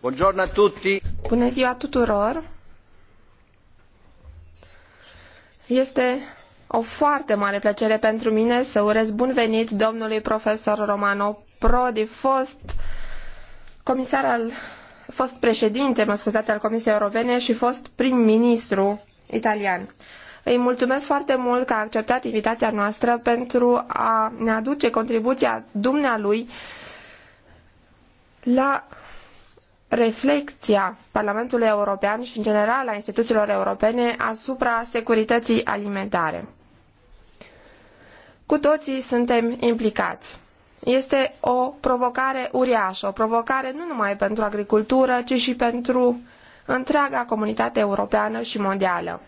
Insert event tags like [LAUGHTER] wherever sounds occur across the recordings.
Buongiorno a tutti. Bună ziua tuturor. Este o foarte mare plăcere pentru mine să urez bun venit domnului profesor Romano Prodi, fost comisar al fost președinte, mă scuzați, al Comisiei Europene și fost prim-ministru italian. Îi mulțumesc foarte mult că a acceptat invitația noastră pentru a ne aduce contribuția dumnealui la reflecția Parlamentului European și, în general, a instituțiilor europene asupra securității alimentare. Cu toții suntem implicați. Este o provocare uriașă, o provocare nu numai pentru agricultură, ci și pentru întreaga comunitate europeană și mondială.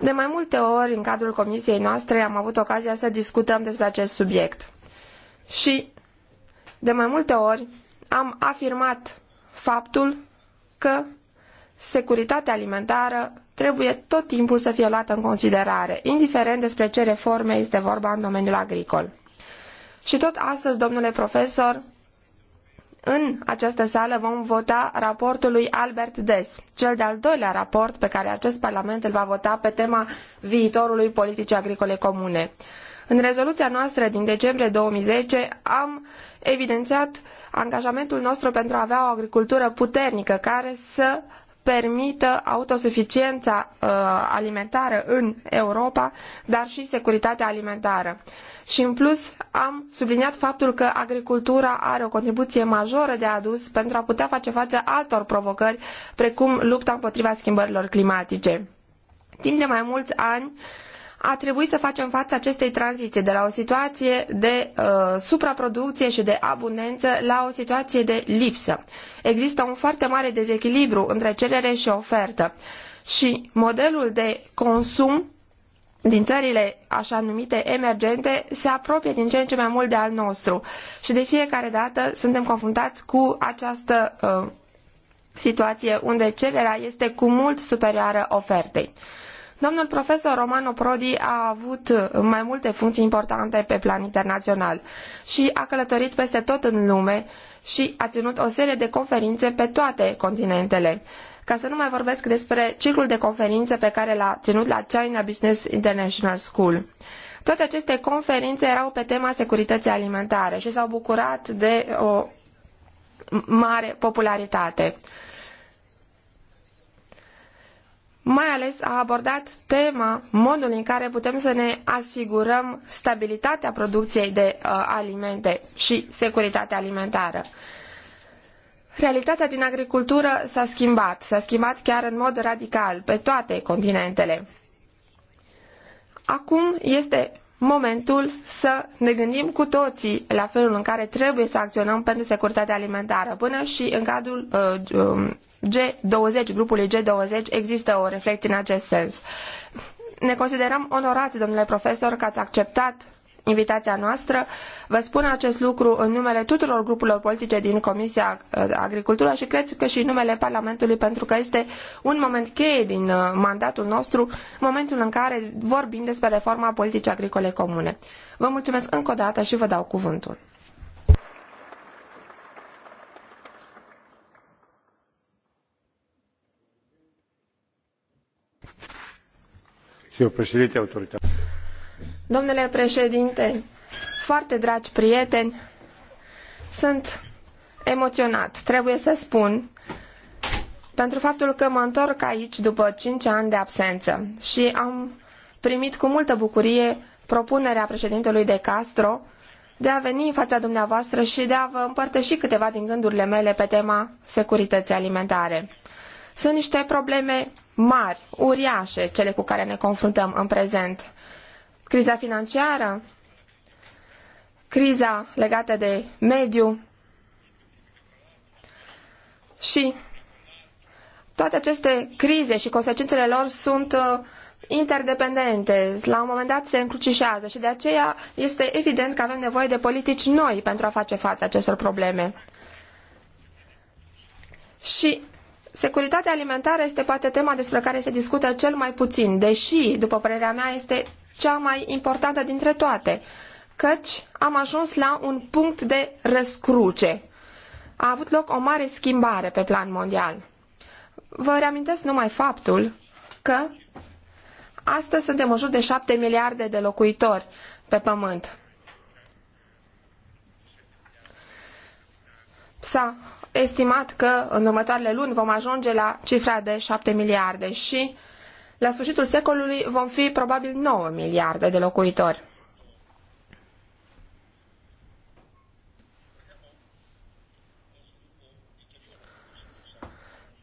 De mai multe ori, în cadrul comisiei noastre, am avut ocazia să discutăm despre acest subiect. Și de mai multe ori am afirmat faptul că securitatea alimentară trebuie tot timpul să fie luată în considerare, indiferent despre ce reforme este vorba în domeniul agricol. Și tot astăzi, domnule profesor, în această sală vom vota raportul lui Albert Dess, cel de-al doilea raport pe care acest Parlament îl va vota pe tema viitorului politicii agricole comune. În rezoluția noastră din decembrie 2010 am evidențiat angajamentul nostru pentru a avea o agricultură puternică care să permită autosuficiența uh, alimentară în Europa, dar și securitatea alimentară. Și în plus am subliniat faptul că agricultura are o contribuție majoră de adus pentru a putea face față altor provocări, precum lupta împotriva schimbărilor climatice. Timp de mai mulți ani, uh, a trebuit să facem față acestei tranziții de la o situație de uh, supraproducție și de abundență la o situație de lipsă. Există un foarte mare dezechilibru între cerere și ofertă și modelul de consum din țările așa numite emergente se apropie din ce în ce mai mult de al nostru și de fiecare dată suntem confruntați cu această uh, situație unde cererea este cu mult superioară ofertei. Domnul profesor Romano Prodi a avut mai multe funcții importante pe plan internațional și a călătorit peste tot în lume și a ținut o serie de conferințe pe toate continentele. Ca să nu mai vorbesc despre ciclul de conferințe pe care l-a ținut la China Business International School. Toate aceste conferințe erau pe tema securității alimentare și s-au bucurat de o mare popularitate mai ales a abordat tema modul în care putem să ne asigurăm stabilitatea producției de uh, alimente și securitatea alimentară. Realitatea din agricultură s-a schimbat, s-a schimbat chiar în mod radical pe toate continentele. Acum este momentul să ne gândim cu toții la felul în care trebuie să acționăm pentru securitatea alimentară, până și în cadrul uh, um, G20, grupului G20, există o reflecție în acest sens. Ne considerăm onorați, domnule profesor, că ați acceptat invitația noastră. Vă spun acest lucru în numele tuturor grupurilor politice din Comisia uh, Agricultură și cred că și în numele Parlamentului, pentru că este un moment cheie din uh, mandatul nostru, momentul în care vorbim despre reforma politicii agricole comune. Vă mulțumesc încă o dată și vă dau cuvântul. Domnule președinte, foarte dragi prieteni, sunt emoționat, trebuie să spun, pentru faptul că mă întorc aici după cinci ani de absență și am primit cu multă bucurie propunerea președintelui de Castro de a veni în fața dumneavoastră și de a vă împărtăși câteva din gândurile mele pe tema securității alimentare. Sunt niște probleme mari, uriașe, cele cu care ne confruntăm în prezent. Criza financiară, criza legată de mediu și toate aceste crize și consecințele lor sunt uh, interdependente, la un moment dat se încrucișează și de aceea este evident că avem nevoie de politici noi pentru a face față acestor probleme. Și Securitatea alimentară este poate tema despre care se discută cel mai puțin, deși, după părerea mea, este cea mai importantă dintre toate, căci am ajuns la un punct de răscruce. A avut loc o mare schimbare pe plan mondial. Vă reamintesc numai faptul că astăzi suntem în jur de 7 miliarde de locuitori pe pământ. S-a estimat că în următoarele luni vom ajunge la cifra de 7 miliarde și la sfârșitul secolului vom fi probabil 9 miliarde de locuitori.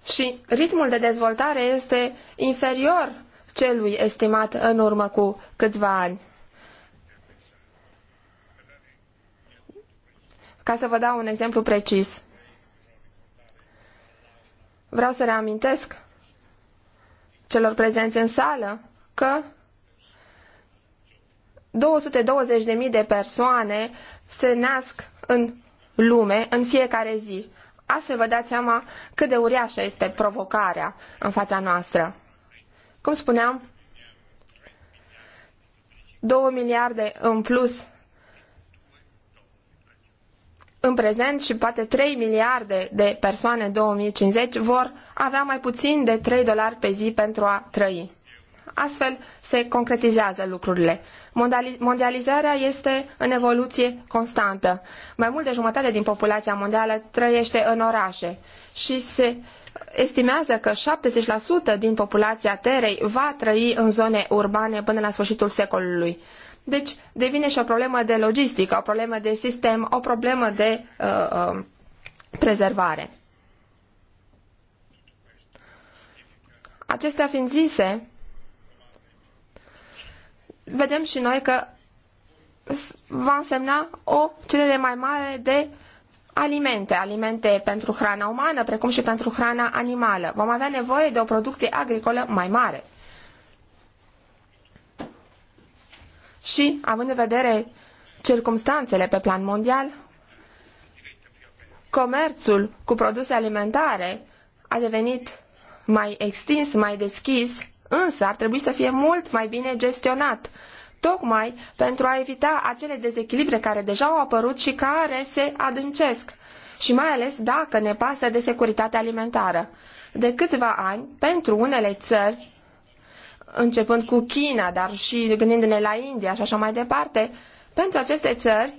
Și ritmul de dezvoltare este inferior celui estimat în urmă cu câțiva ani. Ca să vă dau un exemplu precis. Vreau să reamintesc celor prezenți în sală că 220.000 de persoane se nasc în lume în fiecare zi. Astfel vă dați seama cât de uriașă este provocarea în fața noastră. Cum spuneam, 2 miliarde în plus în prezent și poate 3 miliarde de persoane în 2050 vor avea mai puțin de 3 dolari pe zi pentru a trăi. Astfel se concretizează lucrurile. Mondializarea este în evoluție constantă. Mai mult de jumătate din populația mondială trăiește în orașe și se estimează că 70% din populația Terei va trăi în zone urbane până la sfârșitul secolului. Deci devine și o problemă de logistică, o problemă de sistem, o problemă de uh, uh, prezervare. Acestea fiind zise, vedem și noi că va însemna o cerere mai mare de alimente, alimente pentru hrana umană, precum și pentru hrana animală. Vom avea nevoie de o producție agricolă mai mare. și, având în vedere circumstanțele pe plan mondial, comerțul cu produse alimentare a devenit mai extins, mai deschis, însă ar trebui să fie mult mai bine gestionat, tocmai pentru a evita acele dezechilibre care deja au apărut și care se adâncesc, și mai ales dacă ne pasă de securitatea alimentară. De câțiva ani, pentru unele țări, începând cu China, dar și gândindu-ne la India și așa mai departe, pentru aceste țări,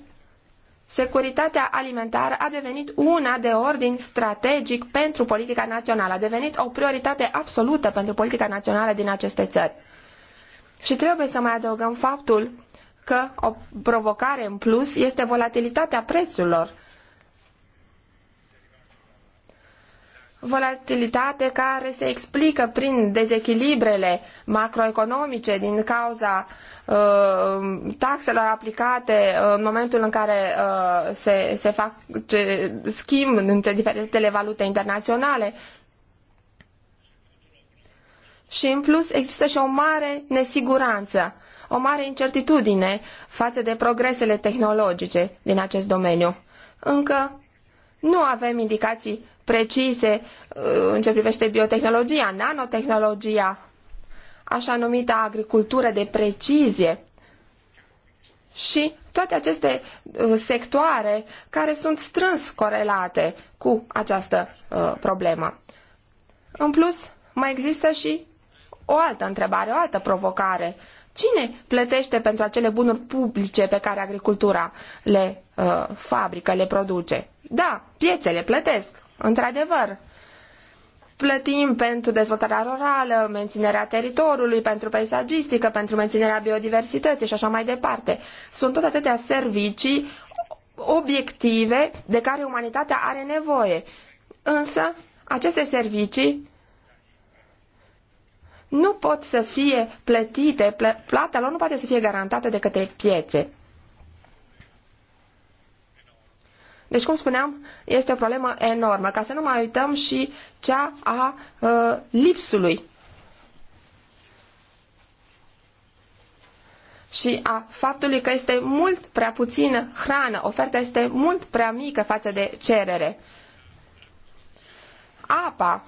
securitatea alimentară a devenit una de ordin strategic pentru politica națională, a devenit o prioritate absolută pentru politica națională din aceste țări. Și trebuie să mai adăugăm faptul că o provocare în plus este volatilitatea prețurilor volatilitate care se explică prin dezechilibrele macroeconomice din cauza uh, taxelor aplicate uh, în momentul în care uh, se, se fac ce, schimb între diferitele valute internaționale. Și în plus există și o mare nesiguranță, o mare incertitudine față de progresele tehnologice din acest domeniu. Încă nu avem indicații precise uh, în ce privește biotehnologia, nanotehnologia, așa numita agricultură de precizie și toate aceste uh, sectoare care sunt strâns corelate cu această uh, problemă. În plus, mai există și o altă întrebare, o altă provocare. Cine plătește pentru acele bunuri publice pe care agricultura le uh, fabrică, le produce? Da, piețele plătesc, într-adevăr. Plătim pentru dezvoltarea rurală, menținerea teritoriului, pentru peisagistică, pentru menținerea biodiversității și așa mai departe. Sunt tot atâtea servicii obiective de care umanitatea are nevoie. Însă, aceste servicii nu pot să fie plătite, plata lor nu poate să fie garantată de către piețe. Deci, cum spuneam, este o problemă enormă, ca să nu mai uităm și cea a uh, lipsului și a faptului că este mult prea puțină hrană, oferta este mult prea mică față de cerere. Apa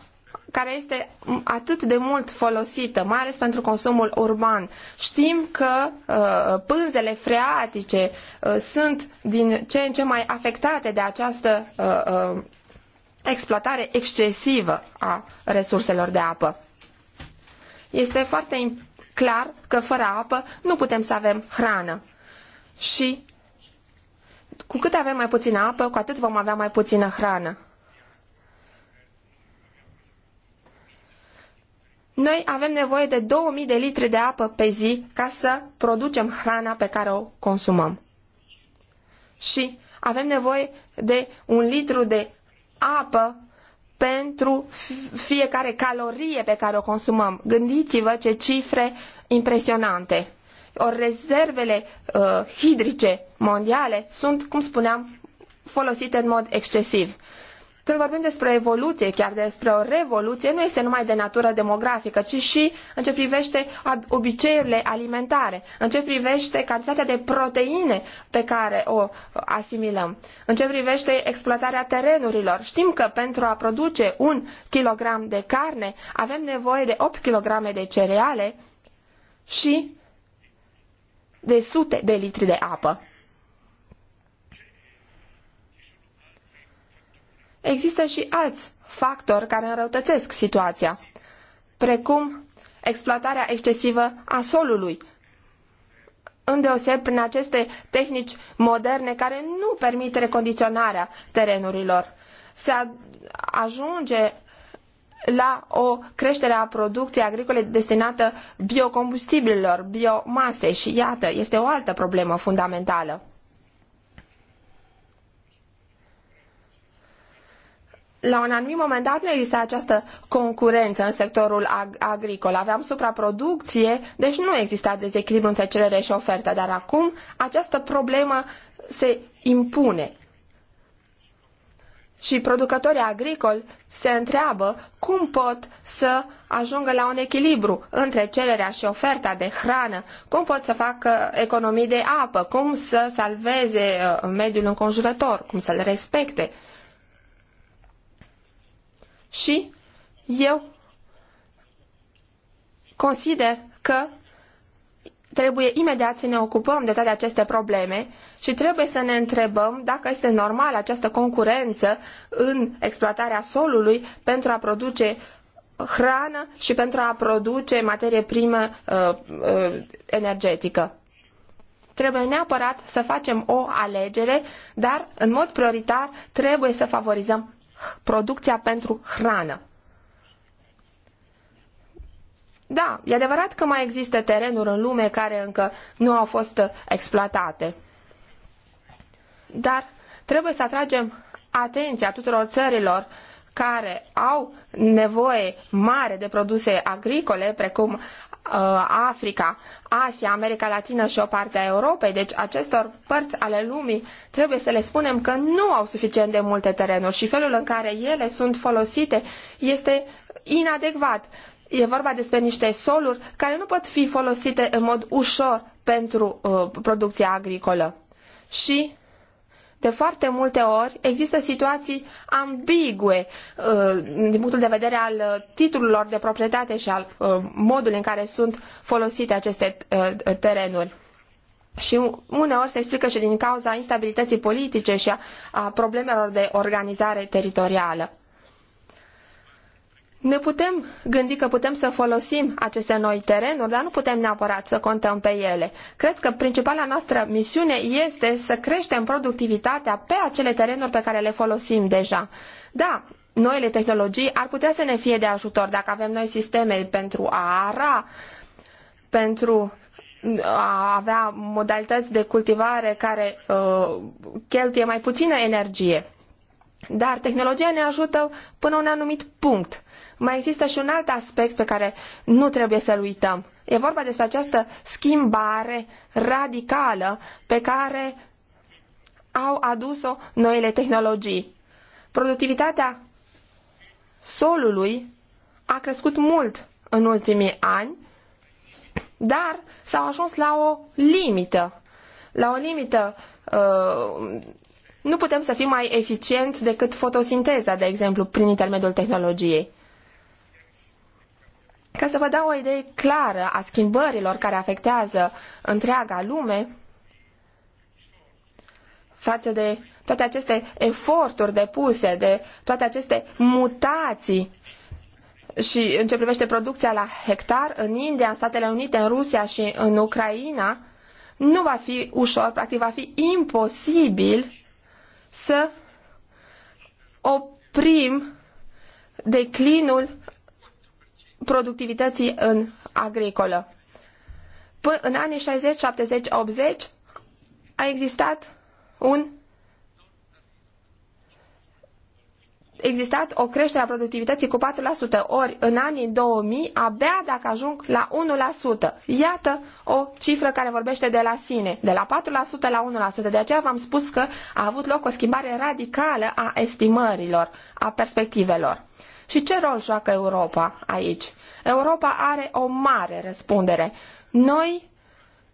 care este atât de mult folosită, mai ales pentru consumul urban. Știm că uh, pânzele freatice uh, sunt din ce în ce mai afectate de această uh, uh exploatare excesivă a resurselor de apă. Este foarte clar că fără apă nu putem să avem hrană. Și cu cât avem mai puțină apă, cu atât vom avea mai puțină hrană. Noi avem nevoie de 2000 de litri de apă pe zi ca să producem hrana pe care o consumăm. Și avem nevoie de un litru de apă pentru fiecare calorie pe care o consumăm. Gândiți-vă ce cifre impresionante. Or, rezervele uh, hidrice mondiale sunt, cum spuneam, folosite în mod excesiv. Când vorbim despre evoluție, chiar despre o revoluție, nu este numai de natură demografică, ci și în ce privește obiceiurile alimentare, în ce privește cantitatea de proteine pe care o asimilăm, în ce privește exploatarea terenurilor. Știm că pentru a produce un kilogram de carne avem nevoie de opt kilograme de cereale și de sute de litri de apă. există și alți factori care înrăutățesc situația, precum exploatarea excesivă a solului, îndeoseb prin aceste tehnici moderne care nu permit recondiționarea terenurilor. Se ajunge la o creștere a producției agricole destinată biocombustibililor, biomasei și iată, este o altă problemă fundamentală. la un anumit moment dat nu exista această concurență în sectorul ag agricol. Aveam supraproducție, deci nu exista dezechilibru între cerere și ofertă, dar acum această problemă se impune. Și producătorii agricoli se întreabă cum pot să ajungă la un echilibru între cererea și oferta de hrană, cum pot să facă economii de apă, cum să salveze uh, mediul înconjurător, cum să-l respecte și eu consider că trebuie imediat să ne ocupăm de toate aceste probleme și trebuie să ne întrebăm dacă este normală această concurență în exploatarea solului pentru a produce hrană și pentru a produce materie primă uh, uh, energetică. Trebuie neapărat să facem o alegere, dar în mod prioritar trebuie să favorizăm producția pentru hrană. Da, e adevărat că mai există terenuri în lume care încă nu au fost exploatate. Dar trebuie să atragem atenția tuturor țărilor care au nevoie mare de produse agricole, precum Uh, Africa, Asia, America Latină și o parte a Europei, deci acestor părți ale lumii, trebuie să le spunem că nu au suficient de multe terenuri și felul în care ele sunt folosite este inadecvat. E vorba despre niște soluri care nu pot fi folosite în mod ușor pentru uh, producția agricolă. Și de foarte multe ori există situații ambigue uh, din punctul de vedere al uh, titlurilor de proprietate și al uh, modului în care sunt folosite aceste terenuri. Și uneori se explică și din cauza instabilității politice și a problemelor de organizare teritorială ne putem gândi că putem să folosim aceste noi terenuri, dar nu putem neapărat să contăm pe ele. Cred că principala noastră misiune este să creștem productivitatea pe acele terenuri pe care le folosim deja. Da, noile tehnologii ar putea să ne fie de ajutor dacă avem noi sisteme pentru a ara, pentru a avea modalități de cultivare care uh, cheltuie mai puțină energie. Dar tehnologia ne ajută până un anumit punct mai există și un alt aspect pe care nu trebuie să-l uităm. E vorba despre această schimbare radicală pe care au adus-o noile tehnologii. Productivitatea solului a crescut mult în ultimii ani, dar s-au ajuns la o limită. La o limită uh, nu putem să fim mai eficienți decât fotosinteza, de exemplu, prin intermediul tehnologiei. Ca să vă dau o idee clară a schimbărilor care afectează întreaga lume, față de toate aceste eforturi depuse, de toate aceste mutații și în ce privește producția la hectar în India, în Statele Unite, în Rusia și în Ucraina, nu va fi ușor, practic va fi imposibil să oprim declinul productivității în agricolă. P- în anii 60, 70, 80 a existat un existat o creștere a productivității cu 4%, ori în anii 2000 abia dacă ajung la 1%. Iată o cifră care vorbește de la sine, de la 4% la 1%. De aceea v-am spus că a avut loc o schimbare radicală a estimărilor, a perspectivelor. Și ce rol joacă Europa aici? Europa are o mare răspundere. Noi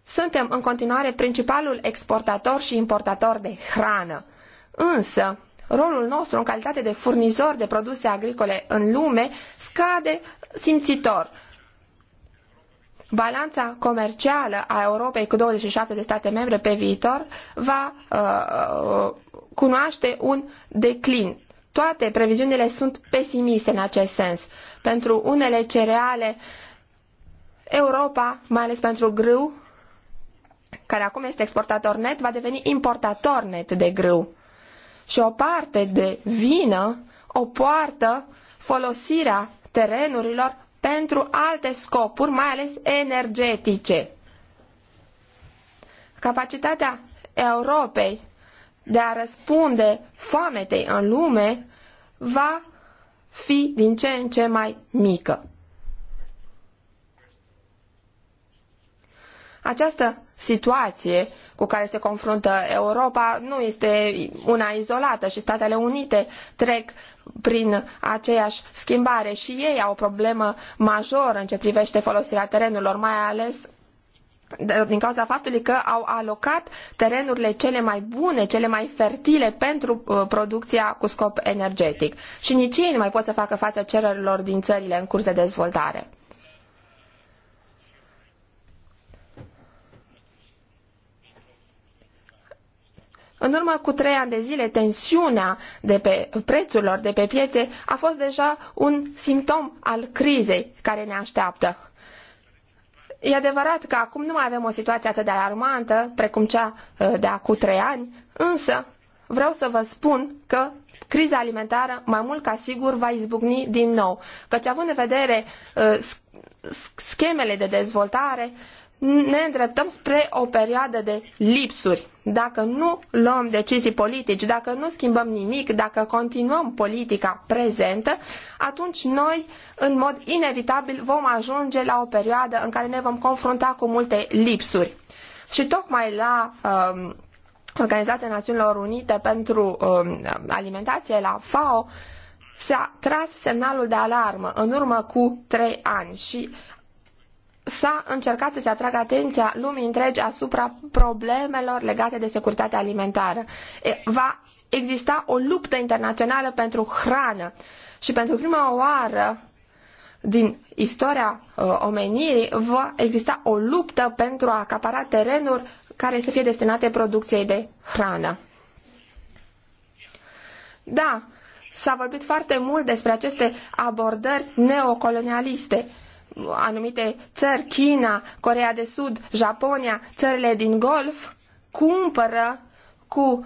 suntem în continuare principalul exportator și importator de hrană. Însă, rolul nostru în calitate de furnizor de produse agricole în lume scade simțitor. Balanța comercială a Europei cu 27 de state membre pe viitor va uh, uh cunoaște un declin toate previziunile sunt pesimiste în acest sens. Pentru unele cereale, Europa, mai ales pentru grâu, care acum este exportator net, va deveni importator net de grâu. Și o parte de vină o poartă folosirea terenurilor pentru alte scopuri, mai ales energetice. Capacitatea Europei de a răspunde foametei în lume va fi din ce în ce mai mică. Această situație cu care se confruntă Europa nu este una izolată și Statele Unite trec prin aceeași schimbare și ei au o problemă majoră în ce privește folosirea terenurilor, mai ales din cauza faptului că au alocat terenurile cele mai bune, cele mai fertile pentru uh, producția cu scop energetic. Și nici ei nu mai pot să facă față cererilor din țările în curs de dezvoltare. În urmă cu trei ani de zile, tensiunea de pe prețurilor de pe piețe a fost deja un simptom al crizei care ne așteaptă. E adevărat că acum nu mai avem o situație atât de alarmantă precum cea uh, de acum trei ani, însă vreau să vă spun că criza alimentară mai mult ca sigur va izbucni din nou. Căci având în vedere uh, schemele de dezvoltare, ne îndreptăm spre o perioadă de lipsuri. Dacă nu luăm decizii politici, dacă nu schimbăm nimic, dacă continuăm politica prezentă, atunci noi, în mod inevitabil, vom ajunge la o perioadă în care ne vom confrunta cu multe lipsuri. Și tocmai la um, Organizația Națiunilor Unite pentru um, Alimentație, la FAO, s-a tras semnalul de alarmă în urmă cu trei ani și s-a încercat să se atragă atenția lumii întregi asupra problemelor legate de securitatea alimentară. Va exista o luptă internațională pentru hrană și pentru prima oară din istoria uh, omenirii va exista o luptă pentru a acapara terenuri care să fie destinate producției de hrană. Da, s-a vorbit foarte mult despre aceste abordări neocolonialiste anumite țări, China, Corea de Sud, Japonia, țările din Golf, cumpără cu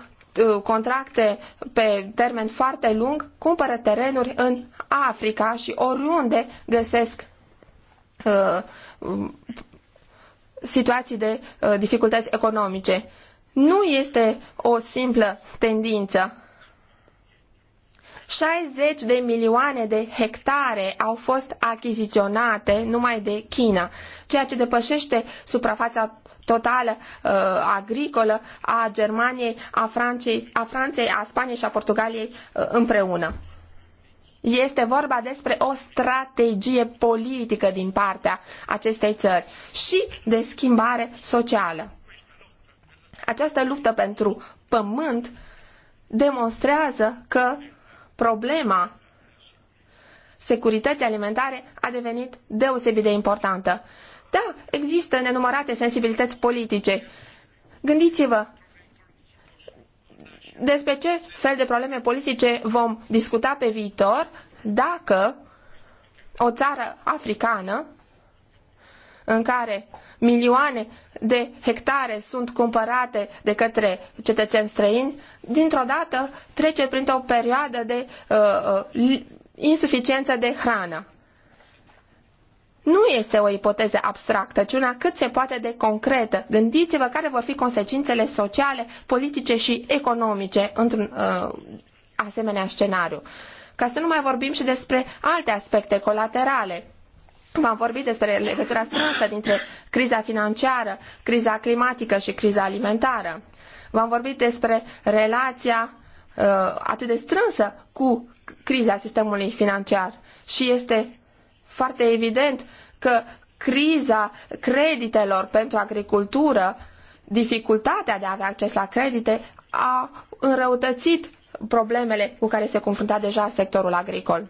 uh, contracte pe termen foarte lung, cumpără terenuri în Africa și oriunde găsesc uh, situații de uh, dificultăți economice. Nu este o simplă tendință. 60 de milioane de hectare au fost achiziționate numai de China, ceea ce depășește suprafața totală uh, agricolă a Germaniei, a Franței, a, Franței, a Spaniei și a Portugaliei uh, împreună. Este vorba despre o strategie politică din partea acestei țări și de schimbare socială. Această luptă pentru pământ demonstrează că problema securității alimentare a devenit deosebit de importantă. Da, există nenumărate sensibilități politice. Gândiți-vă despre ce fel de probleme politice vom discuta pe viitor dacă o țară africană în care milioane de hectare sunt cumpărate de către cetățeni străini, dintr-o dată trece printr-o perioadă de uh, uh, insuficiență de hrană. Nu este o ipoteză abstractă, ci una cât se poate de concretă. Gândiți-vă care vor fi consecințele sociale, politice și economice într-un uh, asemenea scenariu. Ca să nu mai vorbim și despre alte aspecte colaterale V-am vorbit despre legătura strânsă dintre criza financiară, criza climatică și criza alimentară. V-am vorbit despre relația uh, atât de strânsă cu criza sistemului financiar. Și este foarte evident că criza creditelor pentru agricultură, dificultatea de a avea acces la credite, a înrăutățit problemele cu care se confrunta deja sectorul agricol.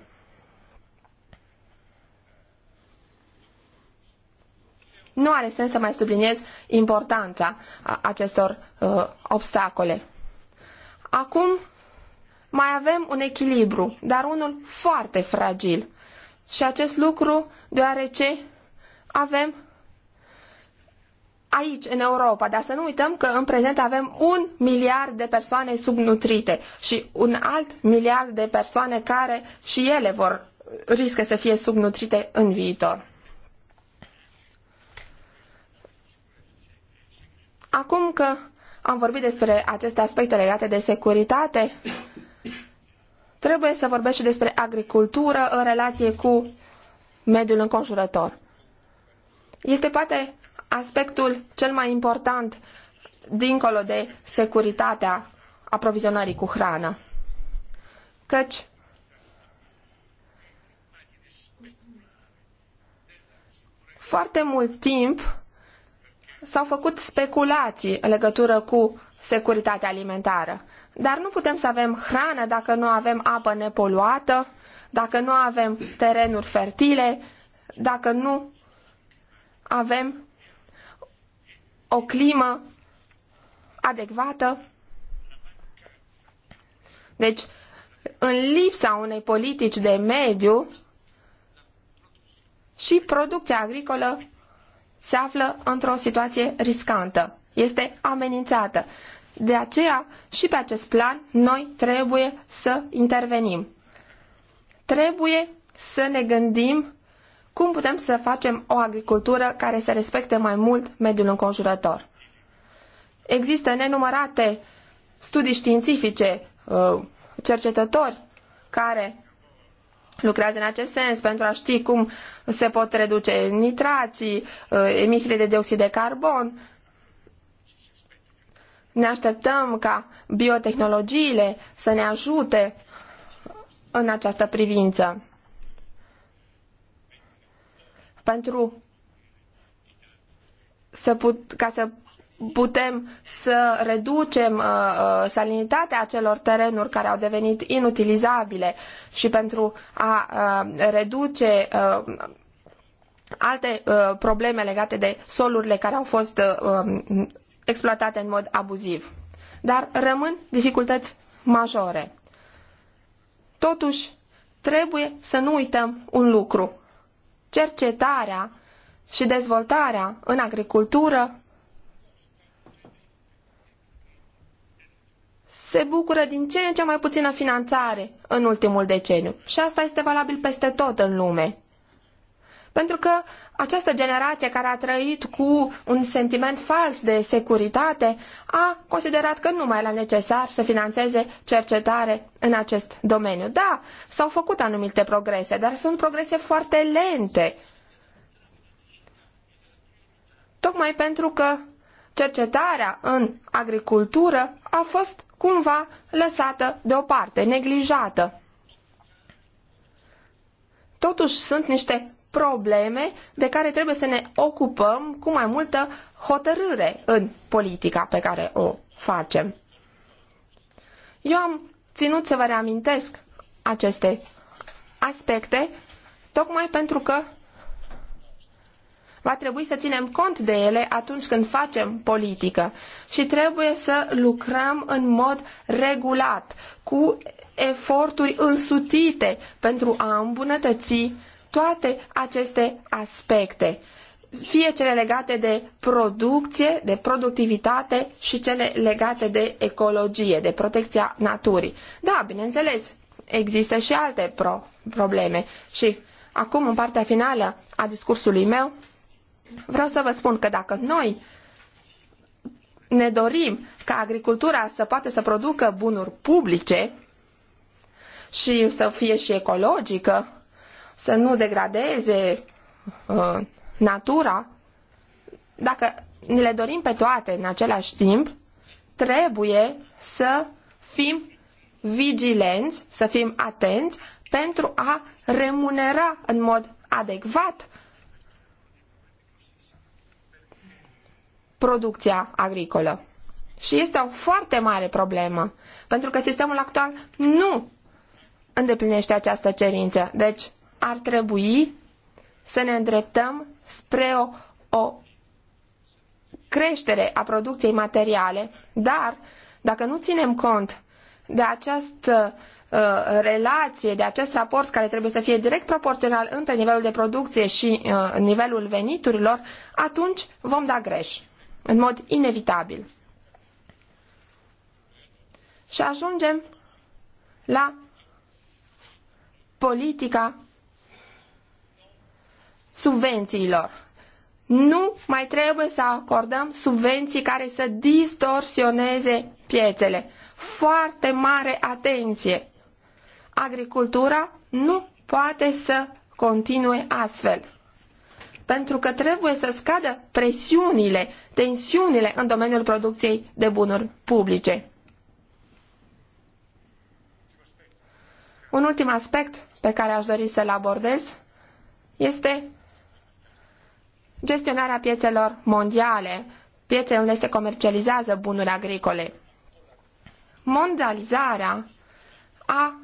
nu are sens să mai subliniez importanța acestor uh, obstacole. Acum mai avem un echilibru, dar unul foarte fragil. Și acest lucru deoarece avem aici, în Europa, dar să nu uităm că în prezent avem un miliard de persoane subnutrite și un alt miliard de persoane care și ele vor riscă să fie subnutrite în viitor. Acum că am vorbit despre aceste aspecte legate de securitate, trebuie să vorbesc și despre agricultură în relație cu mediul înconjurător. Este poate aspectul cel mai important dincolo de securitatea aprovizionării cu hrană. Căci foarte mult timp s-au făcut speculații în legătură cu securitatea alimentară. Dar nu putem să avem hrană dacă nu avem apă nepoluată, dacă nu avem terenuri fertile, dacă nu avem o climă adecvată. Deci, în lipsa unei politici de mediu și producția agricolă se află într-o situație riscantă, este amenințată. De aceea, și pe acest plan, noi trebuie să intervenim. Trebuie să ne gândim cum putem să facem o agricultură care să respecte mai mult mediul înconjurător. Există nenumărate studii științifice, uh, cercetători care lucrează în acest sens pentru a ști cum se pot reduce nitrații, uh, emisiile de dioxid de carbon. Ne așteptăm ca biotehnologiile să ne ajute în această privință. Pentru să put, ca să putem să reducem uh, uh, salinitatea acelor terenuri care au devenit inutilizabile și pentru a uh, reduce uh, alte uh, probleme legate de solurile care au fost uh, um, exploatate în mod abuziv. Dar rămân dificultăți majore. Totuși, trebuie să nu uităm un lucru. Cercetarea și dezvoltarea în agricultură se bucură din ce în ce mai puțină finanțare în ultimul deceniu. Și asta este valabil peste tot în lume. Pentru că această generație care a trăit cu un sentiment fals de securitate a considerat că nu mai era necesar să financeze cercetare în acest domeniu. Da, s-au făcut anumite progrese, dar sunt progrese foarte lente. Tocmai pentru că cercetarea în agricultură a fost cumva lăsată deoparte, neglijată. Totuși sunt niște probleme de care trebuie să ne ocupăm cu mai multă hotărâre în politica pe care o facem. Eu am ținut să vă reamintesc aceste aspecte tocmai pentru că Va trebui să ținem cont de ele atunci când facem politică și trebuie să lucrăm în mod regulat, cu eforturi însutite pentru a îmbunătăți toate aceste aspecte fie cele legate de producție, de productivitate și cele legate de ecologie, de protecția naturii. Da, bineînțeles, există și alte pro probleme. Și acum, în partea finală a discursului meu, Vreau să vă spun că dacă noi ne dorim ca agricultura să poată să producă bunuri publice și să fie și ecologică, să nu degradeze uh, natura, dacă ne le dorim pe toate în același timp, trebuie să fim vigilenți, să fim atenți pentru a remunera în mod adecvat producția agricolă. Și este o foarte mare problemă, pentru că sistemul actual nu îndeplinește această cerință. Deci ar trebui să ne îndreptăm spre o, o creștere a producției materiale, dar dacă nu ținem cont de această uh, relație, de acest raport care trebuie să fie direct proporțional între nivelul de producție și uh, nivelul veniturilor, atunci vom da greș în mod inevitabil. Și ajungem la politica subvențiilor. Nu mai trebuie să acordăm subvenții care să distorsioneze piețele. Foarte mare atenție! Agricultura nu poate să continue astfel pentru că trebuie să scadă presiunile, tensiunile în domeniul producției de bunuri publice. Un ultim aspect pe care aș dori să-l abordez este gestionarea piețelor mondiale, piețe unde se comercializează bunuri agricole. Mondializarea a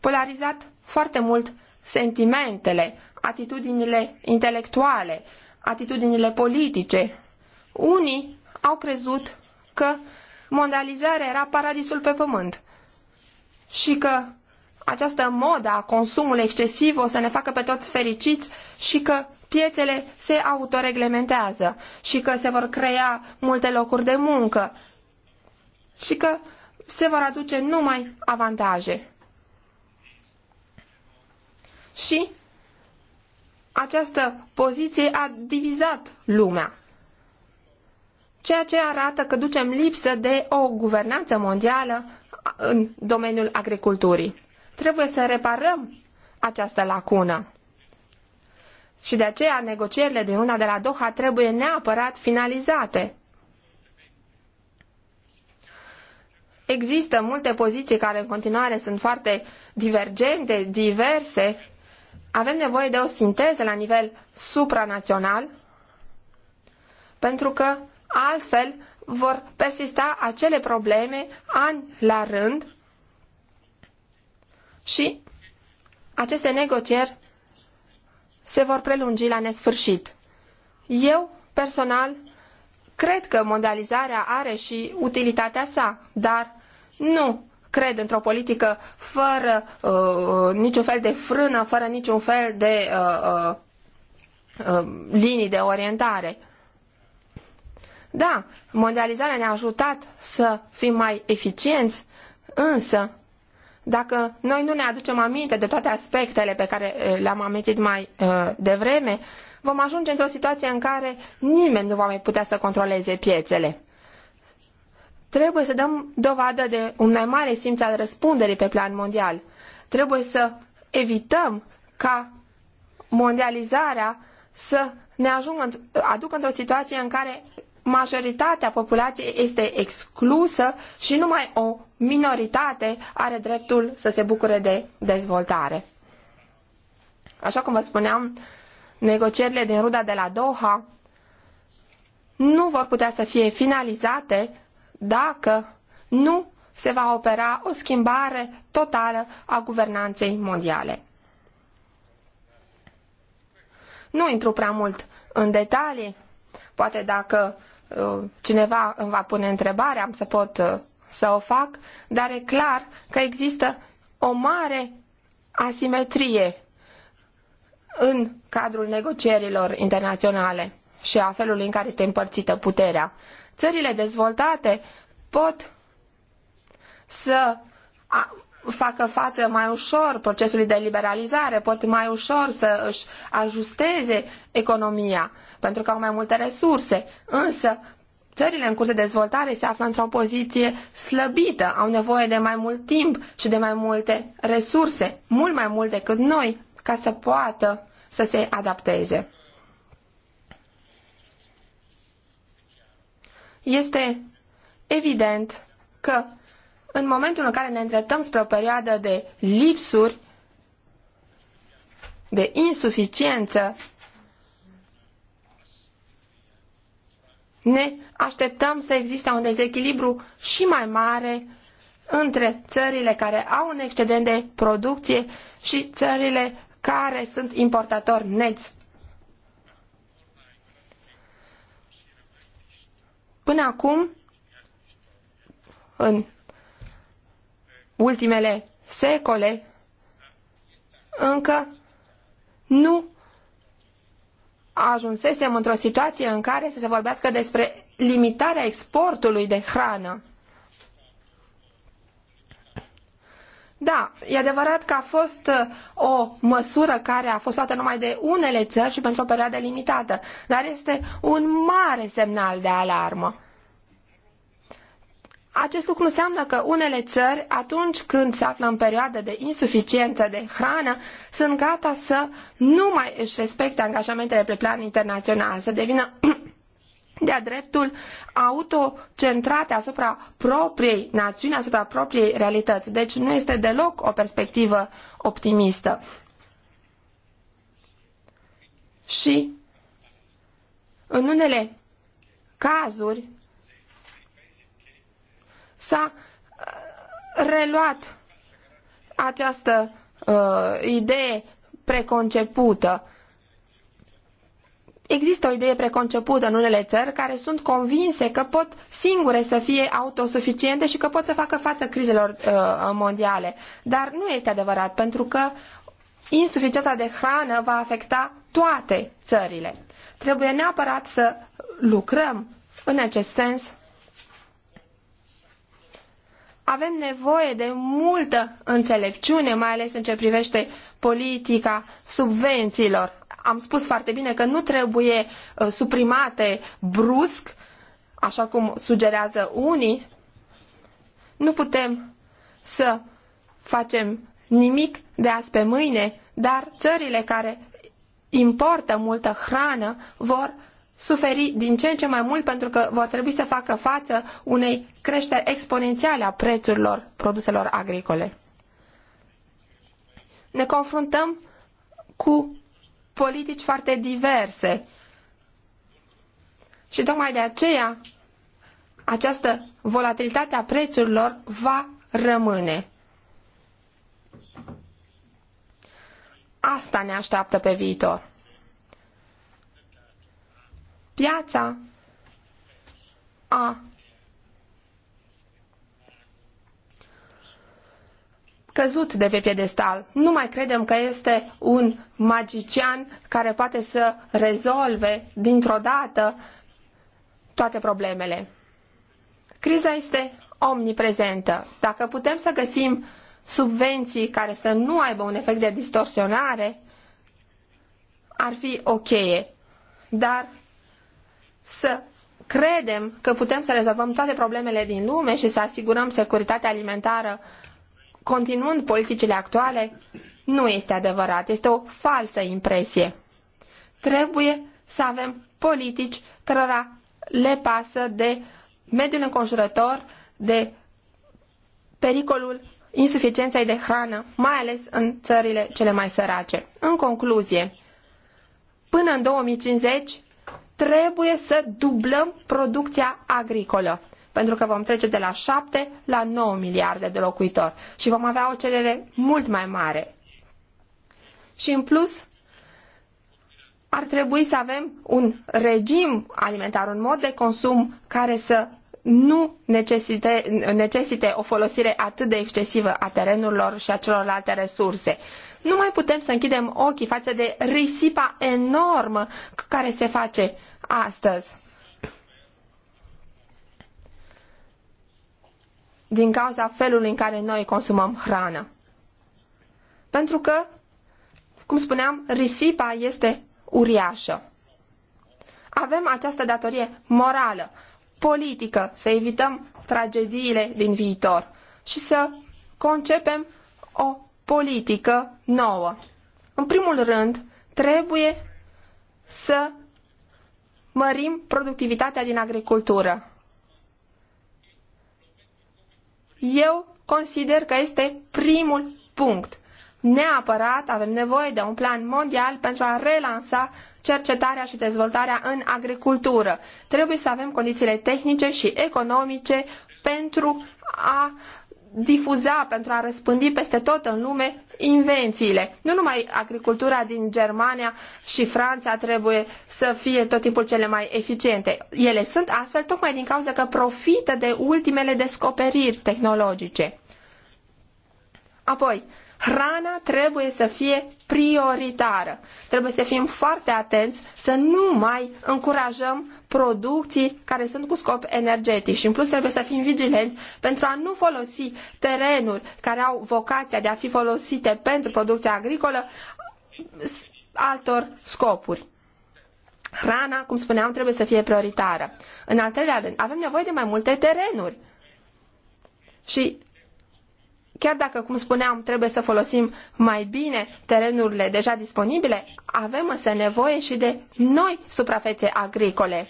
polarizat foarte mult sentimentele, atitudinile intelectuale, atitudinile politice. Unii au crezut că mondializarea era paradisul pe pământ și că această modă a consumului excesiv o să ne facă pe toți fericiți și că piețele se autoreglementează și că se vor crea multe locuri de muncă și că se vor aduce numai avantaje și această poziție a divizat lumea. Ceea ce arată că ducem lipsă de o guvernanță mondială în domeniul agriculturii. Trebuie să reparăm această lacună. Și de aceea negocierile din luna de la Doha trebuie neapărat finalizate. Există multe poziții care în continuare sunt foarte divergente, diverse avem nevoie de o sinteză la nivel supranațional, pentru că altfel vor persista acele probleme ani la rând și aceste negocieri se vor prelungi la nesfârșit. Eu, personal, cred că mondializarea are și utilitatea sa, dar nu cred într-o politică fără uh, niciun fel de frână, fără niciun fel de uh, uh, uh, linii de orientare. Da, mondializarea ne-a ajutat să fim mai eficienți, însă dacă noi nu ne aducem aminte de toate aspectele pe care uh, le-am amintit mai uh, devreme, vom ajunge într-o situație în care nimeni nu va mai putea să controleze piețele. Trebuie să dăm dovadă de un mai mare simț al răspunderii pe plan mondial. Trebuie să evităm ca mondializarea să ne ajungă, aducă într-o situație în care majoritatea populației este exclusă și numai o minoritate are dreptul să se bucure de dezvoltare. Așa cum vă spuneam, negocierile din ruda de la Doha nu vor putea să fie finalizate dacă nu se va opera o schimbare totală a guvernanței mondiale. Nu intru prea mult în detalii, poate dacă uh, cineva îmi va pune întrebare, am să pot uh, să o fac, dar e clar că există o mare asimetrie în cadrul negocierilor internaționale și a felului în care este împărțită puterea țările dezvoltate pot să facă față mai ușor procesului de liberalizare, pot mai ușor să își ajusteze economia, pentru că au mai multe resurse. Însă, țările în curs de dezvoltare se află într-o poziție slăbită, au nevoie de mai mult timp și de mai multe resurse, mult mai mult decât noi, ca să poată să se adapteze. este evident că în momentul în care ne îndreptăm spre o perioadă de lipsuri, de insuficiență, ne așteptăm să existe un dezechilibru și mai mare între țările care au un excedent de producție și țările care sunt importatori neți Până acum, în ultimele secole, încă nu ajunsesem într-o situație în care să se vorbească despre limitarea exportului de hrană. Da, e adevărat că a fost uh, o măsură care a fost luată numai de unele țări și pentru o perioadă limitată, dar este un mare semnal de alarmă. Acest lucru înseamnă că unele țări, atunci când se află în perioadă de insuficiență de hrană, sunt gata să nu mai își respecte angajamentele pe plan internațional, să devină [CLEARS THROAT] de-a dreptul autocentrate asupra propriei națiuni, asupra propriei realități. Deci nu este deloc o perspectivă optimistă. Și în unele cazuri s-a uh, reluat această uh, idee preconcepută Există o idee preconcepută în unele țări care sunt convinse că pot singure să fie autosuficiente și că pot să facă față crizelor uh, mondiale. Dar nu este adevărat, pentru că insuficiența de hrană va afecta toate țările. Trebuie neapărat să lucrăm în acest sens. Avem nevoie de multă înțelepciune, mai ales în ce privește politica subvențiilor am spus foarte bine că nu trebuie uh, suprimate brusc, așa cum sugerează unii. Nu putem să facem nimic de azi pe mâine, dar țările care importă multă hrană vor suferi din ce în ce mai mult pentru că vor trebui să facă față unei creșteri exponențiale a prețurilor produselor agricole. Ne confruntăm cu politici foarte diverse. Și tocmai de aceea această volatilitate a prețurilor va rămâne. Asta ne așteaptă pe viitor. Piața a scăzut de pe piedestal. Nu mai credem că este un magician care poate să rezolve dintr-o dată toate problemele. Criza este omniprezentă. Dacă putem să găsim subvenții care să nu aibă un efect de distorsionare, ar fi o cheie. Dar să credem că putem să rezolvăm toate problemele din lume și să asigurăm securitatea alimentară continuând politicile actuale, nu este adevărat, este o falsă impresie. Trebuie să avem politici cărora le pasă de mediul înconjurător, de pericolul insuficienței de hrană, mai ales în țările cele mai sărace. În concluzie, până în 2050 trebuie să dublăm producția agricolă pentru că vom trece de la 7 la 9 miliarde de locuitori și vom avea o cerere mult mai mare. Și în plus, ar trebui să avem un regim alimentar, un mod de consum care să nu necesite, necesite o folosire atât de excesivă a terenurilor și a celorlalte resurse. Nu mai putem să închidem ochii față de risipa enormă care se face astăzi. din cauza felului în care noi consumăm hrană. Pentru că, cum spuneam, risipa este uriașă. Avem această datorie morală, politică, să evităm tragediile din viitor și să concepem o politică nouă. În primul rând, trebuie să mărim productivitatea din agricultură. eu consider că este primul punct. Neapărat avem nevoie de un plan mondial pentru a relansa cercetarea și dezvoltarea în agricultură. Trebuie să avem condițiile tehnice și economice pentru a difuza, pentru a răspândi peste tot în lume invențiile. Nu numai agricultura din Germania și Franța trebuie să fie tot timpul cele mai eficiente. Ele sunt astfel tocmai din cauza că profită de ultimele descoperiri tehnologice. Apoi, hrana trebuie să fie prioritară. Trebuie să fim foarte atenți să nu mai încurajăm producții care sunt cu scop energetic și în plus trebuie să fim vigilenți pentru a nu folosi terenuri care au vocația de a fi folosite pentru producția agricolă altor scopuri. Hrana, cum spuneam, trebuie să fie prioritară. În al treilea rând, avem nevoie de mai multe terenuri. Și chiar dacă, cum spuneam, trebuie să folosim mai bine terenurile deja disponibile, avem însă nevoie și de noi suprafețe agricole.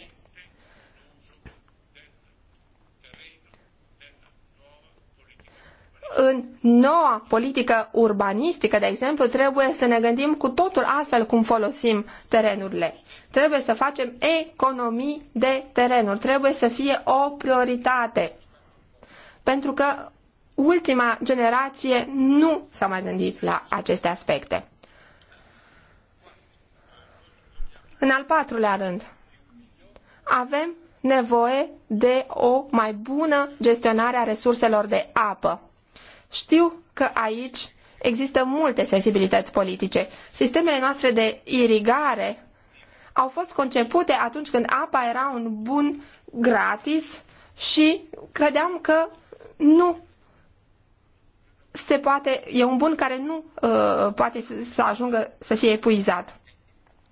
în noua politică urbanistică, de exemplu, trebuie să ne gândim cu totul altfel cum folosim terenurile. Trebuie să facem economii de terenuri, trebuie să fie o prioritate. Pentru că ultima generație nu s-a mai gândit la aceste aspecte. În al patrulea rând, avem nevoie de o mai bună gestionare a resurselor de apă. Știu că aici există multe sensibilități politice. Sistemele noastre de irigare au fost concepute atunci când apa era un bun gratis și credeam că nu se poate, e un bun care nu uh, poate să ajungă să fie epuizat.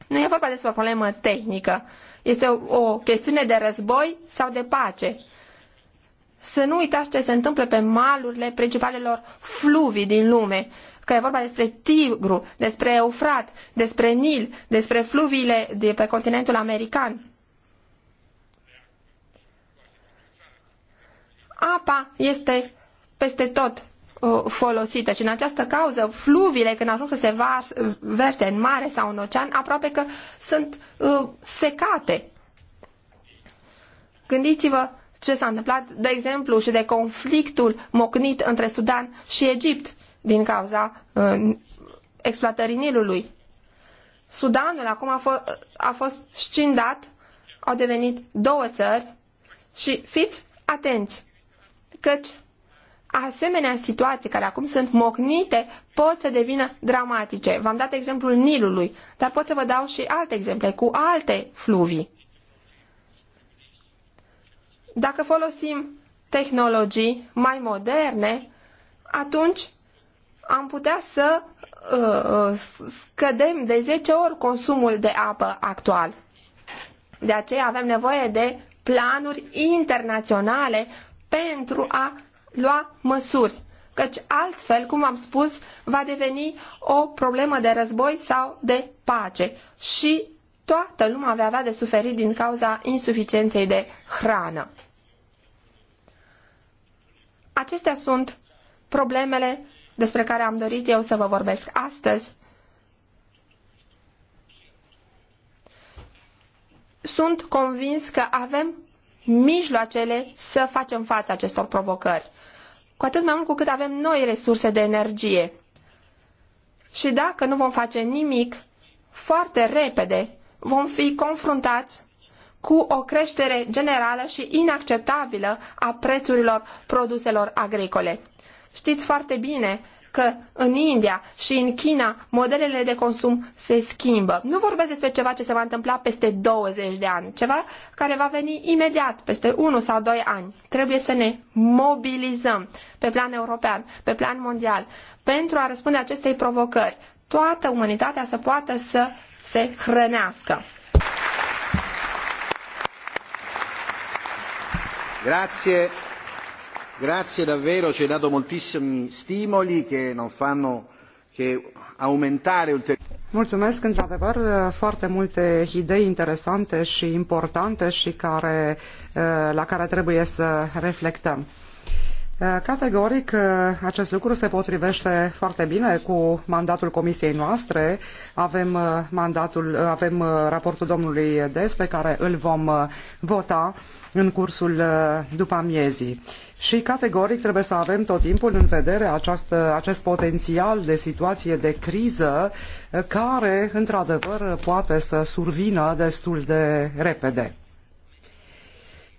Nu e vorba despre o problemă tehnică. Este o, o chestiune de război sau de pace să nu uitați ce se întâmplă pe malurile principalelor fluvii din lume, că e vorba despre Tigru, despre Eufrat, despre Nil, despre fluviile de pe continentul american. Apa este peste tot uh, folosită și în această cauză fluviile când ajung să se verse în mare sau în ocean aproape că sunt uh, secate. Gândiți-vă ce s-a întâmplat, de exemplu, și de conflictul mocnit între Sudan și Egipt din cauza uh, exploatării Nilului. Sudanul acum a, f- a fost scindat, au devenit două țări și fiți atenți, căci asemenea situații care acum sunt mocnite pot să devină dramatice. V-am dat exemplul Nilului, dar pot să vă dau și alte exemple cu alte fluvii. Dacă folosim tehnologii mai moderne, atunci am putea să uh, scădem de 10 ori consumul de apă actual. De aceea avem nevoie de planuri internaționale pentru a lua măsuri, căci altfel, cum am spus, va deveni o problemă de război sau de pace și toată lumea va avea de suferit din cauza insuficienței de hrană. Acestea sunt problemele despre care am dorit eu să vă vorbesc astăzi. Sunt convins că avem mijloacele să facem față acestor provocări, cu atât mai mult cu cât avem noi resurse de energie. Și dacă nu vom face nimic, foarte repede vom fi confruntați cu o creștere generală și inacceptabilă a prețurilor produselor agricole. Știți foarte bine că în India și în China modelele de consum se schimbă. Nu vorbesc despre ceva ce se va întâmpla peste 20 de ani, ceva care va veni imediat, peste 1 sau 2 ani. Trebuie să ne mobilizăm pe plan european, pe plan mondial, pentru a răspunde acestei provocări. Toată umanitatea să poată să se hrănească. Grazie, grazie davvero, ci hai dato moltissimi stimoli che non fanno che aumentare ulteriormente. Mulțumesc, într-adevăr, foarte multe idei interesante și importante și care, eh, la care trebuie să reflectăm. Eh, categoric, eh, acest lucru se potrivește foarte bine cu mandatul comisiei noastre. Avem, eh, mandatul, avem raportul domnului Des pe care îl vom vota în cursul după amiezii. Și categoric trebuie să avem tot timpul în vedere această, acest potențial de situație de criză care, într-adevăr, poate să survină destul de repede.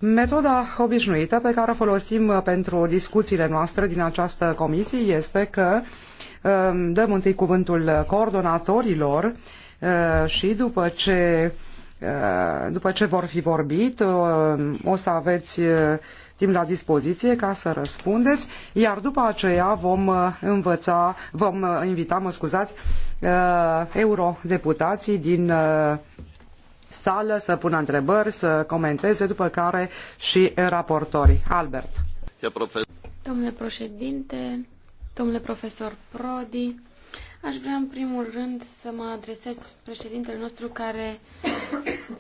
Metoda obișnuită pe care o folosim uh, pentru discuțiile noastre din această comisie este că um, dăm întâi cuvântul coordonatorilor uh, și după ce, uh, după ce vor fi vorbit o să aveți timp la dispoziție ca să răspundeți, iar după aceea vom învăța, vom invita, mă scuzați, eurodeputații din sală să pună întrebări, să comenteze, după care și raportorii. Albert. Domnule președinte, domnule profesor Prodi, aș vrea în primul rând să mă adresez președintele nostru care,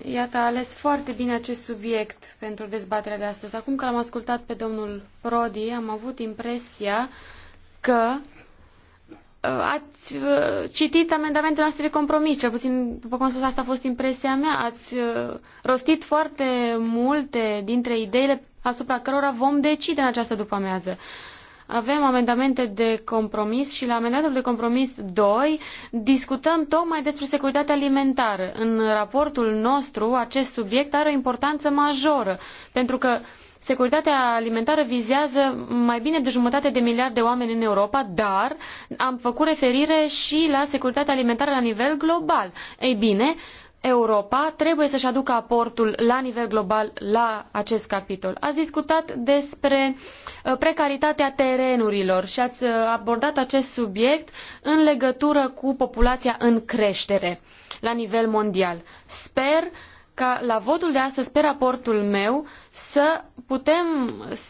iată, a ales foarte bine acest subiect pentru dezbaterea de astăzi. Acum că l-am ascultat pe domnul Prodi, am avut impresia că Uh, ați uh, citit amendamentele noastre de compromis, cel puțin, după cum spus, asta a fost impresia mea. Ați uh, rostit foarte multe dintre ideile asupra cărora vom decide în această după-amiază. Avem amendamente de compromis și la amendamentul de compromis 2 discutăm tocmai despre securitatea alimentară. În raportul nostru acest subiect are o importanță majoră, pentru că Securitatea alimentară vizează mai bine de jumătate de miliard de oameni în Europa, dar am făcut referire și la securitatea alimentară la nivel global. Ei bine, Europa trebuie să-și aducă aportul la nivel global la acest capitol. Ați discutat despre uh, precaritatea terenurilor și ați uh, abordat acest subiect în legătură cu populația în creștere la nivel mondial. Sper ca la votul de astăzi pe raportul meu să putem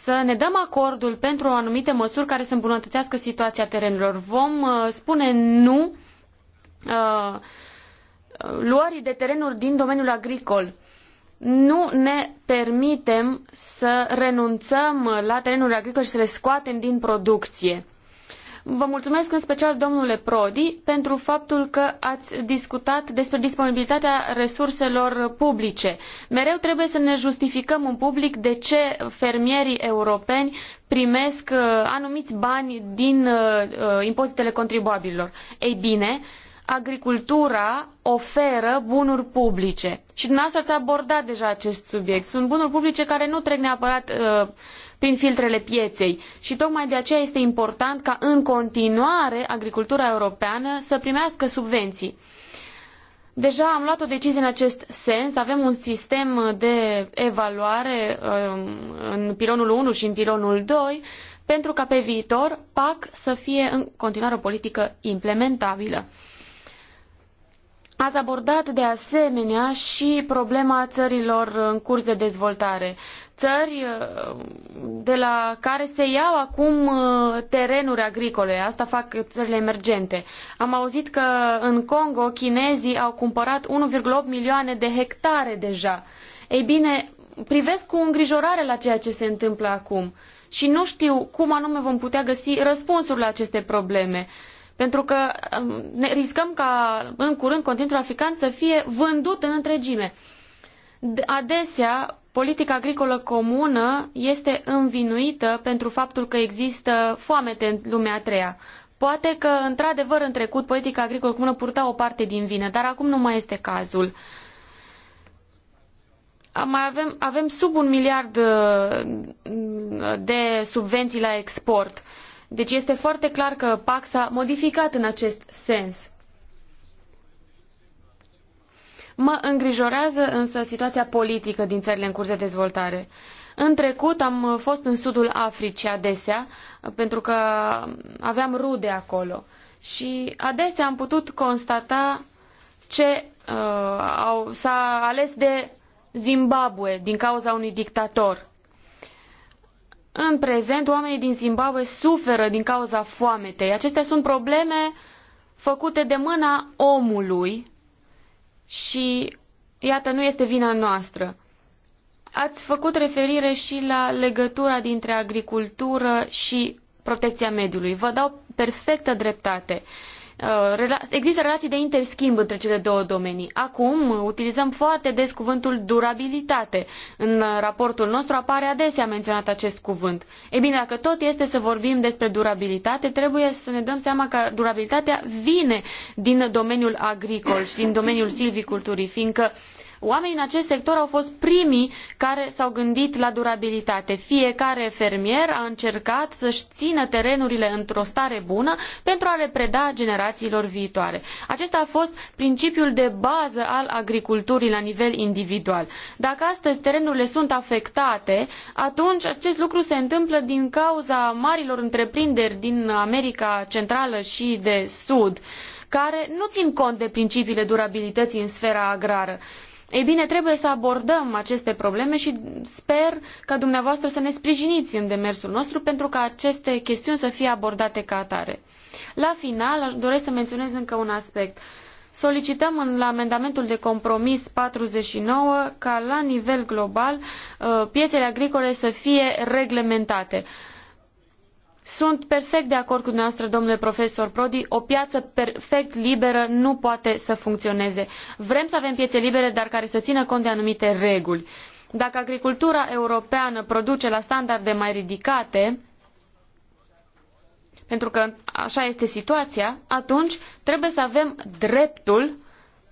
să ne dăm acordul pentru anumite măsuri care să îmbunătățească situația terenurilor. Vom uh, spune nu uh, luării de terenuri din domeniul agricol. Nu ne permitem să renunțăm la terenuri agricole și să le scoatem din producție. Vă mulțumesc în special, domnule Prodi, pentru faptul că ați discutat despre disponibilitatea resurselor publice. Mereu trebuie să ne justificăm în public de ce fermierii europeni primesc uh, anumiți bani din uh, uh, impozitele contribuabililor. Ei bine, agricultura oferă bunuri publice. Și dumneavoastră ați abordat deja acest subiect. Sunt bunuri publice care nu trec neapărat uh, prin filtrele pieței. Și tocmai de aceea este important ca în continuare agricultura europeană să primească subvenții. Deja am luat o decizie în acest sens. Avem un sistem de evaluare um, în pilonul 1 și în pilonul 2 pentru ca pe viitor PAC să fie în continuare o politică implementabilă. Ați abordat de asemenea și problema țărilor în curs de dezvoltare țări uh, de la care se iau acum uh, terenuri agricole. Asta fac țările emergente. Am auzit că în Congo chinezii au cumpărat 1,8 milioane de hectare deja. Ei bine, privesc cu îngrijorare la ceea ce se întâmplă acum și nu știu cum anume vom putea găsi răspunsuri la aceste probleme. Pentru că um, ne riscăm ca în curând continentul african să fie vândut în întregime. Adesea politica agricolă comună este învinuită pentru faptul că există foamete în lumea a treia. Poate că, într-adevăr, în trecut, politica agricolă comună purta o parte din vină, dar acum nu mai este cazul. Mai avem, avem sub un miliard uh, de subvenții la export. Deci este foarte clar că s a modificat în acest sens Mă îngrijorează însă situația politică din țările în curs de dezvoltare. În trecut am fost în sudul Africii adesea, pentru că aveam rude acolo. Și adesea am putut constata ce uh, s-a ales de Zimbabwe din cauza unui dictator. În prezent, oamenii din Zimbabwe suferă din cauza foametei. Acestea sunt probleme făcute de mâna omului și, iată, nu este vina noastră. Ați făcut referire și la legătura dintre agricultură și protecția mediului. Vă dau perfectă dreptate. Uh, Uh, există relații de interschimb între cele două domenii. Acum uh, utilizăm foarte des cuvântul durabilitate. În uh, raportul nostru apare adesea menționat acest cuvânt. E bine, dacă tot este să vorbim despre durabilitate, trebuie să ne dăm seama că durabilitatea vine din domeniul agricol și din domeniul silviculturii, fiindcă uh, Oamenii în acest sector au fost primii care s-au gândit la durabilitate. Fiecare fermier a încercat să-și țină terenurile într-o stare bună pentru a le preda generațiilor viitoare. Acesta a fost principiul de bază al agriculturii la nivel individual. Dacă astăzi terenurile sunt afectate, atunci acest lucru se întâmplă din cauza marilor întreprinderi din America Centrală și de Sud care nu țin cont de principiile durabilității în sfera agrară. Ei bine, trebuie să abordăm aceste probleme și sper ca dumneavoastră să ne sprijiniți în demersul nostru pentru ca aceste chestiuni să fie abordate ca atare. La final, aș doresc să menționez încă un aspect. Solicităm în, la amendamentul de compromis 49 ca la nivel global uh, piețele agricole să fie reglementate. Sunt perfect de acord cu dumneavoastră, domnule profesor Prodi, o piață perfect liberă nu poate să funcționeze. Vrem să avem piețe libere, dar care să țină cont de anumite reguli. Dacă agricultura europeană produce la standarde mai ridicate, pentru că așa este situația, atunci trebuie să avem dreptul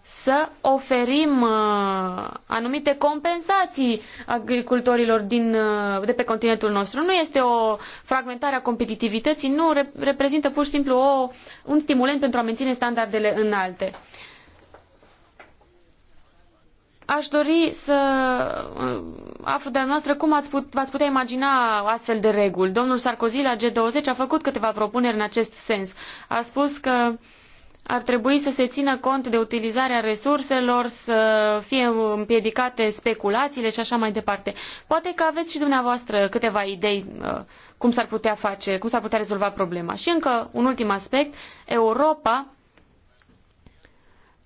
să oferim uh, anumite compensații agricultorilor din, uh, de pe continentul nostru. Nu este o fragmentare a competitivității, nu reprezintă pur și simplu o, un stimulent pentru a menține standardele înalte. Aș dori să uh, aflu de la noastră cum ați put, v-ați putea imagina astfel de reguli. Domnul Sarkozy la G20 a făcut câteva propuneri în acest sens. A spus că uh, ar trebui să se țină cont de utilizarea resurselor, să fie împiedicate speculațiile și așa mai departe. Poate că aveți și dumneavoastră câteva idei uh, cum s-ar putea face, cum s-ar putea rezolva problema. Și încă un ultim aspect, Europa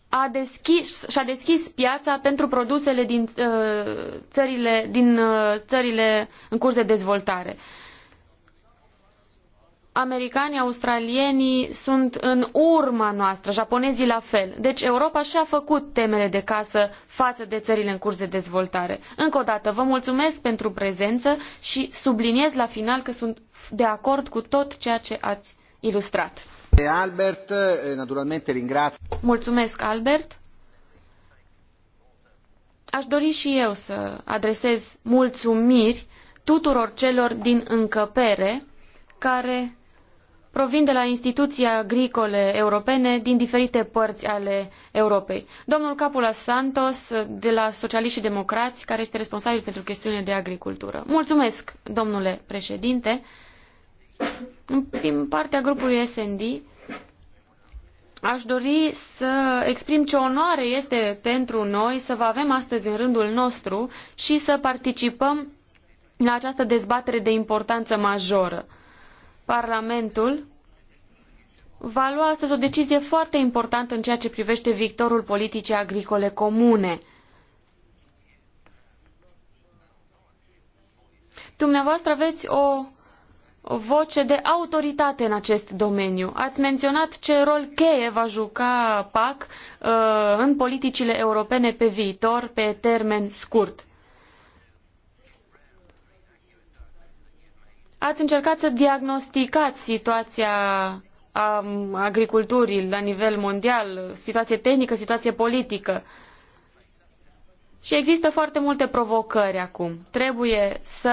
a deschis, și-a deschis piața pentru produsele din, uh, țările, din uh, țările în curs de dezvoltare americanii, australienii sunt în urma noastră, japonezii la fel. Deci Europa și-a făcut temele de casă față de țările în curs de dezvoltare. Încă o dată, vă mulțumesc pentru prezență și subliniez la final că sunt de acord cu tot ceea ce ați ilustrat. Albert, eh, naturalmente ringrați. Mulțumesc, Albert. Aș dori și eu să adresez mulțumiri tuturor celor din încăpere care provin de la instituții agricole europene din diferite părți ale Europei. Domnul Capula Santos, de la Socialiști și Democrați, care este responsabil pentru chestiunile de agricultură. Mulțumesc, domnule președinte. Din partea grupului SND, aș dori să exprim ce onoare este pentru noi să vă avem astăzi în rândul nostru și să participăm la această dezbatere de importanță majoră. Parlamentul va lua astăzi o decizie foarte importantă în ceea ce privește viitorul politicii agricole comune. Dumneavoastră aveți o voce de autoritate în acest domeniu. Ați menționat ce rol cheie va juca PAC uh, în politicile europene pe viitor, pe termen scurt. ați încercat să diagnosticați situația um, agriculturii la nivel mondial, situație tehnică, situație politică. Și există foarte multe provocări acum. Trebuie să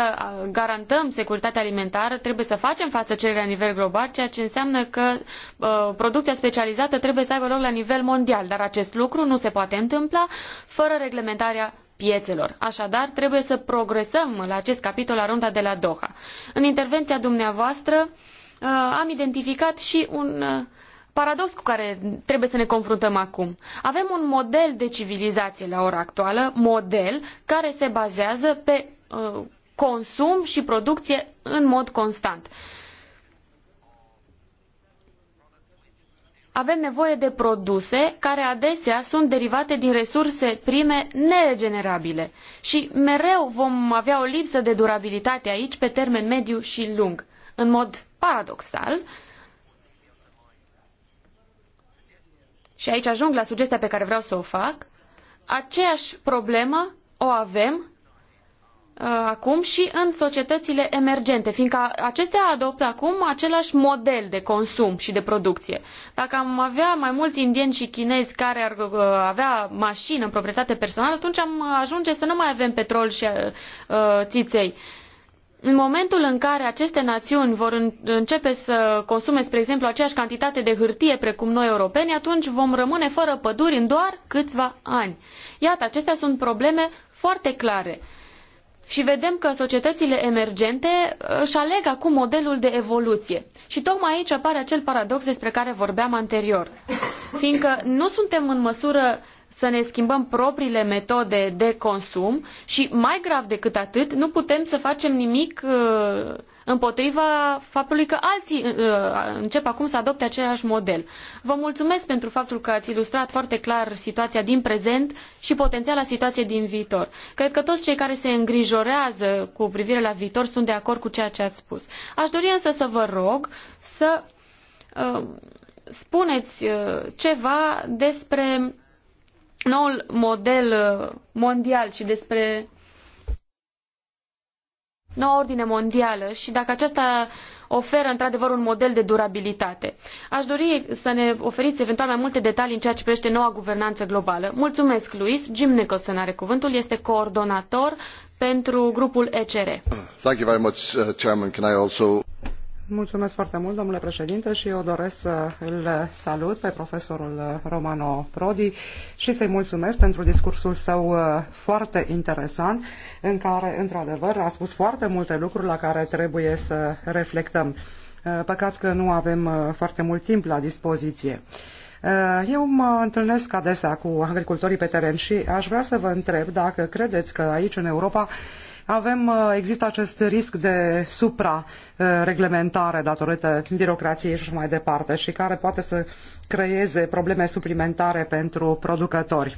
garantăm securitatea alimentară, trebuie să facem față cererii la nivel global, ceea ce înseamnă că uh, producția specializată trebuie să aibă loc la nivel mondial. Dar acest lucru nu se poate întâmpla fără reglementarea pieelor. Așadar, trebuie să progresăm la acest capitol la runda de la Doha. În intervenția dumneavoastră uh, am identificat și un uh, paradox cu care trebuie să ne confruntăm acum. Avem un model de civilizație la ora actuală, model care se bazează pe uh, consum și producție în mod constant. Uh, avem nevoie de produse care adesea sunt derivate din resurse prime neregenerabile și mereu vom avea o lipsă de durabilitate aici pe termen mediu și lung. În mod paradoxal, și aici ajung la sugestia pe care vreau să o fac, aceeași problemă o avem Uh, acum și în societățile emergente, fiindcă acestea adoptă acum același model de consum și de producție. Dacă am avea mai mulți indieni și chinezi care ar uh, avea mașină în proprietate personală, atunci am ajunge să nu mai avem petrol și uh, țiței. În momentul în care aceste națiuni vor începe să consume, spre exemplu, aceeași cantitate de hârtie precum noi europeni, atunci vom rămâne fără păduri în doar câțiva ani. Iată, acestea sunt probleme foarte clare și vedem că societățile emergente uh, își aleg acum modelul de evoluție. Și tocmai aici apare acel paradox despre care vorbeam anterior. Fiindcă nu suntem în măsură să ne schimbăm propriile metode de consum și, mai grav decât atât, nu putem să facem nimic uh, împotriva faptului că alții uh, încep acum să adopte același model. Vă mulțumesc pentru faptul că ați ilustrat foarte clar situația din prezent și potențiala situație din viitor. Cred că toți cei care se îngrijorează cu privire la viitor sunt de acord cu ceea ce ați spus. Aș dori însă să vă rog să uh, spuneți uh, ceva despre noul model uh, mondial și despre noua ordine mondială și dacă aceasta oferă într-adevăr un model de durabilitate. Aș dori să ne oferiți eventual mai multe detalii în ceea ce privește noua guvernanță globală. Mulțumesc, Luis. Jim Nicholson are cuvântul, este coordonator pentru grupul ECR. Thank you very much, uh, Chairman. Can I also... Mulțumesc foarte mult, domnule președinte, și eu doresc să îl salut pe profesorul Romano Prodi și să-i mulțumesc pentru discursul său uh, foarte interesant, în care, într-adevăr, a spus foarte multe lucruri la care trebuie să reflectăm. Uh, păcat că nu avem uh, foarte mult timp la dispoziție. Eu mă întâlnesc adesea cu agricultorii pe teren și aș vrea să vă întreb dacă credeți că aici, în Europa, avem, uh, există acest risc de supra-reglementare datorită birocrației și mai departe și care poate să creeze probleme suplimentare pentru producători.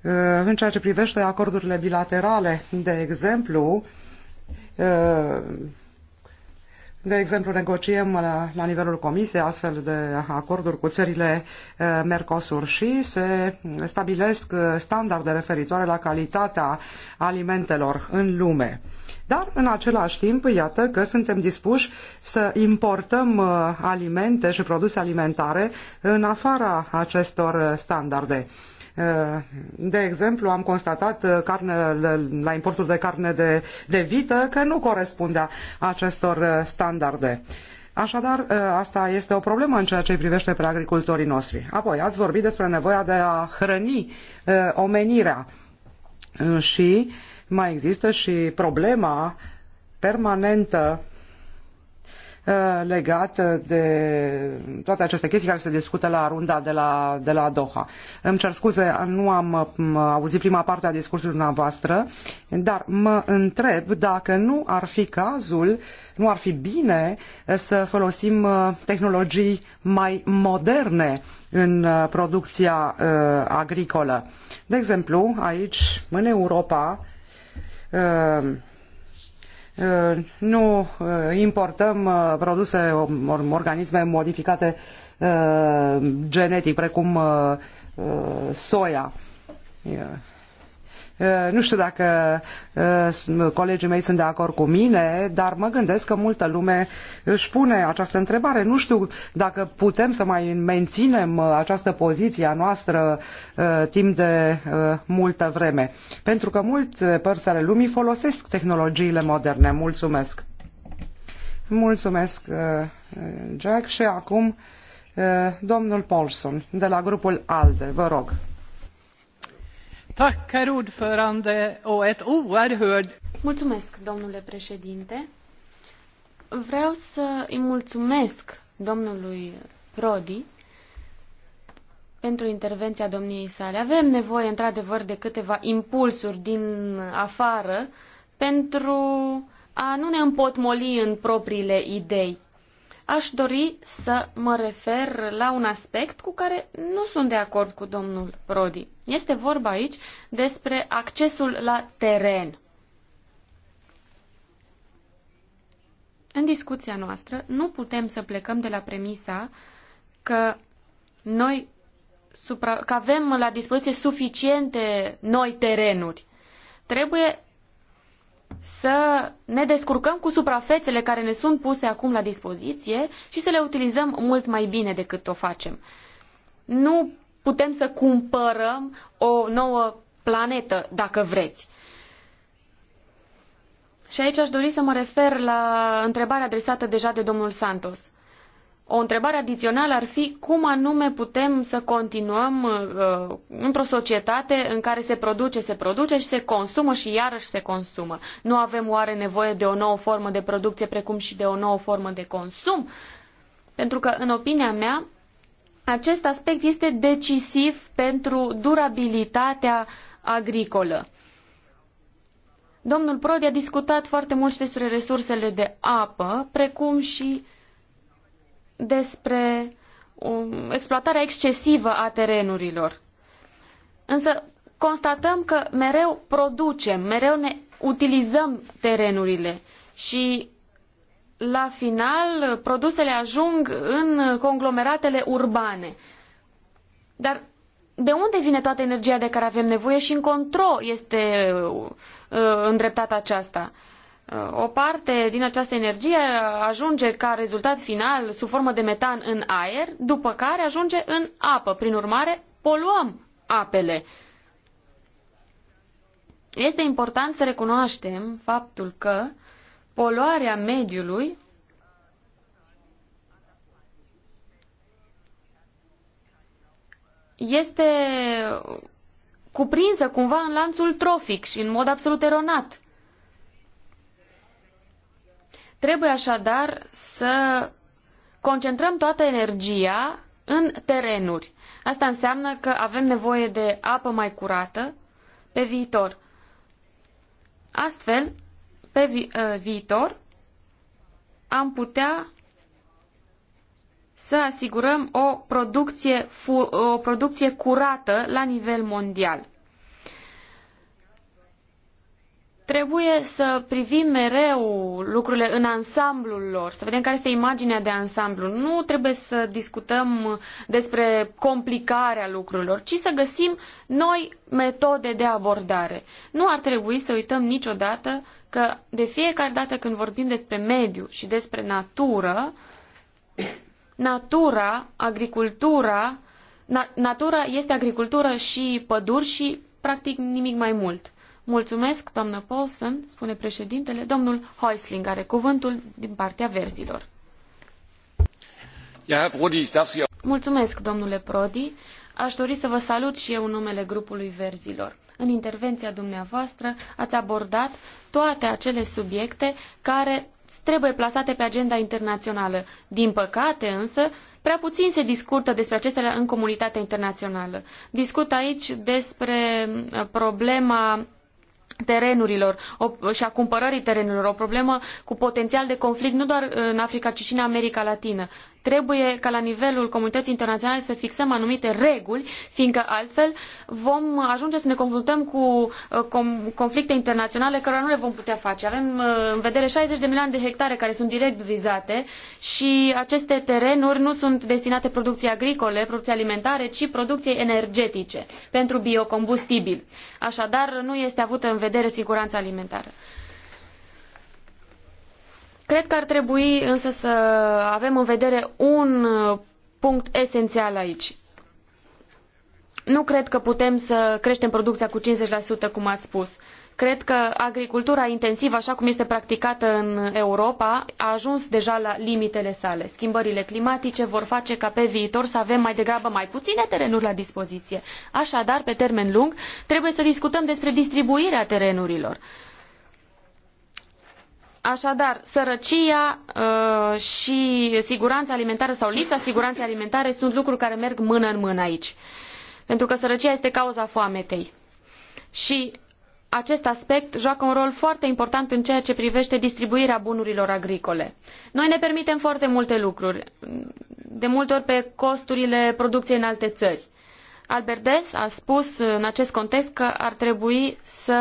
Uh, în ceea ce privește acordurile bilaterale, de exemplu, uh, de exemplu, negociem la, nivelul Comisiei astfel de acorduri cu țările eh, Mercosur și se stabilesc eh, standarde referitoare la calitatea alimentelor în lume. Dar, în același timp, iată că suntem dispuși să importăm eh, alimente și produse alimentare în afara acestor standarde. Eh, de exemplu, am constatat eh, carne, la importul de carne de, de vită că nu corespundea acestor eh, standarde. Așadar, asta este o problemă în ceea ce privește pe agricultorii noștri. Apoi, ați vorbit despre nevoia de a hrăni omenirea și mai există și problema permanentă Uh, legat de toate aceste chestii care se discută la runda de la, de la Doha. Îmi cer scuze, nu am auzit prima parte a discursului dumneavoastră, dar mă întreb dacă nu ar fi cazul, nu ar fi bine să folosim uh, tehnologii mai moderne în uh, producția agricolă. De exemplu, aici, în Europa, Uh, nu uh, importăm uh, produse, um, organisme modificate genetic, precum soia. Eh, nu știu dacă eh, colegii mei sunt de acord cu mine, dar mă gândesc că multă lume își pune această întrebare. Nu știu dacă putem să mai menținem eh, această poziție a noastră timp de multă vreme. Pentru că multe părți ale lumii folosesc tehnologiile moderne. Mulțumesc! Mulțumesc, Jack, și acum domnul Paulson de la grupul ALDE. Vă rog! Mulțumesc, domnule președinte. Vreau să îi mulțumesc domnului Prodi pentru intervenția domniei sale. Avem nevoie, într-adevăr, de câteva impulsuri din afară pentru a nu ne împotmoli în propriile idei aș dori să mă refer la un aspect cu care nu sunt de acord cu domnul Prodi. Este vorba aici despre accesul la teren. În discuția noastră nu putem să plecăm de la premisa că noi supra, că avem la dispoziție suficiente noi terenuri. Trebuie să ne descurcăm cu suprafețele care ne sunt puse acum la dispoziție și să le utilizăm mult mai bine decât o facem. Nu putem să cumpărăm o nouă planetă, dacă vreți. Și aici aș dori să mă refer la întrebarea adresată deja de domnul Santos. O întrebare adițională ar fi cum anume putem să continuăm uh, într-o societate în care se produce, se produce și se consumă și iarăși se consumă. Nu avem oare nevoie de o nouă formă de producție precum și de o nouă formă de consum? Pentru că, în opinia mea, acest aspect este decisiv pentru durabilitatea agricolă. Domnul Prodi a discutat foarte mult despre resursele de apă, precum și despre um, exploatarea excesivă a terenurilor. Însă constatăm că mereu producem, mereu ne utilizăm terenurile și la final produsele ajung în conglomeratele urbane. Dar de unde vine toată energia de care avem nevoie și în control este uh, îndreptată aceasta? Uh, Uh, o parte din această energie ajunge ca rezultat final sub formă de metan în aer, după care ajunge în apă. Prin urmare, poluăm apele. Este important să recunoaștem faptul că poluarea mediului este cuprinsă cumva în lanțul trofic și în mod absolut eronat. Trebuie așadar să concentrăm toată energia în terenuri. Asta înseamnă că avem nevoie de apă mai curată pe viitor. Astfel, pe vi ă, viitor, am putea să asigurăm o producție, o producție curată la nivel mondial. Trebuie să privim mereu lucrurile în ansamblul lor, să vedem care este imaginea de ansamblu. Nu trebuie să discutăm despre complicarea lucrurilor, ci să găsim noi metode de abordare. Nu ar trebui să uităm niciodată că de fiecare dată când vorbim despre mediu și despre natură, natura, agricultura, na natura este agricultură și păduri și practic nimic mai mult. Mulțumesc, doamnă Paulson, spune președintele. Domnul Heusling are cuvântul din partea verzilor. Mulțumesc, domnule Prodi. Aș dori să vă salut și eu în numele grupului verzilor. În intervenția dumneavoastră ați abordat toate acele subiecte care trebuie plasate pe agenda internațională. Din păcate însă, prea puțin se discută despre acestea în comunitatea internațională. Discut aici despre uh, problema terenurilor o, și a cumpărării terenurilor, o problemă cu potențial de conflict nu doar în Africa, ci și în America Latină trebuie ca la nivelul comunității internaționale să fixăm anumite reguli, fiindcă altfel vom ajunge să ne confruntăm cu uh, conflicte internaționale cărora nu le vom putea face. Avem uh, în vedere 60 de milioane de hectare care sunt direct vizate și aceste terenuri nu sunt destinate producției agricole, producției alimentare, ci producției energetice pentru biocombustibili. Așadar, nu este avută în vedere siguranța alimentară. Cred că ar trebui însă să avem în vedere un uh, punct esențial aici. Nu cred că putem să creștem producția cu 50%, cum ați spus. Cred că agricultura intensivă, așa cum este practicată în Europa, a ajuns deja la limitele sale. Schimbările climatice vor face ca pe viitor să avem mai degrabă mai puține terenuri la dispoziție. Așadar, pe termen lung, trebuie să discutăm despre distribuirea terenurilor. Uh, Așadar, sărăcia uh, și siguranța alimentară sau lipsa siguranței alimentare sunt lucruri care merg mână în mână aici. Pentru că sărăcia este cauza foametei. Și acest aspect joacă un rol foarte important în ceea ce privește distribuirea bunurilor agricole. Noi ne permitem foarte multe lucruri, de multe ori pe costurile producției în alte țări. Albert Des a spus în acest context că ar trebui să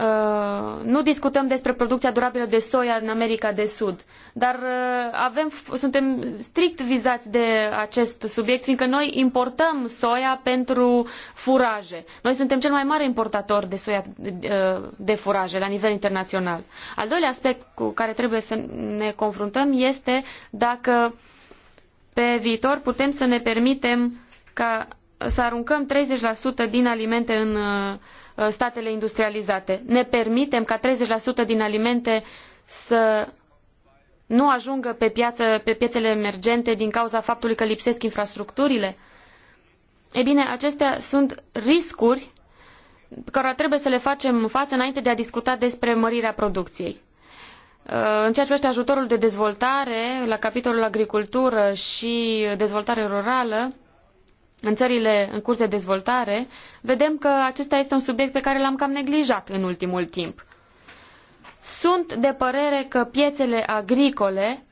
Uh, nu discutăm despre producția durabilă de soia în America de Sud, dar uh, avem, suntem strict vizați de acest subiect, fiindcă noi importăm soia pentru furaje. Noi suntem cel mai mare importator de soia uh, de furaje la nivel internațional. Al doilea aspect cu care trebuie să ne confruntăm este dacă pe viitor putem să ne permitem ca să aruncăm 30% din alimente în Uh, statele industrializate. Ne permitem ca 30% din alimente să nu ajungă pe, piață, pe piețele emergente din cauza faptului că lipsesc infrastructurile? Ei bine, acestea sunt riscuri care trebuie să le facem față înainte de a discuta despre mărirea producției. Uh, în ceea ce privește ajutorul de dezvoltare, la capitolul agricultură și dezvoltare rurală, în țările în curs de dezvoltare, vedem că acesta este un subiect pe care l-am cam neglijat în ultimul timp. Sunt de părere că piețele agricole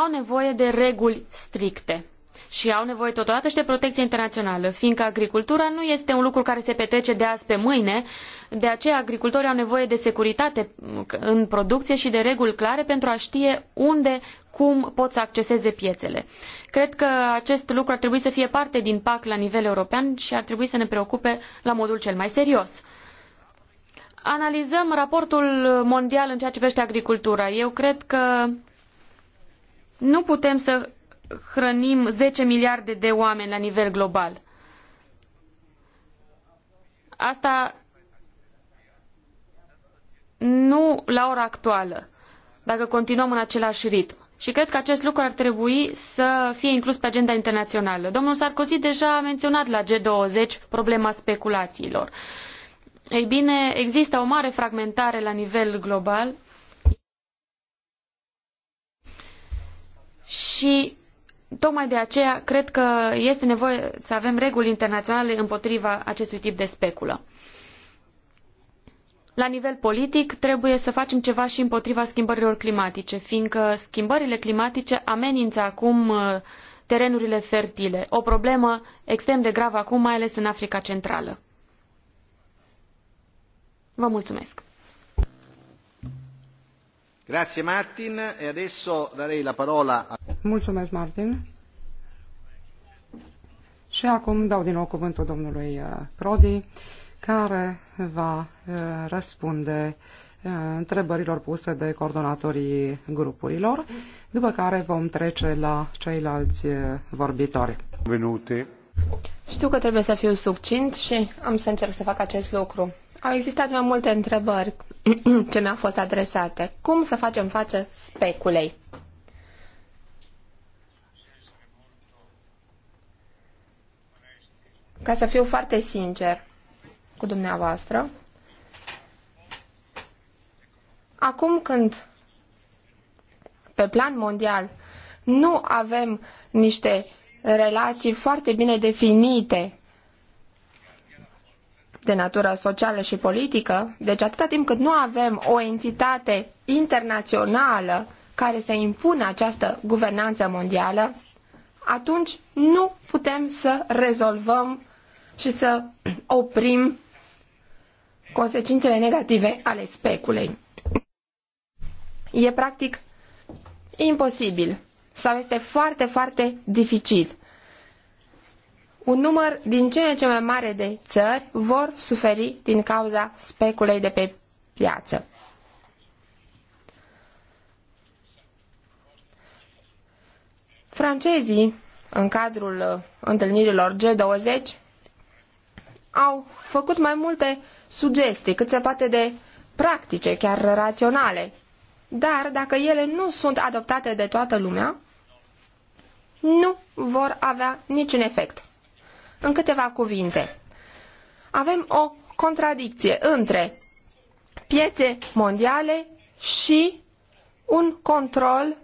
au nevoie de reguli stricte și au nevoie totodată și de protecție internațională, fiindcă agricultura nu este un lucru care se petrece de azi pe mâine, de aceea, agricultorii au nevoie de securitate în producție și de reguli clare pentru a știe unde, cum pot să acceseze piețele. Cred că acest lucru ar trebui să fie parte din PAC la nivel european și ar trebui să ne preocupe la modul cel mai serios analizăm raportul mondial în ceea ce privește agricultura. Eu cred că nu putem să hrănim zece miliarde de oameni la nivel global. Asta nu la ora actuală, dacă continuăm în același ritm. Și cred că acest lucru ar trebui să fie inclus pe agenda internațională. Domnul Sarkozy deja a menționat la G20 problema speculațiilor. Ei bine, există o mare fragmentare la nivel global și tocmai de aceea cred că este nevoie să avem reguli internaționale împotriva acestui tip de speculă. La nivel politic, trebuie să facem ceva și împotriva schimbărilor climatice, fiindcă schimbările climatice amenință acum uh, terenurile fertile, o problemă extrem de gravă acum, mai ales în Africa Centrală. Vă mulțumesc! Grazie Martin e adesso darei la parola a... Mulțumesc Martin. Și acum dau din nou cuvântul domnului uh, Prodi care va uh, răspunde uh, întrebărilor puse de coordonatorii grupurilor, după care vom trece la ceilalți uh, vorbitori. Minute. Știu că trebuie să fiu succint și am să încerc să fac acest lucru. Au existat mai multe întrebări [CLEARS THROAT] ce mi-au fost adresate. Cum să facem față speculei? Ca să fiu foarte sincer, cu dumneavoastră. Acum când pe plan mondial nu avem niște relații foarte bine definite de natură socială și politică, deci atâta timp cât nu avem o entitate internațională care să impună această guvernanță mondială, atunci nu putem să rezolvăm și să oprim consecințele negative ale speculei. E practic imposibil sau este foarte, foarte dificil. Un număr din ce în ce mai mare de țări vor suferi din cauza speculei de pe piață. Francezii, în cadrul uh, întâlnirilor G20, au făcut mai multe sugestii, cât se poate de practice, chiar raționale. Dar dacă ele nu sunt adoptate de toată lumea, nu vor avea niciun efect. În câteva cuvinte, avem o contradicție între piețe mondiale și un control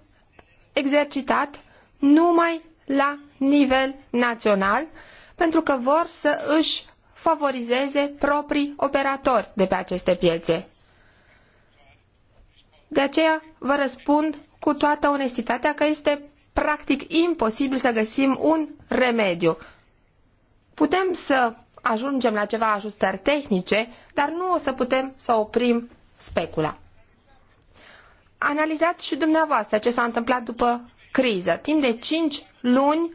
exercitat numai la nivel național, pentru că vor să își favorizeze proprii operatori de pe aceste piețe. De aceea vă răspund cu toată onestitatea că este practic imposibil să găsim un remediu. Putem să ajungem la ceva ajustări tehnice, dar nu o să putem să oprim specula. Analizați și dumneavoastră ce s-a întâmplat după criză. Timp de cinci luni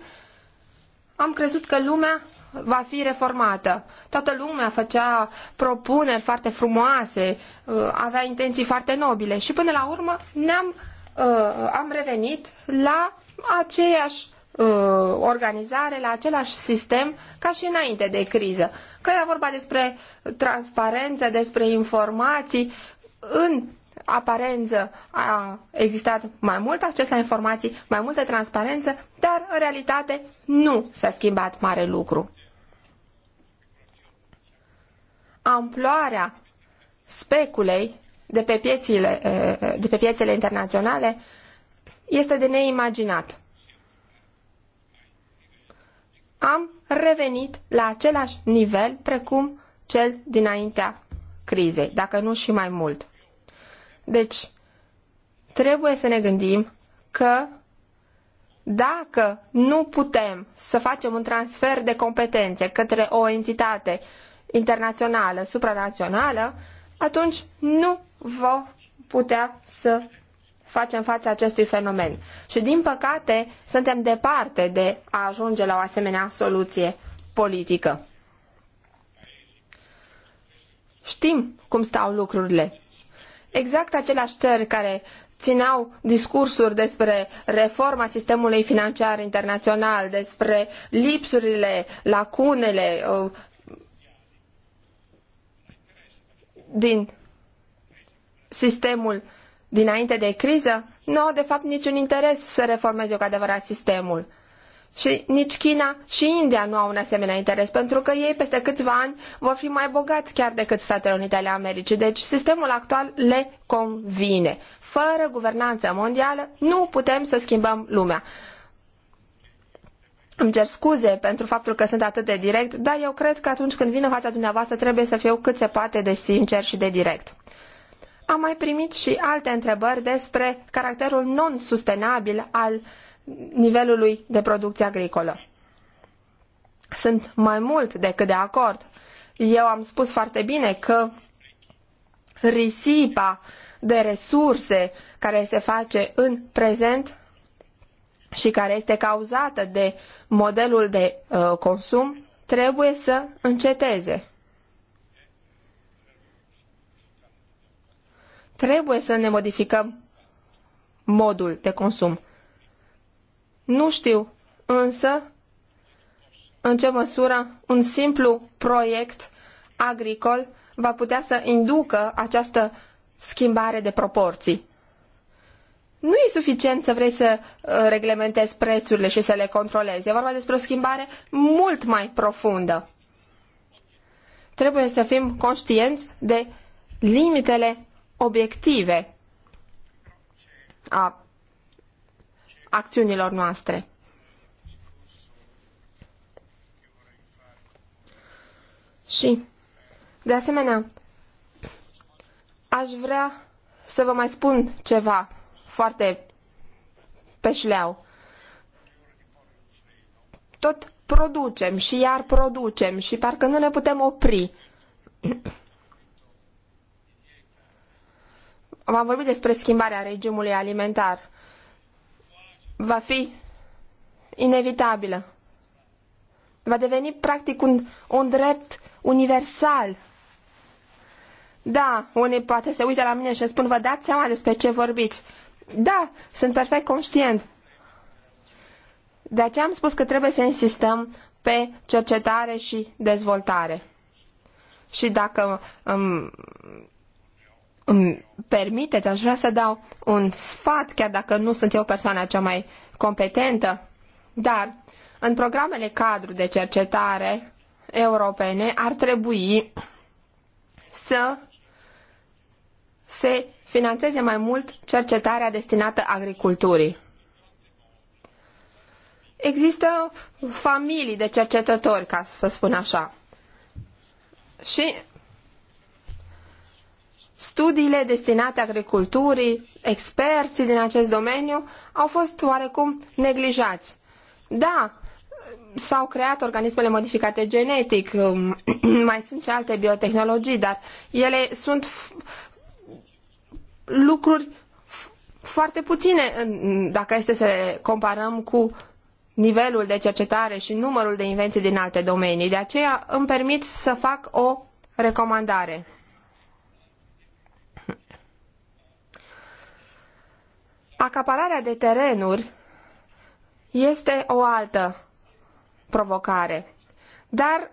am crezut că lumea va fi reformată. Toată lumea făcea propuneri foarte frumoase, uh, avea intenții foarte nobile și până la urmă ne-am uh, am revenit la aceeași uh, organizare, la același sistem ca și înainte de criză. Că era vorba despre transparență, despre informații, în aparență a existat mai mult acces la informații, mai multă transparență, dar în realitate nu s-a schimbat mare lucru. amploarea speculei de pe, piețile, de pe piețele internaționale este de neimaginat. Am revenit la același nivel precum cel dinaintea crizei, dacă nu și mai mult. Deci, trebuie să ne gândim că dacă nu putem să facem un transfer de competențe către o entitate uh, internațională, supranațională, atunci nu vom putea să facem față acestui fenomen. Și din păcate suntem departe de a ajunge la o asemenea soluție politică. Știm cum stau lucrurile. Exact aceleași țări care țineau discursuri despre reforma sistemului financiar internațional, despre lipsurile, lacunele, uh, din sistemul dinainte de criză nu au de fapt niciun interes să reformeze cu adevărat sistemul. Și nici China și India nu au un asemenea interes, pentru că ei peste câțiva ani vor fi mai bogați chiar decât Statele Unite ale Americii. Deci sistemul actual le convine. Fără guvernanță mondială nu putem să schimbăm lumea. Îmi cer scuze pentru faptul că sunt atât de direct, dar eu cred că atunci când vin în fața dumneavoastră trebuie să fiu cât se poate de sincer și de direct. Am mai primit și alte întrebări despre caracterul non-sustenabil al nivelului de producție agricolă. Sunt mai mult decât de acord. Eu am spus foarte bine că risipa de resurse care se face în prezent și care este cauzată de modelul de uh, consum, trebuie să înceteze. Trebuie să ne modificăm modul de consum. Nu știu însă în ce măsură un simplu proiect agricol va putea să inducă această schimbare de proporții nu e suficient să vrei să uh, reglementezi prețurile și să le controlezi. E vorba despre o schimbare mult mai profundă. Trebuie să fim conștienți de limitele obiective a acțiunilor noastre. Și, de asemenea, aș vrea să vă mai spun ceva foarte pe șleau. Tot producem și iar producem și parcă nu ne putem opri. am vorbit despre schimbarea regimului alimentar. Va fi inevitabilă. Va deveni practic un, un drept universal. Da, unii poate se uită la mine și îmi spun, vă dați seama despre ce vorbiți. Da, sunt perfect conștient. De aceea am spus că trebuie să insistăm pe cercetare și dezvoltare. Și dacă îmi, um, îmi um, permiteți, aș vrea să dau un sfat, chiar dacă nu sunt eu persoana cea mai competentă, dar în programele cadru de cercetare europene ar trebui să se finanțeze mai mult cercetarea destinată agriculturii. Există familii de cercetători, ca să spun așa. Și studiile destinate agriculturii, experții din acest domeniu au fost oarecum neglijați. Da, s-au creat organismele modificate genetic, [CLEARS THROAT] mai sunt și alte biotehnologii, dar ele sunt lucruri foarte puține dacă este să le comparăm cu nivelul de cercetare și numărul de invenții din alte domenii. De aceea îmi permit să fac o recomandare. Acapararea de terenuri este o altă provocare, dar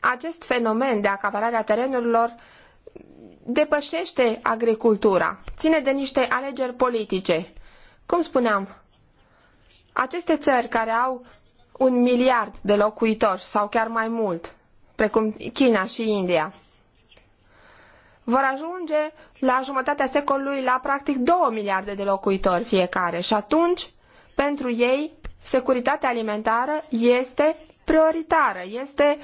acest fenomen de acaparare a terenurilor depășește agricultura, ține de niște alegeri politice. Cum spuneam, aceste țări care au un miliard de locuitori sau chiar mai mult, precum China și India, vor ajunge la jumătatea secolului la practic 2 miliarde de locuitori fiecare și atunci, pentru ei, securitatea alimentară este prioritară, este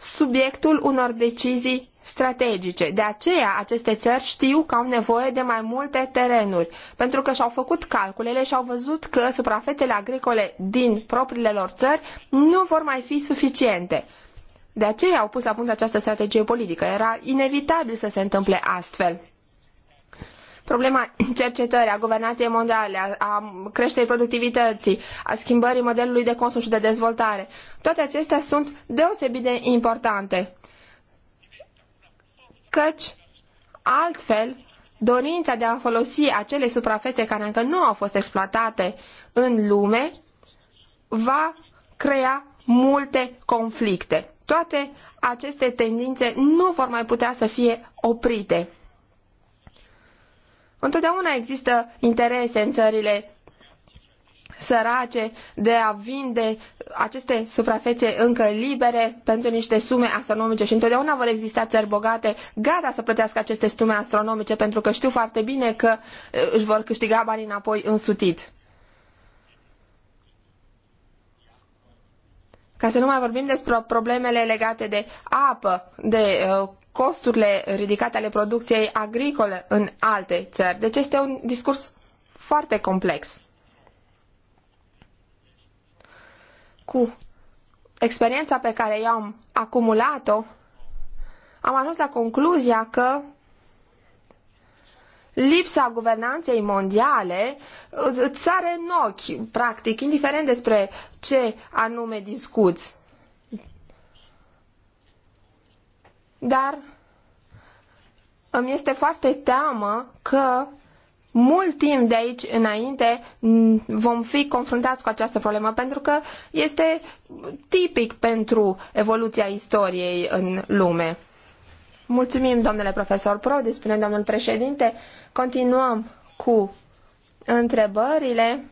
subiectul unor decizii strategice. De aceea, aceste țări știu că au nevoie de mai multe terenuri, pentru că și-au făcut calculele și au văzut că suprafețele agricole din propriile lor țări nu vor mai fi suficiente. De aceea au pus la punct această strategie politică. Era inevitabil să se întâmple astfel. Problema cercetării, a guvernanței mondiale, a, a creșterii productivității, a schimbării modelului de consum și de dezvoltare, toate acestea sunt deosebit de importante. Căci, altfel, dorința de a folosi acele suprafețe care încă nu au fost exploatate în lume va crea multe conflicte. Toate aceste tendințe nu vor mai putea să fie oprite. Întotdeauna există interese în țările sărace de a vinde aceste suprafețe încă libere pentru niște sume astronomice și întotdeauna vor exista țări bogate gata să plătească aceste sume astronomice pentru că știu foarte bine că uh, își vor câștiga banii înapoi însutit. Ca să nu mai vorbim despre problemele legate de apă, de uh, costurile ridicate ale producției agricole în alte țări. Deci este un discurs foarte complex. Cu experiența pe care eu am acumulat-o, am ajuns la concluzia că lipsa guvernanței mondiale îți sare în ochi, practic, indiferent despre ce anume discuți. dar îmi este foarte teamă că mult timp de aici înainte vom fi confruntați cu această problemă, pentru că este tipic pentru evoluția istoriei în lume. Mulțumim, domnule profesor Prodi, spune domnul președinte. Continuăm cu întrebările.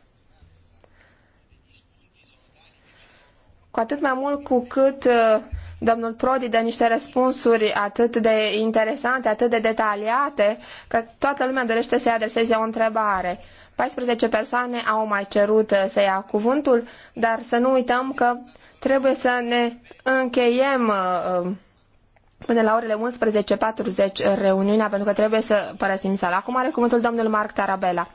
Cu atât mai mult cu cât uh, domnul Prodi dă niște răspunsuri atât de interesante, atât de detaliate, că toată lumea dorește să-i adreseze o întrebare. 14 persoane au mai cerut uh, să ia cuvântul, dar să nu uităm că trebuie să ne încheiem uh, uh, până la orele 11.40 reuniunea, pentru că trebuie să părăsim sala. Acum are cuvântul domnul Marc Tarabella.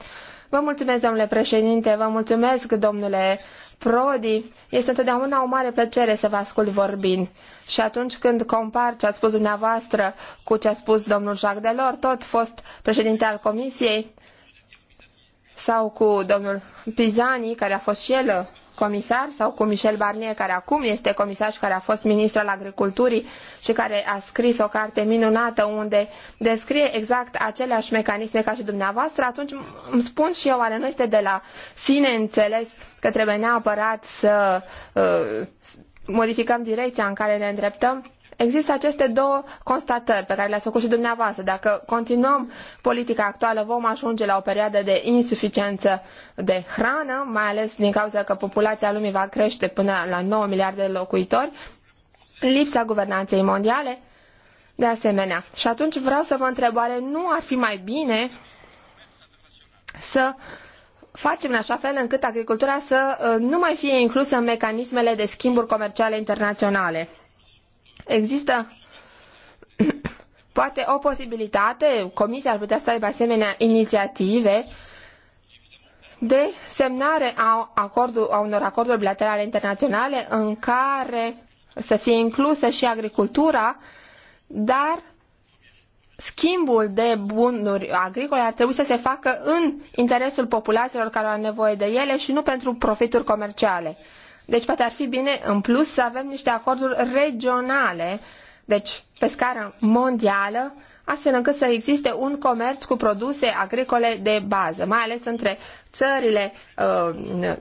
Vă mulțumesc, domnule președinte, vă mulțumesc, domnule Prodi, este întotdeauna o mare plăcere să vă ascult vorbind. Și atunci când compar ce a spus dumneavoastră cu ce a spus domnul Jacques Delors, tot fost președinte al Comisiei, sau cu domnul Pisani, care a fost și el comisar sau cu Michel Barnier, care acum este comisar și care a fost ministru al agriculturii și care a scris o carte minunată unde descrie exact aceleași mecanisme ca și dumneavoastră, atunci îmi spun și eu, oare nu este de la sine înțeles că trebuie neapărat să uh, modificăm direcția în care ne îndreptăm? Există aceste două constatări pe care le-ați făcut și dumneavoastră. Dacă continuăm politica actuală, vom ajunge la o perioadă de insuficiență de hrană, mai ales din cauza că populația lumii va crește până la 9 miliarde de locuitori, lipsa guvernanței mondiale, de asemenea. Și atunci vreau să vă întreb, oare nu ar fi mai bine să facem în așa fel încât agricultura să uh, nu mai fie inclusă în mecanismele de schimburi comerciale internaționale? Există poate o posibilitate, Comisia ar putea să aibă asemenea inițiative de semnare a, acordul, a unor acorduri bilaterale internaționale în care să fie inclusă și agricultura, dar schimbul de bunuri agricole ar trebui să se facă în interesul populațiilor care au nevoie de ele și nu pentru profituri comerciale. Deci poate ar fi bine în plus să avem niște acorduri regionale, deci pe scară mondială, astfel încât să existe un comerț cu produse agricole de bază, mai ales între țările uh,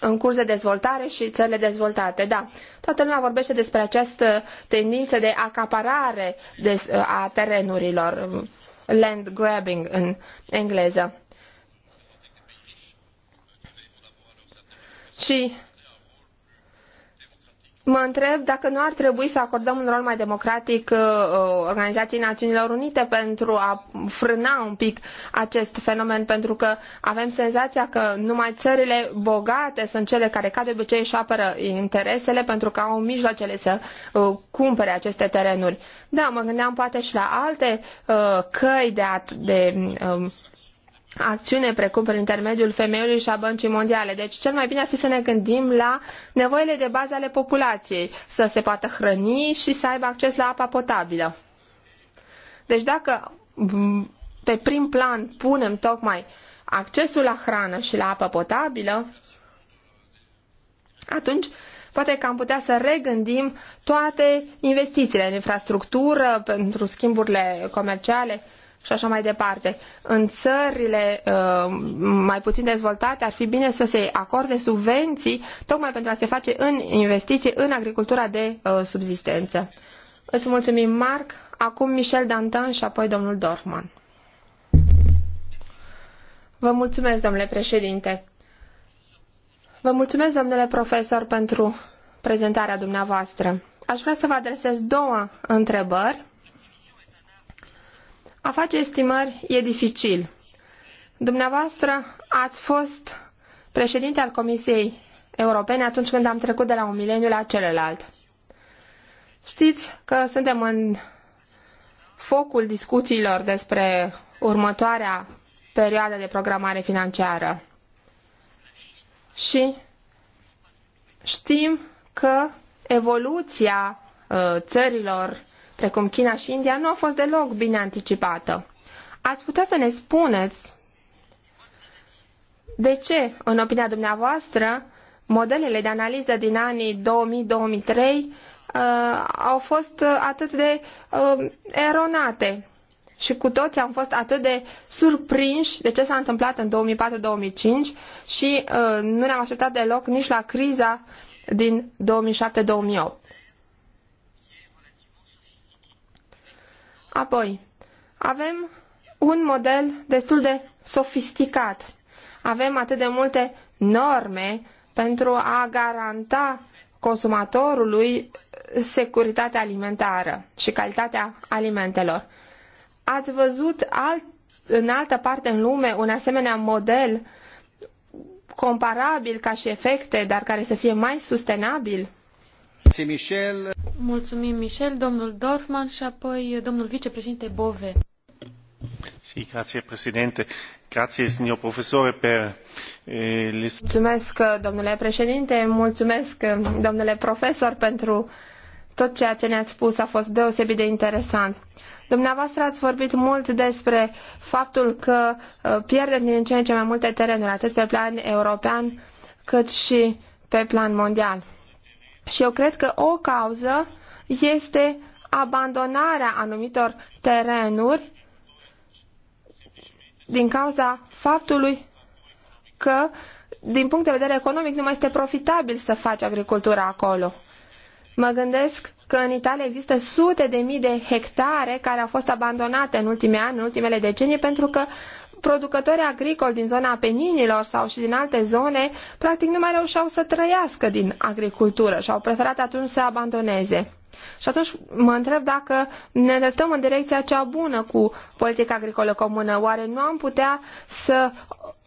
în curs de dezvoltare și țările dezvoltate. Da, toată lumea vorbește despre această tendință de acaparare de, uh, a terenurilor, land grabbing în engleză. Și mă întreb dacă nu ar trebui să acordăm un rol mai democratic uh, uh, Organizației Națiunilor Unite pentru a frâna un pic acest fenomen, pentru că avem senzația că numai țările bogate sunt cele care, ca de obicei, își apără interesele pentru că au mijloacele să uh, cumpere aceste terenuri. Da, mă gândeam poate și la alte căi de, a, de um, acțiune precum prin intermediul femeiului și a băncii mondiale. Deci cel mai bine ar fi să ne gândim la nevoile de bază ale populației, să se poată hrăni și să aibă acces la apa potabilă. Deci dacă pe prim plan punem tocmai accesul la hrană și la apă potabilă, atunci poate că am putea să regândim toate investițiile în infrastructură, pentru schimburile comerciale și așa mai departe. În țările uh, mai puțin dezvoltate ar fi bine să se acorde subvenții tocmai pentru a se face în investiții în agricultura de uh, subzistență. Îți mulțumim, Marc. Acum Michel Dantin și apoi domnul Dorfman. Vă mulțumesc, domnule președinte. Vă mulțumesc, domnule profesor, pentru prezentarea dumneavoastră. Aș vrea să vă adresez două întrebări a face estimări e dificil. Dumneavoastră ați fost președinte al Comisiei Europene atunci când am trecut de la un mileniu la celălalt. Știți că suntem în focul discuțiilor despre următoarea perioadă de programare financiară. Și știm că evoluția uh, țărilor precum China și India, nu a fost deloc bine anticipată. Ați putea să ne spuneți de ce, în opinia dumneavoastră, modelele de analiză din anii 2000-2003 uh, au fost atât de uh, eronate și cu toți am fost atât de surprinși de ce s-a întâmplat în 2004-2005 și uh, nu ne-am așteptat deloc nici la criza din 2007-2008. Apoi, avem un model destul de sofisticat. Avem atât de multe norme pentru a garanta consumatorului securitatea alimentară și calitatea alimentelor. Ați văzut alt, în altă parte în lume un asemenea model comparabil ca și efecte, dar care să fie mai sustenabil? Michel. Mulțumim, Michel. Domnul Dorfman și apoi domnul vicepreședinte Bove. Sí, grazie, Grazie, signor per eh, le... Mulțumesc, domnule președinte, mulțumesc, domnule profesor, pentru tot ceea ce ne-ați spus a fost deosebit de interesant. Dumneavoastră ați vorbit mult despre faptul că uh, pierdem din ce în ce mai multe terenuri, atât pe plan european cât și pe plan mondial. Și eu cred că o cauză este abandonarea anumitor terenuri din cauza faptului că, din punct de vedere economic, nu mai este profitabil să faci agricultura acolo. Mă gândesc că în Italia există sute de mii de hectare care au fost abandonate în ultimii ani, în ultimele decenii, pentru că producători agricoli din zona Peninilor sau și din alte zone, practic nu mai reușeau să trăiască din agricultură și au preferat atunci să abandoneze. Și atunci mă întreb dacă ne îndreptăm în direcția cea bună cu politica agricolă comună. Oare nu am putea să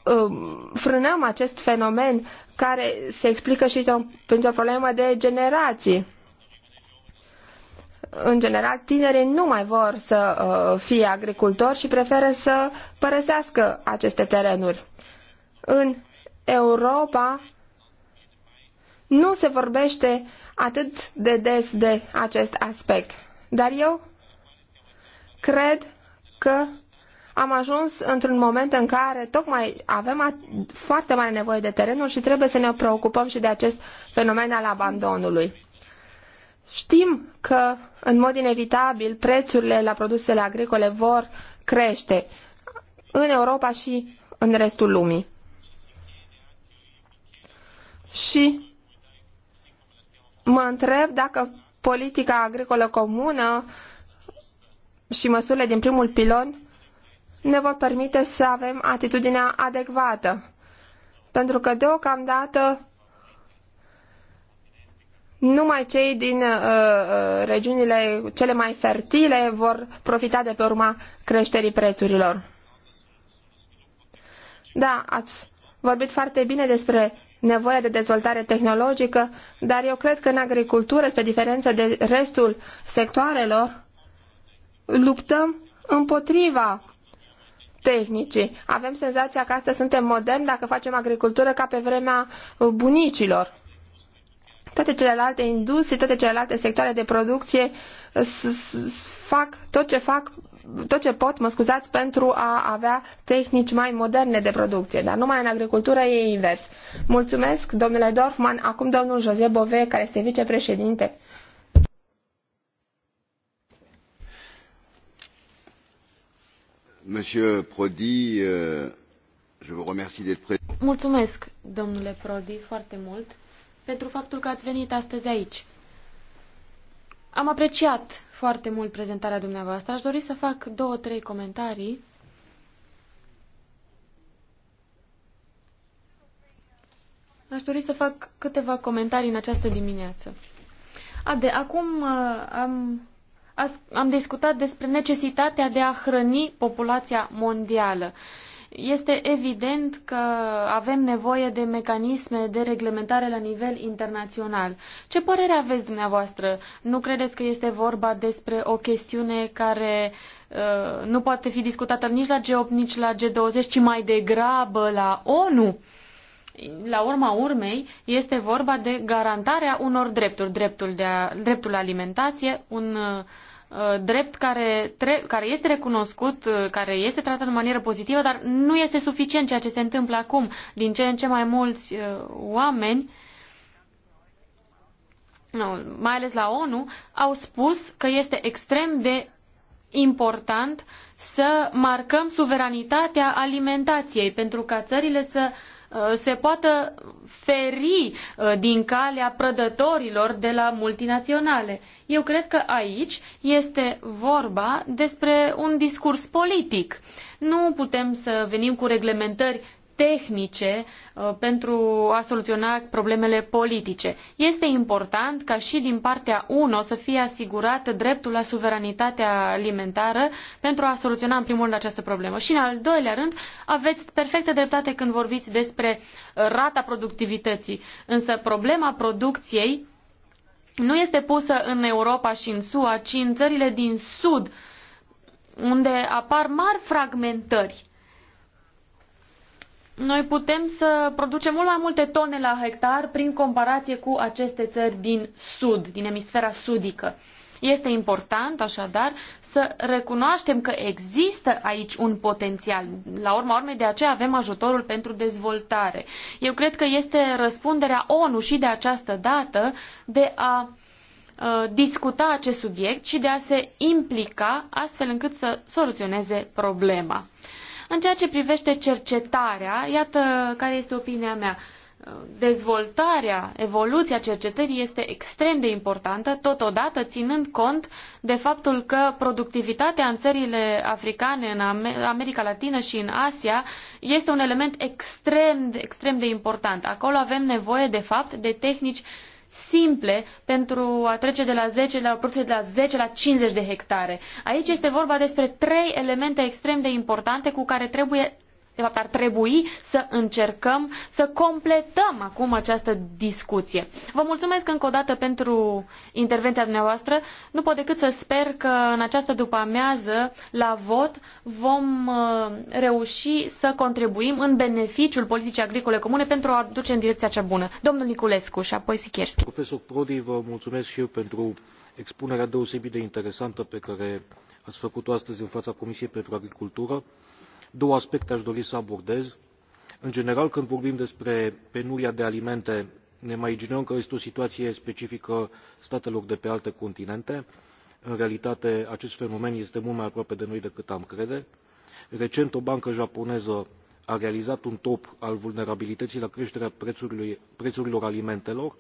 um, frânăm acest fenomen care se explică și printr-o problemă de generații? în general, tinerii nu mai vor să uh, fie agricultori și preferă să părăsească aceste terenuri. În Europa nu se vorbește atât de des de acest aspect, dar eu cred că am ajuns într-un moment în care tocmai avem foarte mare nevoie de terenuri și trebuie să ne preocupăm și de acest fenomen al abandonului. Știm că în mod inevitabil prețurile la produsele agricole vor crește în Europa și în restul lumii. Și mă întreb dacă politica agricolă comună și măsurile din primul pilon ne vor permite să avem atitudinea adecvată. Pentru că deocamdată numai cei din uh, uh, regiunile cele mai fertile vor profita de pe urma creșterii prețurilor. Da, ați vorbit foarte bine despre nevoia de dezvoltare tehnologică, dar eu cred că în agricultură, spre diferență de restul sectoarelor, luptăm împotriva tehnicii. Avem senzația că astăzi suntem moderni dacă facem agricultură ca pe vremea bunicilor toate celelalte industrii, toate celelalte sectoare de producție fac tot ce fac tot ce pot, mă scuzați, pentru a avea tehnici mai moderne de producție, dar numai în agricultură e invers. Mulțumesc, domnule Dorfman. Acum domnul Jose Bove, care este vicepreședinte. Monsieur Prodi, euh, je vous remercie d'être Mulțumesc, domnule Prodi, foarte mult pentru faptul că ați venit astăzi aici. Am apreciat foarte mult prezentarea dumneavoastră. Aș dori să fac două, trei comentarii. Aș dori să fac câteva comentarii în această dimineață. Ade, acum uh, am, am discutat despre necesitatea de a hrăni populația mondială. Uh, este evident că avem nevoie de mecanisme de reglementare la nivel internațional. Ce părere aveți dumneavoastră? Nu credeți că este vorba despre o chestiune care uh, nu poate fi discutată nici la G8, nici la G20, ci mai degrabă la ONU? La urma urmei, este vorba de garantarea unor drepturi, dreptul, de a, dreptul la alimentație, un uh, Uh, drept care, tre- care este recunoscut, uh, care este tratat în manieră pozitivă, dar nu este suficient ceea ce se întâmplă acum. Din ce în ce mai mulți uh, oameni, mai ales la ONU, au spus că este extrem de important să marcăm suveranitatea alimentației pentru ca țările să se poată feri din calea prădătorilor de la multinaționale. Eu cred că aici este vorba despre un discurs politic. Nu putem să venim cu reglementări tehnice uh, pentru a soluționa problemele politice. Este important ca și din partea UNO să fie asigurat dreptul la suveranitatea alimentară pentru a soluționa în primul rând această problemă. Și în al doilea rând, aveți perfectă dreptate când vorbiți despre uh, rata productivității. Însă problema producției nu este pusă în Europa și în SUA, ci în țările din Sud, unde apar mari fragmentări. Noi putem să producem mult mai multe tone la hectar prin comparație cu aceste țări din Sud, din emisfera sudică. Este important, așadar, să recunoaștem că există aici un potențial. La urma urmei, de aceea avem ajutorul pentru dezvoltare. Eu cred că este răspunderea ONU și de această dată de a uh, discuta acest subiect și de a se implica astfel încât să soluționeze problema. În ceea ce privește cercetarea, iată care este opinia mea dezvoltarea, evoluția cercetării este extrem de importantă, totodată ținând cont de faptul că productivitatea în țările africane, în America Latină și în Asia este un element extrem, extrem de important. Acolo avem nevoie, de fapt, de tehnici simple pentru a trece de la 10 la producție de la 10 la 50 de hectare. Aici este vorba despre trei elemente extrem de importante cu care trebuie de fapt ar trebui să încercăm să completăm acum această discuție. Vă mulțumesc încă o dată pentru intervenția dumneavoastră. Nu pot decât să sper că în această după-amiază, la vot, vom uh, reuși să contribuim în beneficiul politicii agricole comune pentru a duce în direcția cea bună. Domnul Niculescu și apoi Sikierski. Profesor Prodi, vă mulțumesc și eu pentru expunerea deosebit de interesantă pe care ați făcut-o astăzi în fața Comisiei pentru Agricultură două aspecte a dori să abordez în general când vorbim despre penuria de alimente ne mai imaginăm că este o situaie specifică statelor de pe alte continente în realitate acest fenomen este mult mai aproape de noi decât am crede. recent o bancă japoneză a realizat un top al vulnerabilităii la creterea preurilor alimentelor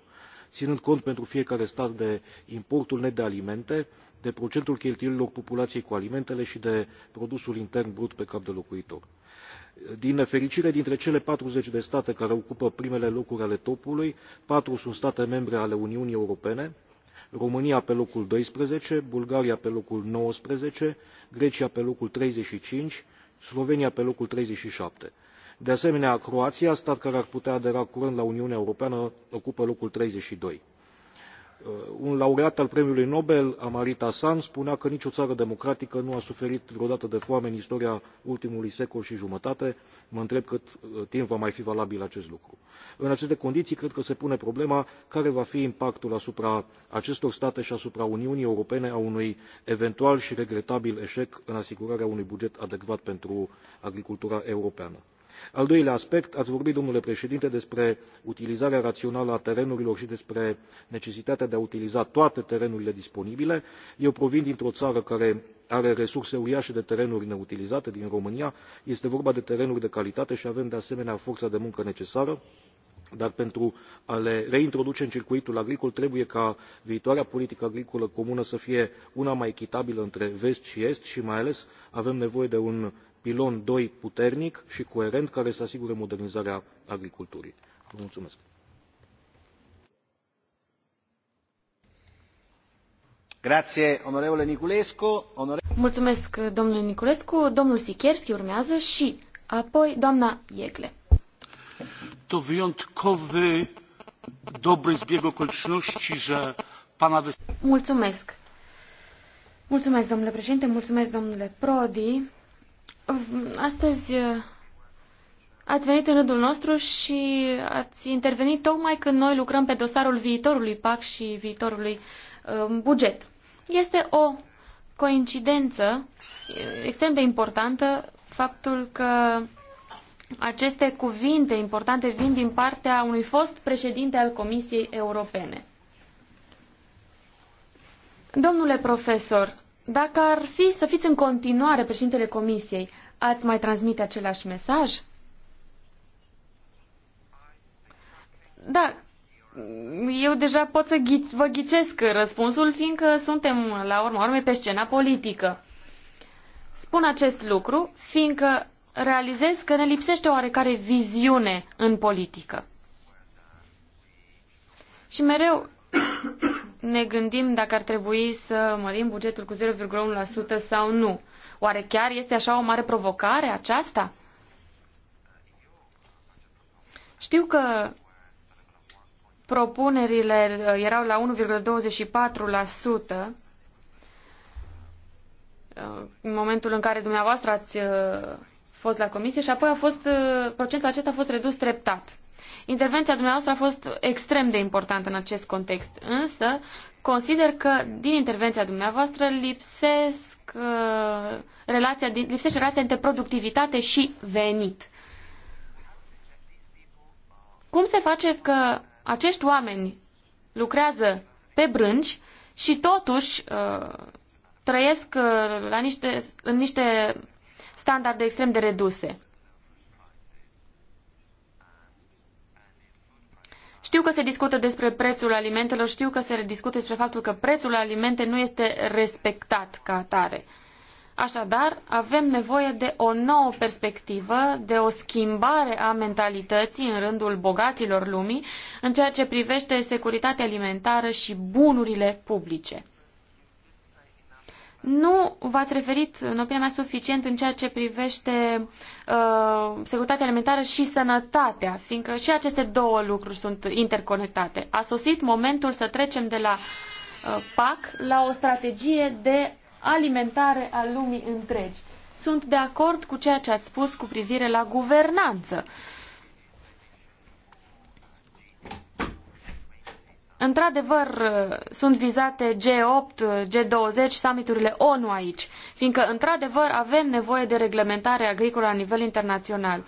inând cont pentru fiecare stat de importul net de alimente, de procentul cheltuielilor populației cu alimentele și de produsul intern brut pe cap de locuitor. Din nefericire, dintre cele 40 de state care ocupă primele locuri ale topului, patru sunt state membre ale Uniunii Europene, România pe locul 12, Bulgaria pe locul 19, Grecia pe locul 35, Slovenia pe locul 37 de asemenea, Croația, stat care ar putea adera curând la Uniunea Europeană, ocupă locul 32. Uh, un laureat al premiului Nobel, amartya sen spunea că nicio țară democratică nu a suferit vreodată de foame în istoria ultimului secol și jumătate. Mă întreb cât uh, timp va mai fi valabil acest lucru. În aceste condiții, cred că se pune problema care va fi impactul asupra acestor state și asupra Uniunii Europene a unui eventual și regretabil eșec în asigurarea unui buget adecvat pentru agricultura europeană al doilea aspect ai vorbit domnule preedinte despre utilizarea raională a terenurilor i despre necesitatea de a utiliza toate terenurile disponibile eu provin dintr o ară care are resurse uriae de terenuri neutilizate din românia este vorba de terenuri de calitate i avem de asemenea fora de muncă necesară dar pentru a le reintroduce în circuitul agricol trebuie ca viitoarea politică agricolă comună să fie una mai echitabilă între vest i est i mai ales avem nevoie de un pilon doi puternic și coerent care să asigure modernizarea agriculturii. Vă mulțumesc. Grazie, onorevole Niculescu. Onore... Mulțumesc, domnule Niculescu. Domnul Sikierski urmează și apoi doamna Iegle. To wyjątkowy dobry zbieg okoliczności, że pana... Mulțumesc. Mulțumesc, domnule președinte, mulțumesc, domnule Prodi, astăzi uh, ați venit în rândul nostru și ați intervenit tocmai când noi lucrăm pe dosarul viitorului PAC și viitorului uh, buget. Este o coincidență uh, extrem de importantă faptul că aceste cuvinte importante vin din partea unui fost președinte al Comisiei Europene. Domnule profesor, dacă ar fi să fiți în continuare președintele comisiei, ați mai transmite același mesaj? Da, eu deja pot să ghi- vă ghicesc răspunsul, fiindcă suntem la urma urmei pe scena politică. Spun acest lucru, fiindcă realizez că ne lipsește oarecare viziune în politică. Și mereu ne gândim dacă ar trebui să mărim bugetul cu 0,1% sau nu. Oare chiar este așa o mare provocare aceasta? Știu că propunerile uh, erau la 1,24% uh, în momentul în care dumneavoastră ați uh, fost la comisie și apoi a fost, procentul acesta a fost redus treptat. Intervenția dumneavoastră a fost extrem de importantă în acest context, însă consider că din intervenția dumneavoastră lipsesc, uh, relația, lipsește relația între productivitate și venit. Cum se face că acești oameni lucrează pe brânci și totuși uh, trăiesc uh, la niște, în niște standarde extrem de reduse? Știu că se discută despre prețul alimentelor, știu că se discută despre faptul că prețul la alimente nu este respectat ca atare. Așadar, avem nevoie de o nouă perspectivă, de o schimbare a mentalității în rândul bogaților lumii în ceea ce privește securitatea alimentară și bunurile publice nu v-ați referit, în opinia mea, suficient în ceea ce privește uh, securitatea alimentară și sănătatea, fiindcă și aceste două lucruri sunt interconectate. A sosit momentul să trecem de la uh, PAC la o strategie de alimentare a lumii întregi. Sunt de acord cu ceea ce ați spus cu privire la guvernanță. Uh, Într-adevăr, sunt vizate G8, G20, summiturile ONU aici, fiindcă, într-adevăr, avem nevoie de reglementare agricolă la nivel internațional.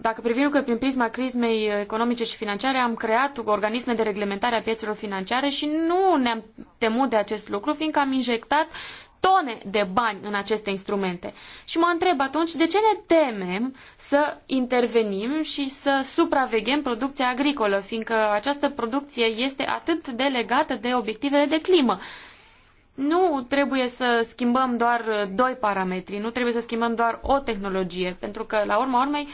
Dacă privim că prin prisma crizmei economice și financiare am creat organisme de reglementare a piețelor financiare și nu ne-am temut de acest lucru, fiindcă am injectat tone de bani în aceste instrumente. Și mă întreb atunci de ce ne temem să intervenim și să supraveghem producția agricolă, fiindcă această producție este atât de legată de obiectivele de climă. Nu trebuie să schimbăm doar doi parametri, nu trebuie să schimbăm doar o tehnologie, pentru că, la urma urmei,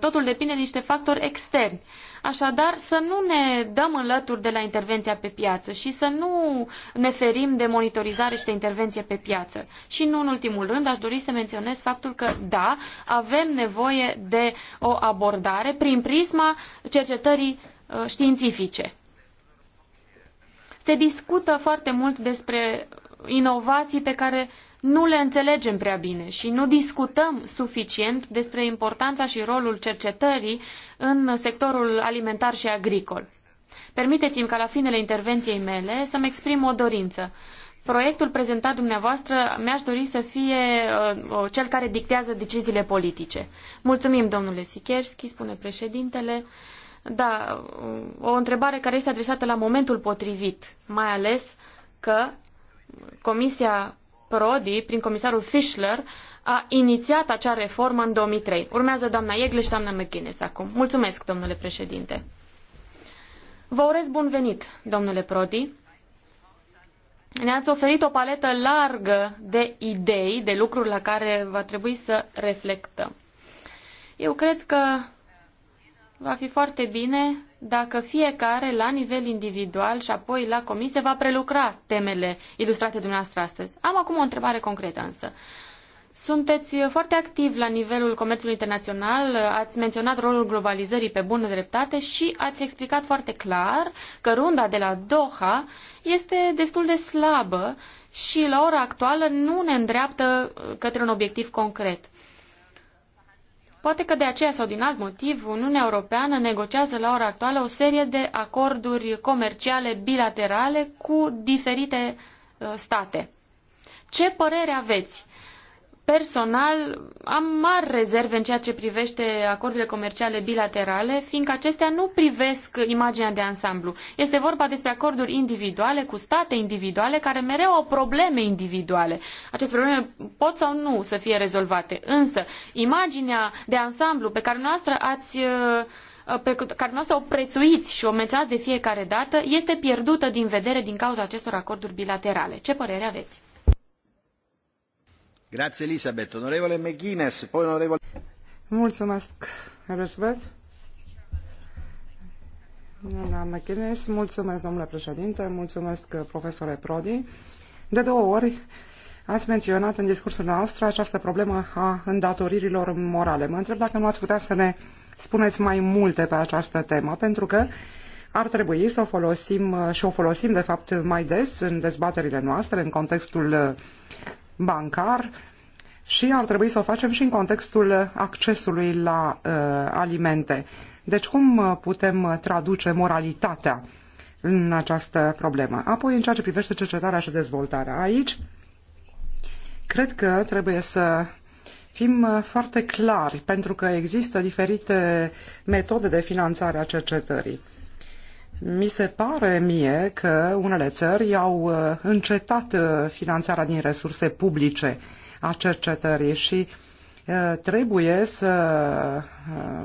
totul depinde de niște factori externi. Așadar, să nu ne dăm înlături de la intervenția pe piață și să nu ne ferim de monitorizare și de intervenție pe piață. Și nu în ultimul rând, aș dori să menționez faptul că, da, avem nevoie de o abordare prin prisma cercetării uh, științifice. Se discută foarte mult despre inovații pe care nu le înțelegem prea bine și nu discutăm suficient despre importanța și rolul cercetării în sectorul alimentar și agricol. Permiteți-mi ca la finele intervenției mele să-mi exprim o dorință. Proiectul prezentat dumneavoastră mi-aș dori să fie uh, uh cel care dictează deciziile politice. Mulțumim, domnule Sikerski, spune președintele. Da, uh, o întrebare care este adresată la momentul potrivit, mai ales că Comisia Prodi, prin comisarul Fischler, a inițiat acea reformă în 2003. Urmează doamna Iegle și doamna McGuinness acum. Mulțumesc, domnule președinte. Vă urez bun venit, domnule Prodi. Ne-ați oferit o paletă largă de idei, de lucruri la care va trebui să reflectăm. Eu cred că va fi foarte bine dacă fiecare, la nivel individual și apoi la comisie, va prelucra temele ilustrate dumneavoastră astăzi. Am acum o întrebare concretă însă. Sunteți foarte activ la nivelul comerțului internațional, ați menționat rolul globalizării pe bună dreptate și ați explicat foarte clar că runda de la Doha este destul de slabă și la ora actuală nu ne îndreaptă către un obiectiv concret. Poate că de aceea sau din alt motiv, Uniunea Europeană negociază la ora actuală o serie de acorduri comerciale bilaterale cu diferite uh, state. Ce părere aveți? Personal, am mari rezerve în ceea ce privește acordurile comerciale bilaterale, fiindcă acestea nu privesc imaginea de ansamblu. Este vorba despre acorduri individuale cu state individuale care mereu au probleme individuale. Aceste probleme pot sau nu să fie rezolvate, însă imaginea de ansamblu pe care noastră ați uh, pe care noastră o prețuiți și o menționați de fiecare dată, este pierdută din vedere din cauza acestor acorduri bilaterale. Ce părere aveți? Grazie Elisabeth. Onorevole McGuinness, poi onorevole... Mulțumesc, Elizabeth. Doamna McGuinness, mulțumesc, domnule președinte, mulțumesc, profesorul Prodi. De două ori ați menționat în discursul nostru această problemă a îndatoririlor morale. Mă întreb dacă nu ați putea să ne spuneți mai multe pe această temă, pentru că ar trebui să o folosim uh, și o folosim, de fapt, mai des în dezbaterile noastre, în contextul uh, bancar și ar trebui să o facem și în contextul accesului la uh, alimente. Deci cum uh, putem traduce moralitatea în această problemă? Apoi, în ceea ce privește cercetarea și dezvoltarea aici, cred că trebuie să fim uh, foarte clari, pentru că există diferite metode de finanțare a cercetării. Mi se pare mie că unele țări au uh, încetat uh, finanțarea din resurse publice a cercetării și uh, trebuie să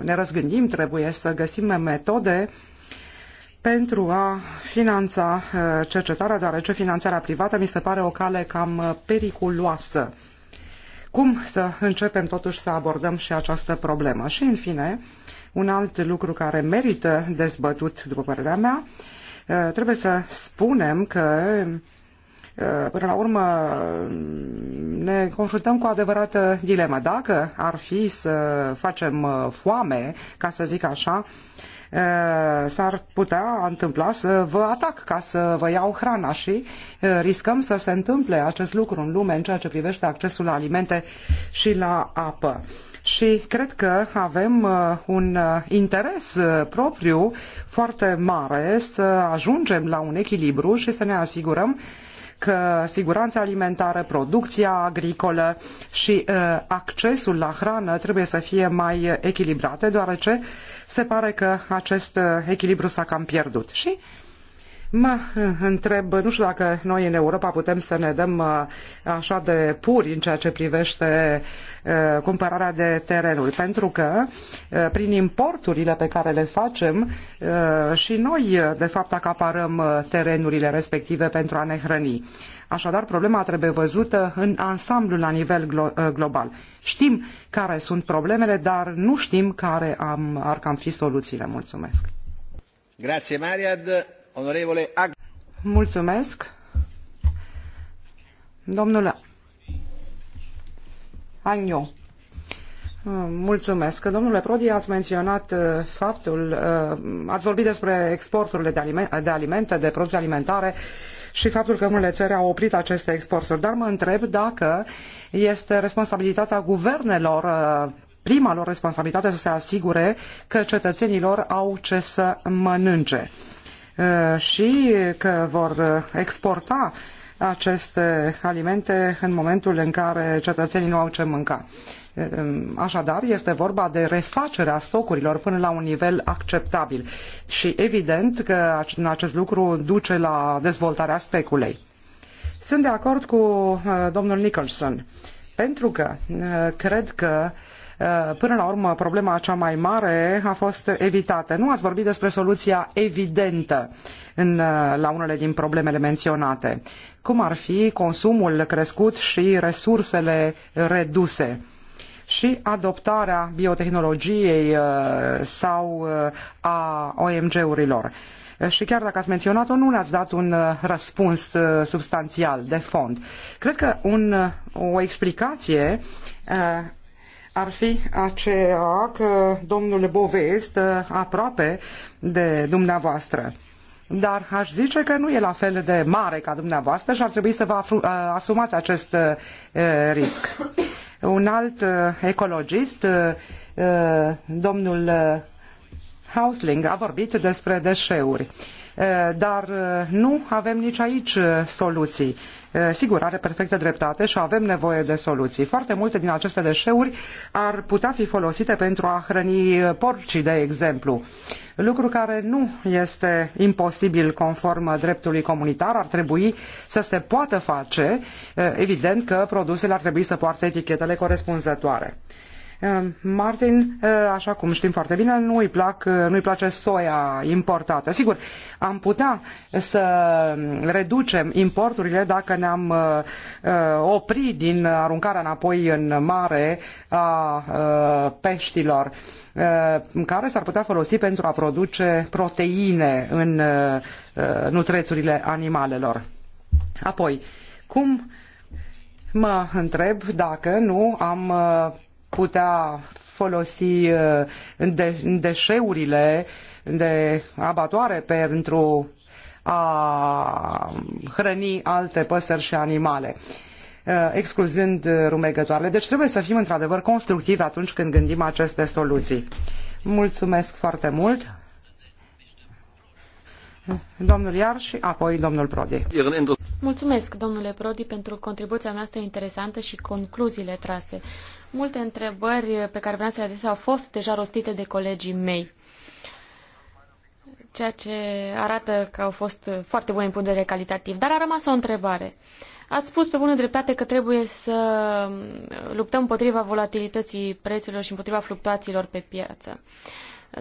ne răzgândim, trebuie să găsim metode pentru a finanța cercetarea, deoarece finanțarea privată mi se pare o cale cam periculoasă. Cum să începem totuși să abordăm și această problemă? Și în fine, un alt lucru care merită dezbătut, după părerea mea, uh, trebuie să spunem că uh, Până la urmă ne confruntăm cu o adevărată dilemă. Dacă ar fi să facem uh, foame, ca să zic așa, Eh, s-ar putea întâmpla să vă atac ca să vă iau hrana și eh, riscăm să se întâmple acest lucru în lume în ceea ce privește accesul la alimente și la apă. Și cred că avem eh, un interes propriu foarte mare să ajungem la un echilibru și să ne asigurăm că siguranța alimentară, producția agricolă și uh, accesul la hrană trebuie să fie mai echilibrate, deoarece se pare că acest uh, echilibru s-a cam pierdut. Și Mă eh, întreb, nu știu dacă noi în Europa putem să ne dăm eh, așa de puri în ceea ce privește eh, cumpărarea de terenuri, pentru că prin importurile pe care le facem și noi, de fapt, acaparăm terenurile respective pentru a ne hrăni. Așadar, problema trebuie văzută în ansamblu la nivel global. Știm care sunt problemele, dar nu știm care am, ar cam fi soluțiile. Mulțumesc! Grazie, Mariad. Mulțumesc. Domnule mulțumesc. Domnule Prodi, ați menționat uh, faptul, uh, ați vorbit despre exporturile de alimente, de, alimente, de produse alimentare și faptul că unele țări au oprit aceste exporturi. Dar mă întreb dacă este responsabilitatea guvernelor uh, prima lor responsabilitate să se asigure că cetățenilor au ce să mănânce. Uh, și că vor exporta aceste alimente în momentul în care cetățenii nu au ce mânca. Uh, așadar, este vorba de refacerea stocurilor până la un nivel acceptabil și evident că acest lucru duce la dezvoltarea speculei. Sunt de acord cu uh, domnul Nicholson pentru că cred că Eh, până la urmă, problema cea mai mare a fost evitată. Nu ați vorbit despre soluția evidentă în, eh, la unele din problemele menționate, cum ar fi consumul crescut și resursele reduse și adoptarea biotehnologiei eh, sau a OMG-urilor și chiar dacă ați menționat-o, nu ne-ați dat un răspuns substanțial de fond. Cred că un, o explicație ar fi aceea că domnul Bove este aproape de dumneavoastră. Dar aș zice că nu e la fel de mare ca dumneavoastră și ar trebui să vă uh, asumați acest uh, risc. Un alt uh, ecologist, domnul Hausling, a vorbit despre deșeuri. Eh, dar eh, nu avem nici aici eh, soluții. Sigur, are perfectă dreptate și avem nevoie de soluții. Foarte multe din aceste deșeuri ar putea fi folosite pentru a hrăni porcii, de exemplu. Lucru care nu este imposibil conform dreptului comunitar, ar trebui să se poată face. Evident că produsele ar trebui să poarte etichetele corespunzătoare. Ehm, Martin, eh, așa cum știm foarte bine, nu i plac, eh, nu place soia importată. Sigur, am putea să reducem importurile dacă ne-am eh, opri din aruncarea înapoi în mare a peștilor care s-ar putea folosi pentru a produce proteine în nutrețurile animalelor. Apoi, cum mă întreb dacă nu am putea folosi uh, deșeurile de abatoare pentru a hrăni alte păsări și animale uh, excluzând rumegătoarele. Deci trebuie să fim într-adevăr constructivi atunci când gândim aceste soluții. Mulțumesc foarte mult! domnul Iar și apoi domnul Prodi. Mulțumesc, domnule Prodi, pentru contribuția noastră interesantă și concluziile trase. Multe întrebări pe care vreau să le adresez au fost deja rostite de colegii mei ceea ce arată că au fost foarte bune în vedere calitativ. Dar a rămas o întrebare. Ați spus pe bună dreptate că trebuie să luptăm împotriva volatilității prețurilor și împotriva fluctuațiilor pe piață. Uh,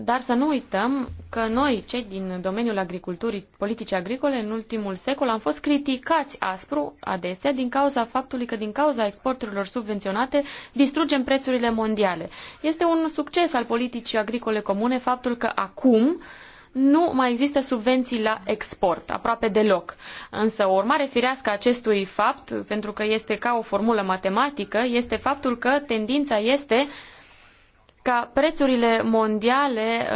dar să nu uităm că noi, cei din domeniul agriculturii, politicii agricole, în ultimul secol am fost criticați aspru adesea din cauza faptului că din cauza exporturilor subvenționate distrugem prețurile mondiale. Este un succes al politicii agricole comune faptul că acum nu mai există subvenții la export, aproape deloc. Însă o urmare firească acestui fapt, pentru că este ca o formulă matematică, este faptul că tendința este uh, ca prețurile mondiale uh,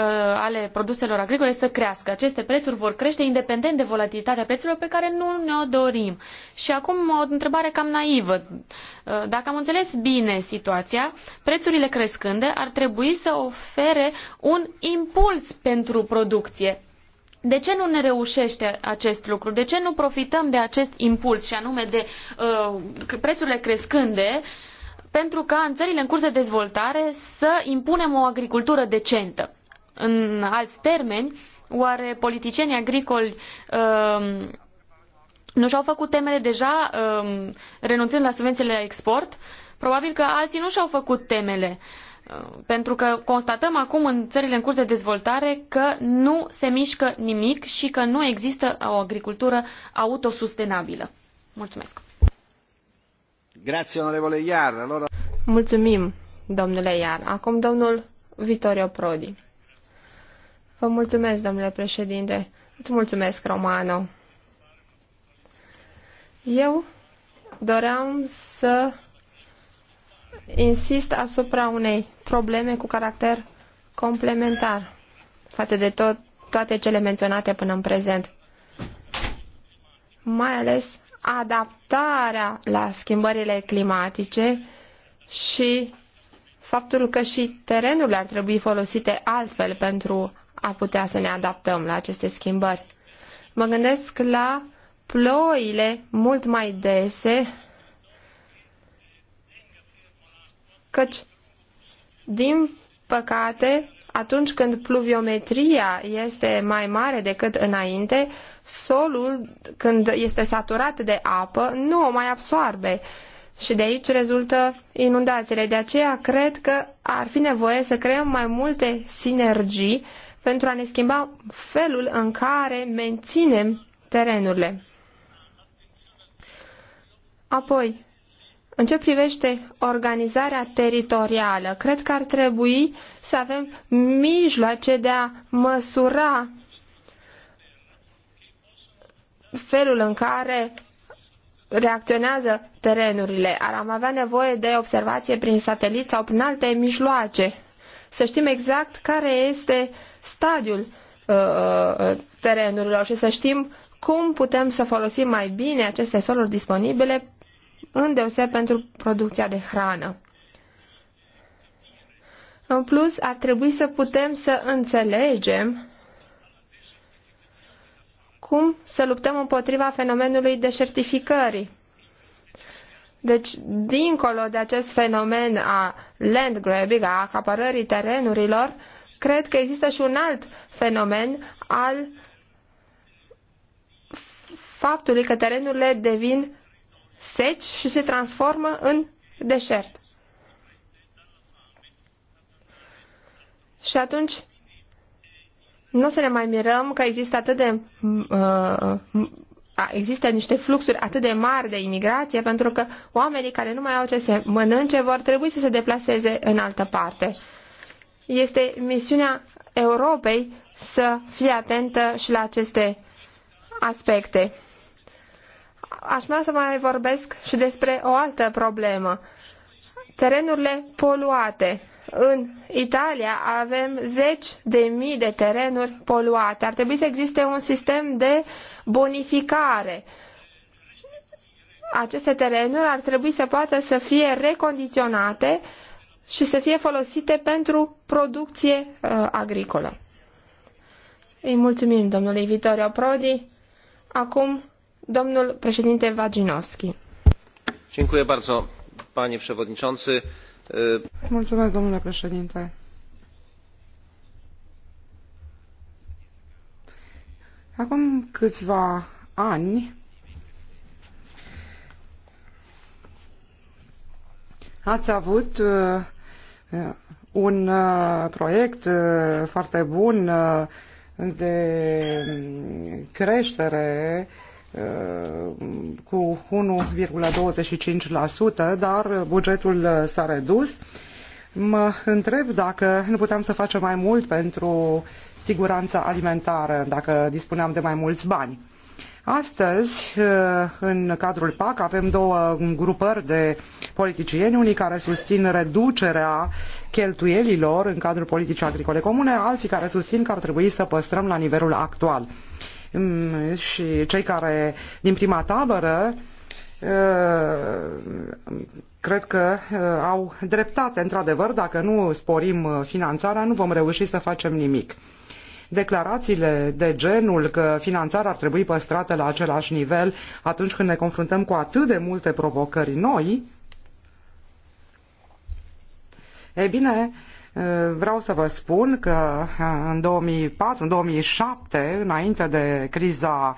ale produselor agricole să crească. Aceste prețuri vor crește independent de volatilitatea prețurilor pe care nu ne-o dorim. Și acum o întrebare cam naivă. Uh, dacă am înțeles bine situația, prețurile crescânde ar trebui să ofere un impuls pentru producție. De ce nu ne reușește acest lucru? De ce nu profităm de acest impuls și anume de uh, prețurile crescânde uh, pentru ca în țările în curs de dezvoltare să impunem o agricultură decentă. În alți termeni, oare politicienii agricoli um, nu și-au făcut temele deja uh, renunțând la subvențiile la export? Probabil că alții nu și-au făcut temele. Uh, pentru că constatăm acum în țările în curs de dezvoltare că nu se mișcă nimic și că nu există o agricultură autosustenabilă. Mulțumesc! Mulțumim, domnule Iar. Acum domnul Vittorio Prodi. Vă mulțumesc, domnule președinte. Îți mulțumesc, Romano. Eu doream să insist asupra unei probleme cu caracter complementar față de tot, toate cele menționate până în prezent, mai ales adaptarea la schimbările climatice și faptul că și terenurile ar trebui folosite altfel pentru a putea să ne adaptăm la aceste schimbări. Mă gândesc la ploile mult mai dese, căci, din păcate, atunci când pluviometria este mai mare decât înainte, solul, când este saturat de apă, nu o mai absoarbe. Și de aici rezultă inundațiile. De aceea cred că ar fi nevoie să creăm mai multe sinergii pentru a ne schimba felul în care menținem terenurile. Apoi, în ce privește organizarea teritorială, cred că ar trebui să avem mijloace de a măsura felul în care reacționează terenurile. Ar am avea nevoie de observație prin satelit sau prin alte mijloace. Să știm exact care este stadiul uh, uh terenurilor și să știm cum putem să folosim mai bine aceste soluri disponibile îndeoseb pentru producția de hrană. În plus, ar trebui să putem să înțelegem cum să luptăm împotriva fenomenului deșertificării. Deci, dincolo de acest fenomen a land grabbing, a acapărării terenurilor, cred că există și un alt fenomen al faptului că terenurile devin seci și se transformă în deșert. Și atunci nu o să ne mai mirăm că există atât de uh, există niște fluxuri atât de mari de imigrație pentru că oamenii care nu mai au ce să mănânce vor trebui să se deplaseze în altă parte. Este misiunea Europei să fie atentă și la aceste aspecte aș vrea să mai vorbesc și despre o altă problemă. Terenurile poluate. În Italia avem zeci de mii de terenuri poluate. Ar trebui să existe un sistem de bonificare. Aceste terenuri ar trebui să poată să fie recondiționate și să fie folosite pentru producție uh, agricolă. Îi mulțumim domnului Vitorio Prodi. Acum Domnul președinte Vaginovski. Mulțumesc, domnule președinte. Acum câțiva ani ați avut uh, uh, un uh, proiect foarte bun de um, creștere Uh, cu 1,25%, dar bugetul s-a redus. Mă întreb dacă nu puteam să facem mai mult pentru siguranța alimentară, dacă dispuneam de mai mulți bani. Astăzi, uh, în cadrul PAC, avem două grupări de politicieni, unii care susțin reducerea cheltuielilor în cadrul politicii agricole comune, alții care susțin că ar trebui să păstrăm la nivelul actual. Mm, și cei care din prima tabără uh, cred că uh, au dreptate, într-adevăr, dacă nu sporim uh, finanțarea, nu vom reuși să facem nimic. Declarațiile de genul că finanțarea ar trebui păstrată la același nivel atunci când ne confruntăm cu atât de multe provocări noi, e bine, Eh, vreau să vă spun că eh, în 2004, în 2007, înainte de criza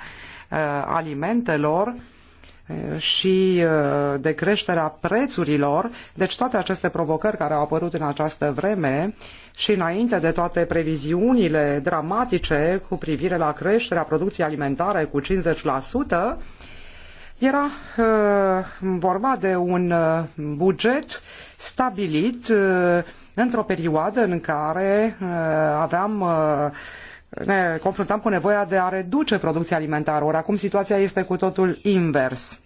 eh, alimentelor și de creșterea prețurilor, deci toate aceste provocări care au apărut în această vreme și înainte de toate previziunile dramatice cu privire la creșterea producției alimentare cu 50%, era uh, vorba de un uh, buget stabilit uh, într-o perioadă în care aveam ne confruntam cu nevoia de a reduce producția alimentară. Ori acum situația este cu totul invers.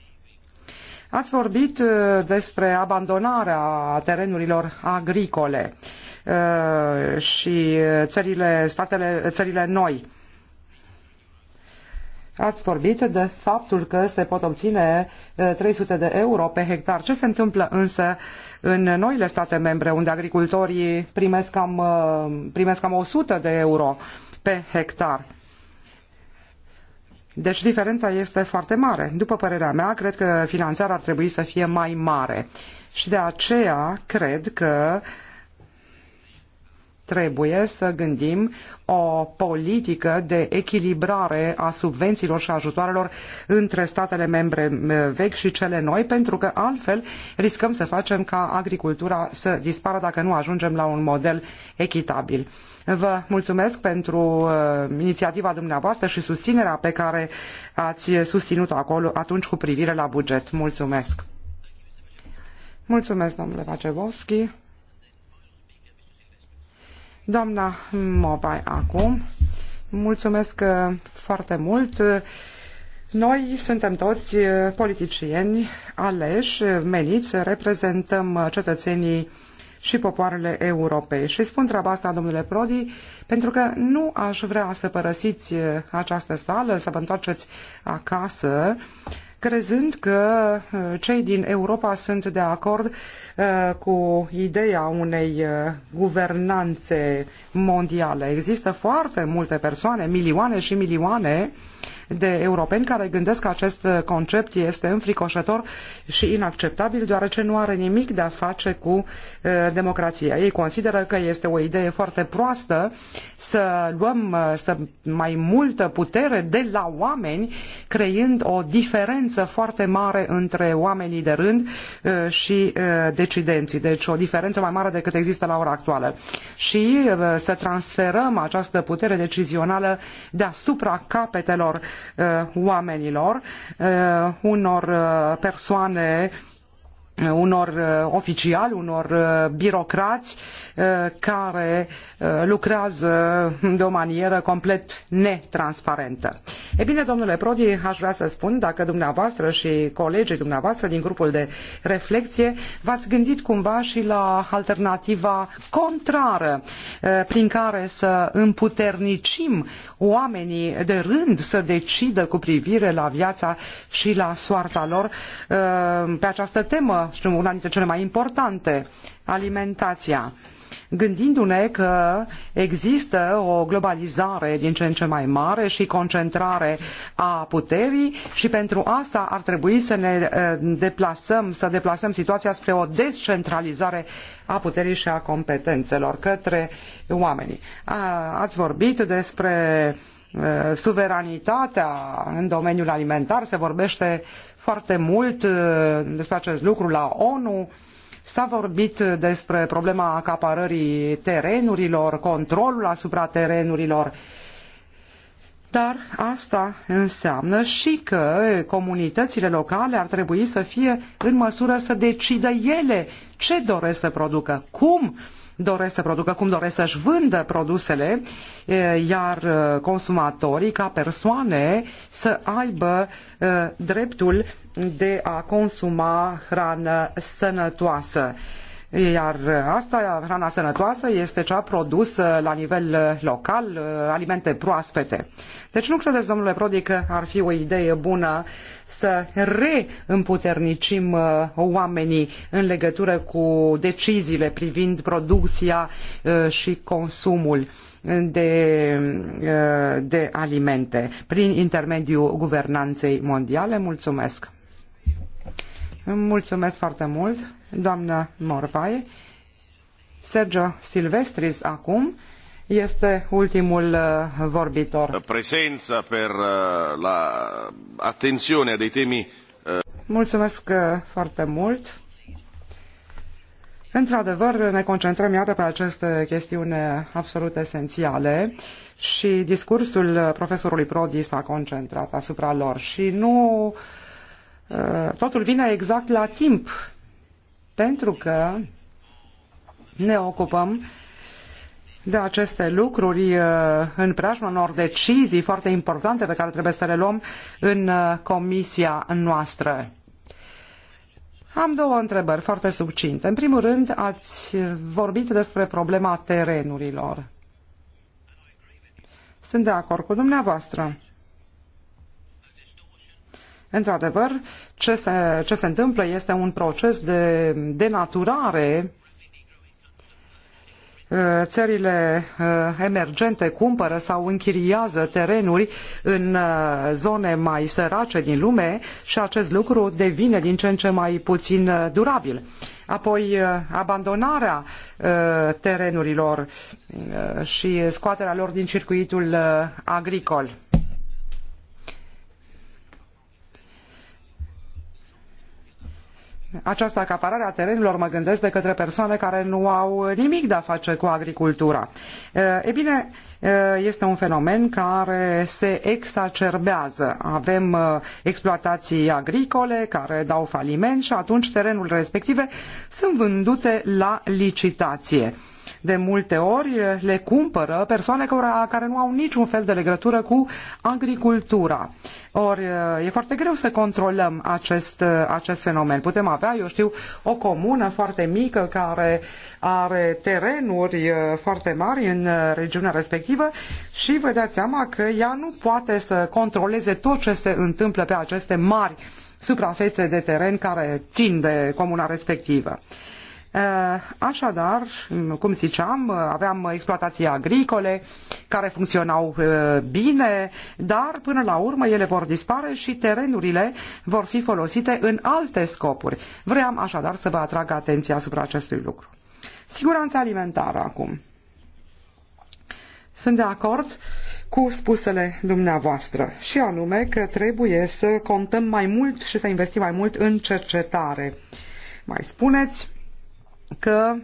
Ați vorbit despre abandonarea terenurilor agricole și țările, statele, țările noi. Ați vorbit de faptul că se pot obține 300 de euro pe hectar. Ce se întâmplă însă în noile state membre, unde agricultorii primesc cam, primesc cam 100 de euro pe hectar? Deci diferența este foarte mare. După părerea mea, cred că finanțarea ar trebui să fie mai mare. Și de aceea cred că uh, trebuie să gândim o politică de echilibrare a subvențiilor și ajutoarelor între statele membre vechi și cele noi, pentru că altfel riscăm să facem ca agricultura să dispară dacă nu ajungem la un model echitabil. Vă mulțumesc pentru uh, inițiativa dumneavoastră și susținerea pe care ați susținut-o acolo atunci cu privire la buget. Mulțumesc! Mulțumesc, domnule Vacevovski! Doamna Movai, acum, mulțumesc uh, foarte mult. Noi suntem toți uh, politicieni aleși, meniți, reprezentăm uh, cetățenii și popoarele europei. Și spun treaba asta, domnule Prodi, pentru că nu aș vrea să părăsiți această sală, să vă întoarceți acasă crezând că uh, cei din Europa sunt de acord uh, cu ideea unei uh, guvernanțe mondiale. Există foarte multe persoane, milioane și milioane, de europeni care gândesc că acest concept este înfricoșător și inacceptabil, deoarece nu are nimic de a face cu uh, democrația. Ei consideră că este o idee foarte proastă să luăm uh, să mai multă putere de la oameni, creând o diferență foarte mare între oamenii de rând uh, și decidenții. Deci o diferență mai mare decât există la ora actuală. Și să transferăm această putere decizională deasupra capetelor Uh, oamenilor, uh, unor uh, persoane unor uh, oficiali, unor uh, birocrați uh, care lucrează de o manieră complet netransparentă. E bine, domnule Prodi, aș vrea să spun dacă dumneavoastră și colegii dumneavoastră din grupul de reflexie v-ați gândit cumva și la alternativa contrară prin care să împuternicim oamenii de rând să decidă cu privire la viața și la soarta lor pe această temă una, una dintre cele mai importante, alimentația. Gândindu-ne că există o globalizare din ce în ce mai mare și concentrare a puterii și pentru asta ar trebui să ne eh, deplasăm, să deplasăm situația spre o descentralizare a puterii și a competențelor către oamenii. Ați vorbit despre eh, suveranitatea în domeniul alimentar, se vorbește foarte mult uh, despre acest lucru la ONU. S-a vorbit uh, despre problema acaparării terenurilor, controlul asupra terenurilor. Dar asta înseamnă și că comunitățile locale ar trebui să fie în măsură să decidă ele ce doresc să producă, cum doresc să producă, cum doresc să-și vândă produsele, iar consumatorii, ca persoane, să aibă dreptul de a consuma hrană sănătoasă. Iar asta, hrana sănătoasă, este cea produsă la nivel local, alimente proaspete. Deci nu credeți, domnule Prodi, că ar fi o idee bună să reîmputernicim uh, oamenii în legătură cu deciziile privind producția uh, și consumul de, uh, de alimente prin intermediul guvernanței mondiale? Mulțumesc! Mulțumesc foarte mult, doamnă Morvai. Sergio Silvestris acum este ultimul uh, vorbitor. Presența per uh, la atențiunea dei temi. Uh, Mulțumesc foarte mult. Într-adevăr, ne concentrăm, iată, pe aceste chestiune absolut esențiale și discursul profesorului Prodi s-a concentrat asupra lor și nu uh, Uh, totul vine exact la timp, pentru că ne ocupăm de aceste lucruri uh, în preajma unor decizii foarte importante pe care trebuie să le luăm în uh, comisia noastră. Am două întrebări foarte succinte. În primul rând, ați vorbit despre problema terenurilor. Sunt de acord cu dumneavoastră. Într-adevăr, ce se, ce se întâmplă este un proces de denaturare uh, țările uh, emergente cumpără sau închiriază terenuri în uh, zone mai sărace din lume și acest lucru devine din ce în ce mai puțin durabil. Apoi abandonarea terenurilor și scoaterea lor din circuitul agricol. această acaparare a terenurilor, mă gândesc, de către persoane care nu au nimic de a face cu agricultura. Eh, e bine, eh, este un fenomen care se exacerbează. Avem eh, exploatații agricole care dau faliment și atunci terenurile respective sunt vândute la licitație de multe ori eh, le cumpără persoane care nu au niciun fel de legătură cu agricultura. Ori eh, e foarte greu să controlăm acest, eh, acest fenomen. Putem avea, eu știu, o comună foarte mică care are terenuri foarte mari în regiunea respectivă și vă dați seama că ea nu poate să controleze tot ce se întâmplă pe aceste mari suprafețe de teren care țin de comuna respectivă. Uh, Uh, așadar, cum ziceam, uh, aveam exploatații agricole care funcționau uh, bine, dar până la urmă ele vor dispare și terenurile vor fi folosite în alte scopuri. Vreau așadar să vă atrag atenția asupra acestui lucru. Siguranța alimentară acum. Sunt de acord cu spusele dumneavoastră și anume că trebuie să contăm mai mult și să investim mai mult în cercetare. Mai spuneți că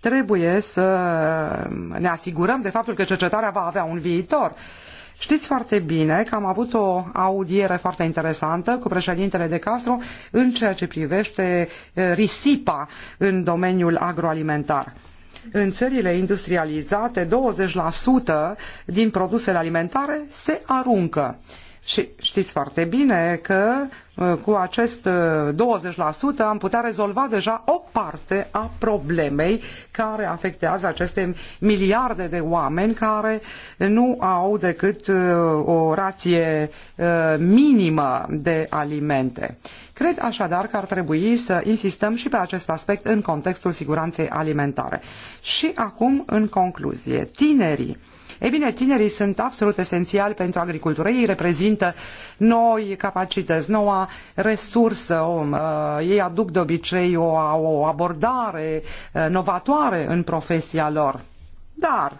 trebuie să ne asigurăm de faptul că cercetarea va avea un viitor. Știți foarte bine că am avut o audiere foarte interesantă cu președintele de Castro în ceea ce privește eh, risipa în domeniul agroalimentar. În țările industrializate, 20% din produsele alimentare se aruncă. Și știți foarte bine că uh, cu acest 20% uh, am putea rezolva deja o parte a problemei care afectează aceste miliarde de oameni care nu au decât uh, o rație minimă de alimente. Cred așadar că ar trebui să insistăm și pe acest aspect în contextul siguranței alimentare. Și acum, în concluzie, tinerii ei bine, tinerii sunt absolut esențiali pentru agricultură. Ei reprezintă noi capacități, noua resursă. Uh, ei aduc de obicei o, o abordare uh, novatoare în profesia lor. Dar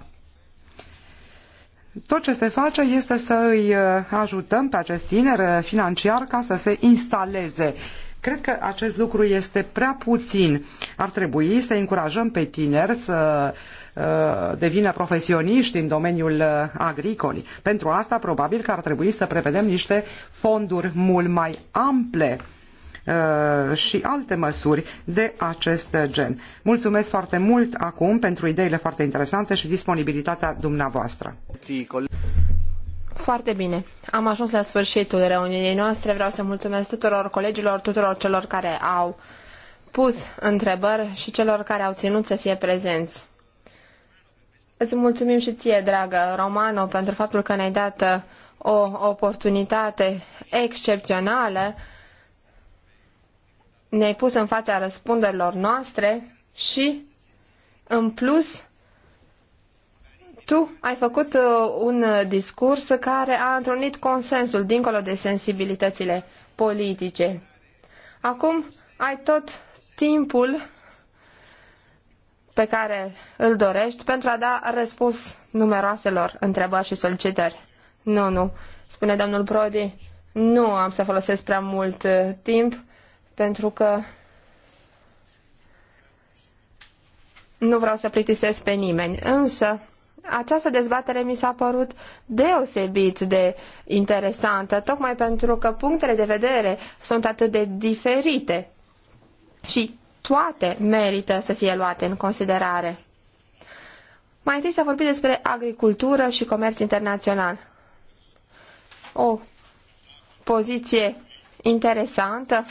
tot ce se face este să îi uh, ajutăm pe acest tineri financiar ca să se instaleze Cred că acest lucru este prea puțin. Ar trebui să încurajăm pe tineri să uh, devină profesioniști în domeniul uh, agricol. Pentru asta, probabil că ar trebui să prevedem niște fonduri mult mai ample uh, și alte măsuri de acest gen. Mulțumesc foarte mult acum pentru ideile foarte interesante și disponibilitatea dumneavoastră. Foarte bine. Am ajuns la sfârșitul reuniunii noastre. Vreau să mulțumesc tuturor colegilor, tuturor celor care au pus întrebări și celor care au ținut să fie prezenți. Îți mulțumim și ție, dragă Romano, pentru faptul că ne-ai dat uh, o oportunitate excepțională. Ne-ai pus în fața răspunderilor noastre și, în plus, tu ai făcut uh, un uh, discurs care a întrunit consensul dincolo de sensibilitățile politice. Acum ai tot timpul pe care îl dorești pentru a da răspuns numeroaselor întrebări și solicitări. Nu, nu, spune domnul Prodi, nu am să folosesc prea mult uh, timp pentru că nu vreau să plictisesc pe nimeni, însă această dezbatere mi s-a părut deosebit de interesantă, tocmai pentru că punctele de vedere sunt atât de diferite și toate merită să fie luate în considerare. Mai întâi să a vorbit despre agricultură și comerț internațional. O poziție interesantă,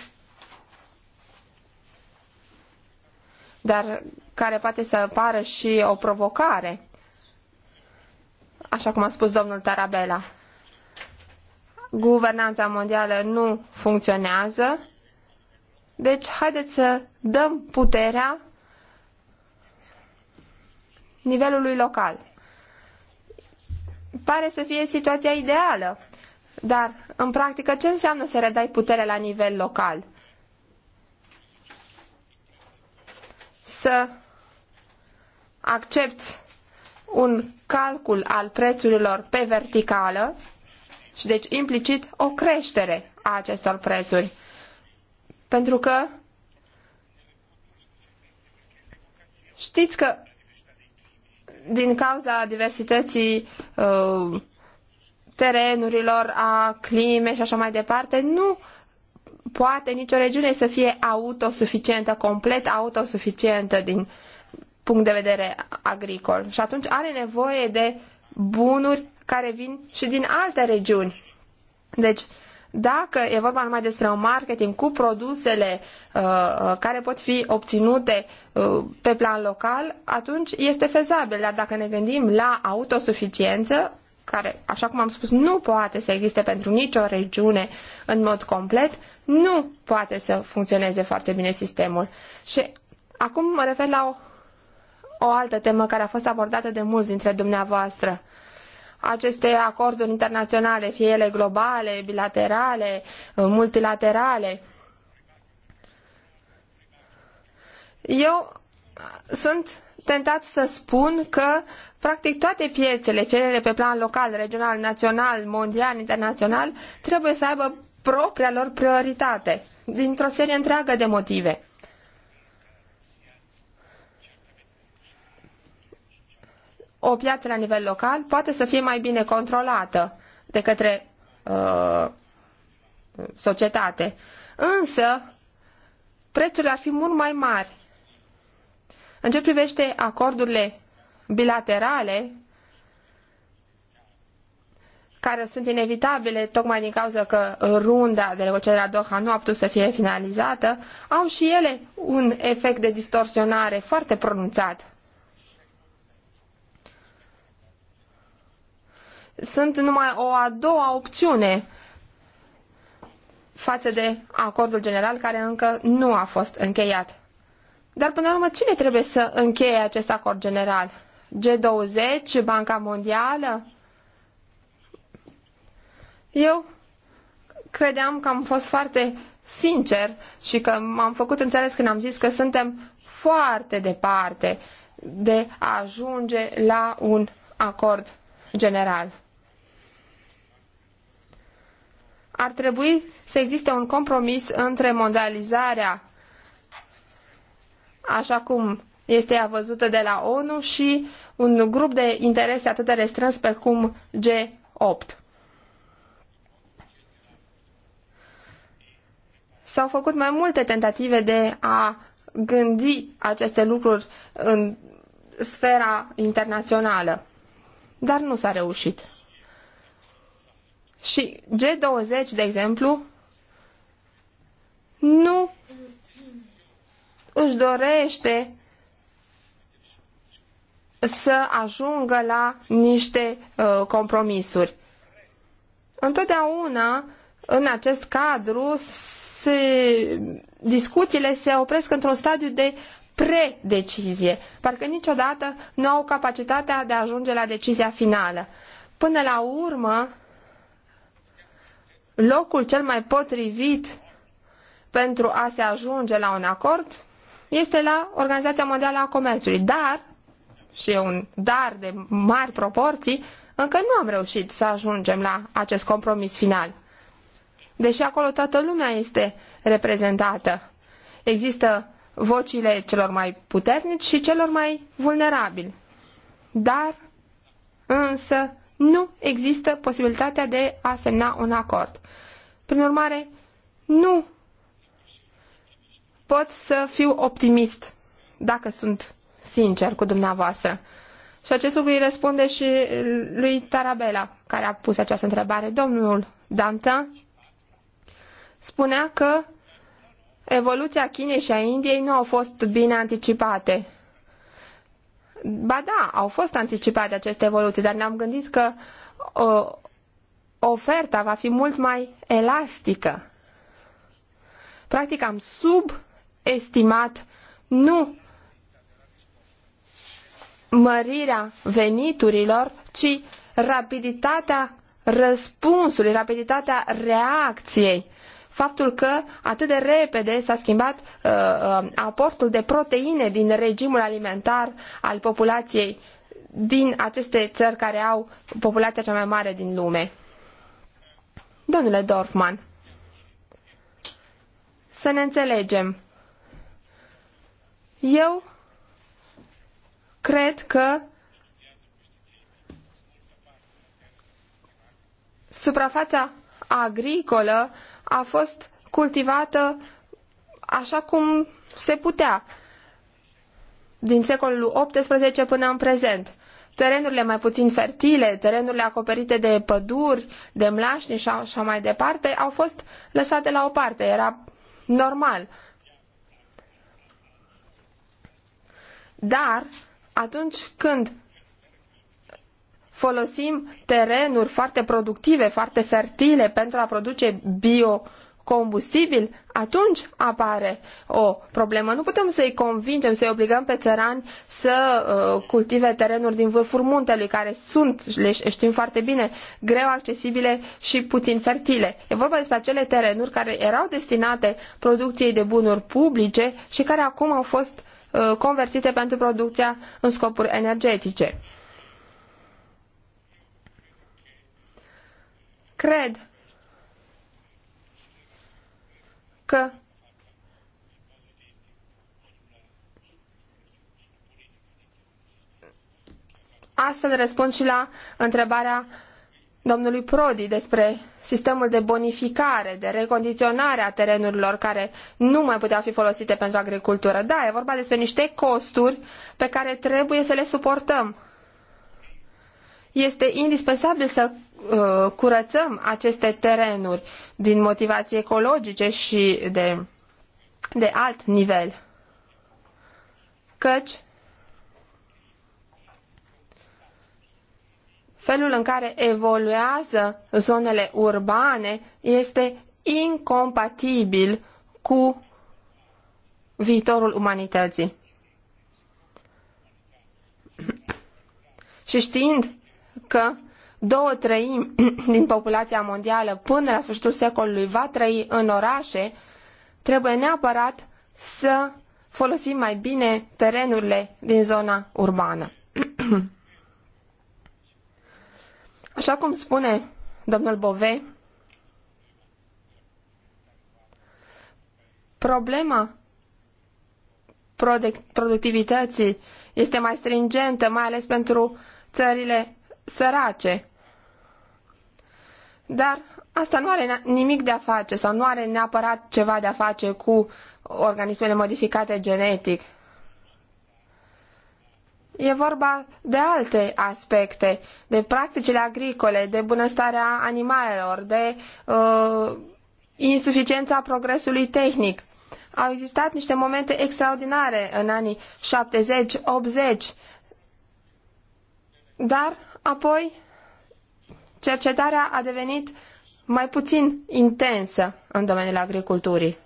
dar care poate să pară și o provocare așa cum a spus domnul Tarabella. Guvernanța mondială nu funcționează, deci haideți să dăm puterea nivelului local. Pare să fie situația ideală, dar în practică ce înseamnă să redai putere la nivel local? Să accepti un calcul al prețurilor pe verticală și deci implicit o creștere a acestor prețuri. Pentru că știți că din cauza diversității uh, terenurilor, a climei și așa mai departe, nu poate nicio regiune să fie autosuficientă, complet autosuficientă din punct de vedere agricol și atunci are nevoie de bunuri care vin și din alte regiuni. Deci, dacă e vorba numai despre un marketing cu produsele uh, uh, care pot fi obținute uh, pe plan local, atunci este fezabil. Dar dacă ne gândim la autosuficiență, care, așa cum am spus, nu poate să existe pentru nicio regiune în mod complet, nu poate să funcționeze foarte bine sistemul. Și acum mă refer la o o altă temă care a fost abordată de mulți dintre dumneavoastră. Aceste acorduri internaționale, fie ele globale, bilaterale, uh, multilaterale. Eu sunt tentat să spun că practic toate piețele, fie ele pe plan local, regional, național, mondial, internațional, trebuie să aibă propria lor prioritate, dintr-o serie întreagă de motive. o piață la nivel local poate să fie mai bine controlată de către uh, societate. Însă, prețurile ar fi mult mai mari. În ce privește acordurile bilaterale, care sunt inevitabile tocmai din cauza că runda de negociere a Doha nu a putut să fie finalizată, au și ele un efect de distorsionare foarte pronunțat. sunt numai o a doua opțiune față de acordul general care încă nu a fost încheiat. Dar până la urmă, cine trebuie să încheie acest acord general? G20? Banca Mondială? Eu credeam că am fost foarte sincer și că m-am făcut înțeles când am zis că suntem foarte departe de a ajunge la un acord general. ar trebui să existe un compromis între mondializarea așa cum este ea văzută de la ONU și un grup de interese atât de restrâns precum G8. S-au făcut mai multe tentative de a gândi aceste lucruri în sfera internațională, dar nu s-a reușit. Și G20, de exemplu, nu își dorește să ajungă la niște uh, compromisuri. Întotdeauna, în acest cadru, se, discuțiile se opresc într-un stadiu de predecizie. Parcă niciodată nu au capacitatea de a ajunge la decizia finală. Până la urmă, locul cel mai potrivit pentru a se ajunge la un acord este la Organizația Mondială a Comerțului. Dar, și e un dar de mari proporții, încă nu am reușit să ajungem la acest compromis final. Deși acolo toată lumea este reprezentată. Există vocile celor mai puternici și celor mai vulnerabili. Dar, însă, nu există posibilitatea de a semna un acord. Prin urmare, nu pot să fiu optimist, dacă sunt sincer cu dumneavoastră. Și acest lucru îi răspunde și lui Tarabella, care a pus această întrebare. Domnul Danta spunea că evoluția Chinei și a Indiei nu au fost bine anticipate. Ba da, au fost anticipate aceste evoluții, dar ne-am gândit că uh, oferta va fi mult mai elastică. Practic am subestimat nu mărirea veniturilor, ci rapiditatea răspunsului, rapiditatea reacției faptul că atât de repede s-a schimbat uh, uh, aportul de proteine din regimul alimentar al populației din aceste țări care au populația cea mai mare din lume. Domnule Dorfman, să ne înțelegem. Eu cred că suprafața agricolă a fost cultivată așa cum se putea din secolul XVIII până în prezent. Terenurile mai puțin fertile, terenurile acoperite de păduri, de mlașni și așa mai departe, au fost lăsate la o parte. Era normal. Dar atunci când folosim terenuri foarte productive, foarte fertile pentru a produce biocombustibil, atunci apare o problemă. Nu putem să-i convingem, să-i obligăm pe țărani să uh, cultive terenuri din vârful muntelui, care sunt, le știm foarte bine, greu accesibile și puțin fertile. E vorba despre acele terenuri care erau destinate producției de bunuri publice și care acum au fost uh, convertite pentru producția în scopuri energetice. Cred că Astfel răspund și la întrebarea domnului Prodi despre sistemul de bonificare, de recondiționare a terenurilor care nu mai puteau fi folosite pentru agricultură. Da, e vorba despre niște costuri pe care trebuie să le suportăm. Este indispensabil să uh, curățăm aceste terenuri din motivații ecologice și de, de alt nivel. Căci felul în care evoluează zonele urbane este incompatibil cu viitorul umanității. [CLEARS THROAT] Și știind că două treimi [CLEARS THROAT] din populația mondială până la sfârșitul secolului va trăi în orașe, trebuie neapărat să folosim mai bine terenurile din zona urbană. [CLEARS THROAT] Așa cum spune domnul Bove, problema productivității este mai stringentă, mai ales pentru țările sărace. Dar asta nu are nimic de a face sau nu are neapărat ceva de a face cu organismele modificate genetic. E vorba de alte aspecte, de practicile agricole, de bunăstarea animalelor, de uh, insuficiența progresului tehnic. Au existat niște momente extraordinare în anii 70-80, dar Apoi, cercetarea a devenit mai puțin intensă în domeniul agriculturii.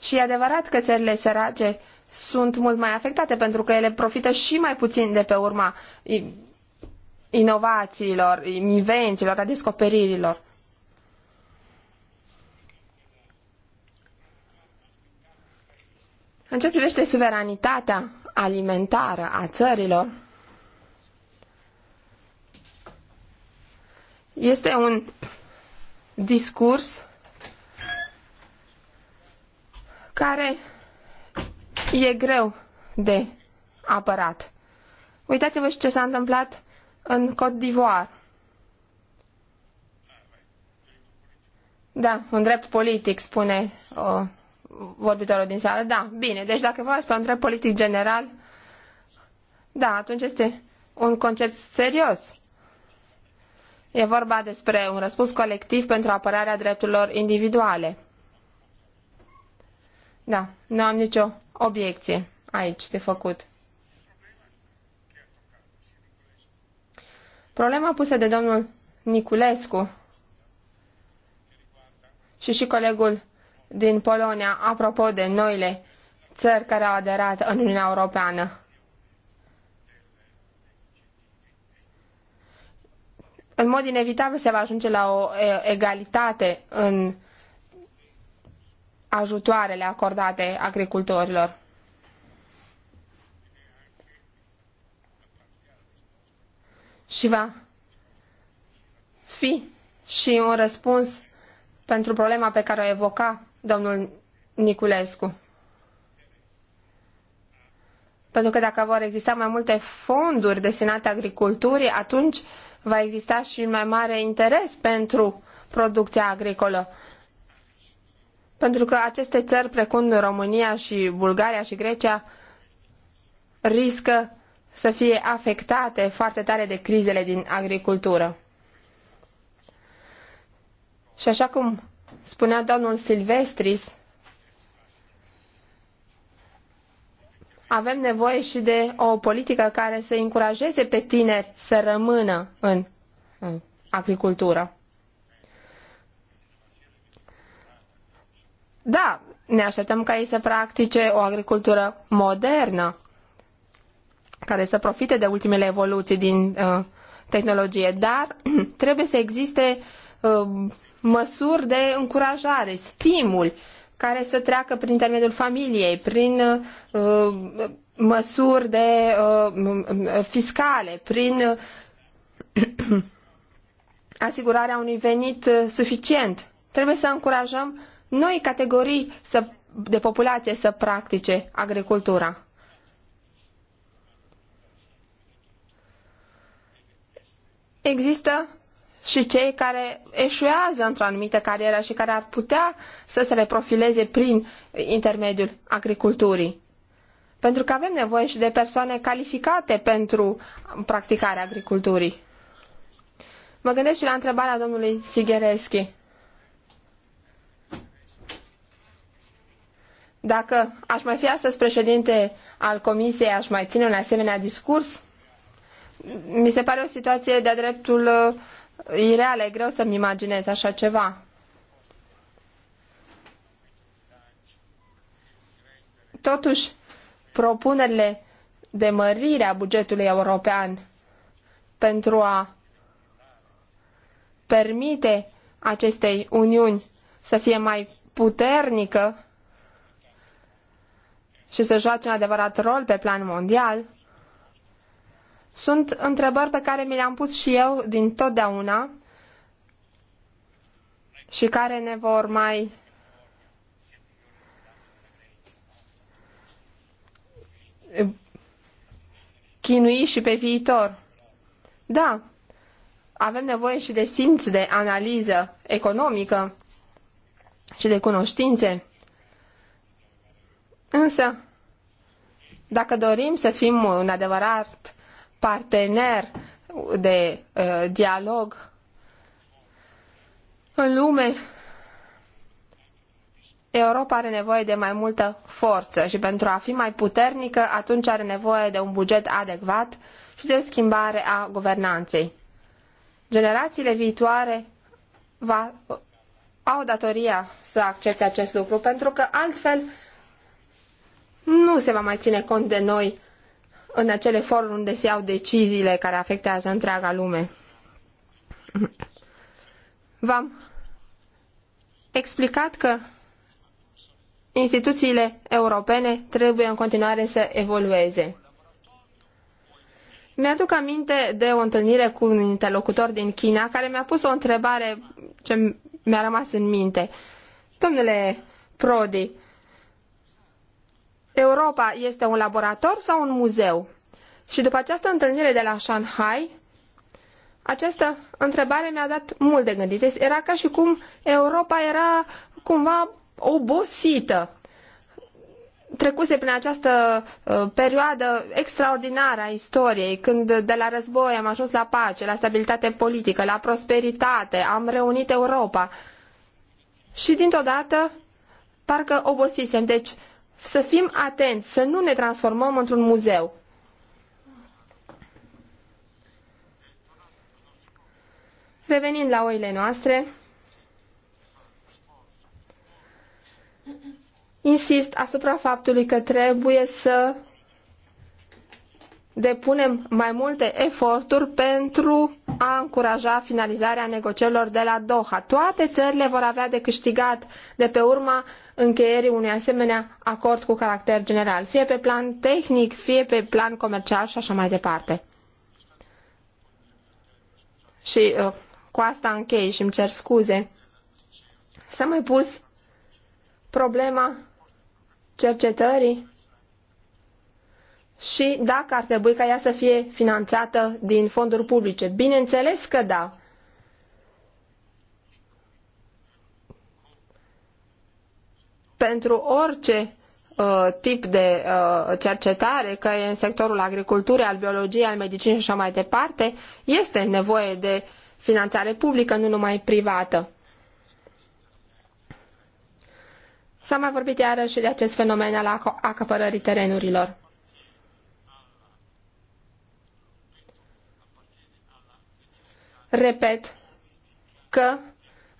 Și e adevărat că țările sărace sunt mult mai afectate pentru că ele profită și mai puțin de pe urma inovațiilor, invențiilor, a descoperirilor. În ce privește suveranitatea alimentară a țărilor, Este un discurs care e greu de apărat. Uitați-vă și ce s-a întâmplat în Côte d'Ivoire. Da, un drept politic, spune o uh, vorbitorul din sală. Da, bine, deci dacă vă despre un drept politic general, da, atunci este un concept serios. E vorba despre un răspuns colectiv pentru apărarea drepturilor individuale. Da, nu am nicio obiecție aici de făcut. Problema pusă de domnul Niculescu și și colegul din Polonia apropo de noile țări care au aderat în Uniunea Europeană. în mod inevitabil se va ajunge la o egalitate în ajutoarele acordate agricultorilor. Și va fi și un răspuns pentru problema pe care o evoca domnul Niculescu pentru că dacă vor exista mai multe fonduri destinate agriculturii, atunci va exista și un mai mare interes pentru producția agricolă. Pentru că aceste țări, precum România și Bulgaria și Grecia, riscă să fie afectate foarte tare de crizele din agricultură. Și așa cum spunea domnul Silvestris, avem nevoie și de o politică care să încurajeze pe tineri să rămână în, în agricultură. Da, ne așteptăm ca ei să practice o agricultură modernă, care să profite de ultimele evoluții din uh, tehnologie, dar [CLEARS THROAT] trebuie să existe uh, măsuri de încurajare, stimul care să treacă prin intermediul familiei, prin uh, măsuri de uh, fiscale, prin uh, [CLEARS THROAT] asigurarea unui venit uh, suficient. Trebuie să încurajăm noi categorii să, de populație să practice agricultura. Există și cei care eșuează într-o anumită carieră și care ar putea să se reprofileze prin intermediul agriculturii. Pentru că avem nevoie și de persoane calificate pentru practicarea agriculturii. Mă gândesc și la întrebarea domnului Sighereschi. Dacă aș mai fi astăzi președinte al comisiei, aș mai ține un asemenea discurs? Mi se pare o situație de-a dreptul real, e greu să-mi imaginez așa ceva. Totuși, propunerile de mărire a bugetului european pentru a permite acestei uniuni să fie mai puternică și să joace un adevărat rol pe plan mondial, sunt întrebări pe care mi le-am pus și eu din totdeauna și care ne vor mai chinui și pe viitor. Da, avem nevoie și de simț de analiză economică și de cunoștințe. Însă, dacă dorim să fim un adevărat partener de uh, dialog în lume, Europa are nevoie de mai multă forță și pentru a fi mai puternică, atunci are nevoie de un buget adecvat și de o schimbare a guvernanței. Generațiile viitoare va, au datoria să accepte acest lucru, pentru că altfel nu se va mai ține cont de noi în acele foruri unde se iau deciziile care afectează întreaga lume. V-am explicat că instituțiile europene trebuie în continuare să evolueze. Mi-aduc aminte de o întâlnire cu un interlocutor din China care mi-a pus o întrebare ce mi-a rămas în minte. Domnule Prodi, Europa este un laborator sau un muzeu? Și după această întâlnire de la Shanghai, această întrebare mi-a dat mult de gândit. Era ca și cum Europa era cumva obosită. Trecuse prin această uh, perioadă extraordinară a istoriei, când de la război am ajuns la pace, la stabilitate politică, la prosperitate, am reunit Europa. Și dintr-o dată, parcă obosisem. Deci, să fim atenți, să nu ne transformăm într-un muzeu. Revenind la oile noastre, insist asupra faptului că trebuie să depunem mai multe eforturi pentru a încuraja finalizarea negocierilor de la Doha. Toate țările vor avea de câștigat de pe urma încheierii unui asemenea acord cu caracter general, fie pe plan tehnic, fie pe plan comercial și așa mai departe. Și uh, cu asta închei și îmi cer scuze. S-a mai pus problema cercetării și dacă ar trebui ca ea să fie finanțată din fonduri publice. Bineînțeles că da. Pentru orice uh, tip de uh, cercetare, că e în sectorul agriculturii, al biologiei, al medicinii și așa mai departe, este nevoie de finanțare publică, nu numai privată. S-a mai vorbit iarăși de acest fenomen al acapărării terenurilor. repet că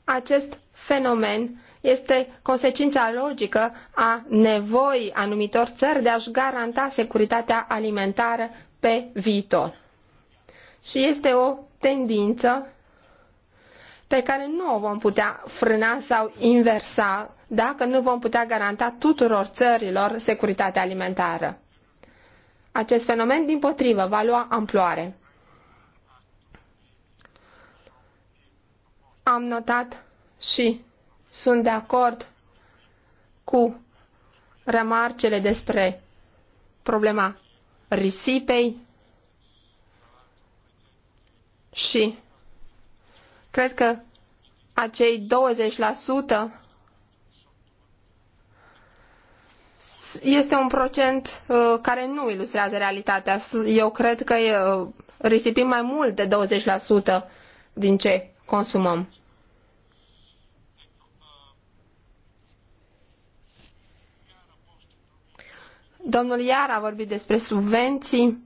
acest fenomen este consecința logică a nevoii anumitor țări de a-și garanta securitatea alimentară pe viitor. Și este o tendință pe care nu o vom putea frâna sau inversa dacă nu vom putea garanta tuturor țărilor securitatea alimentară. Acest fenomen, din potrivă, va lua amploare. Am notat și sunt de acord cu remarcele despre problema risipei și cred că acei 20% este un procent uh, care nu ilustrează realitatea. Eu cred că uh, risipim mai mult de 20% din ce consumăm. Domnul Iar a vorbit despre subvenții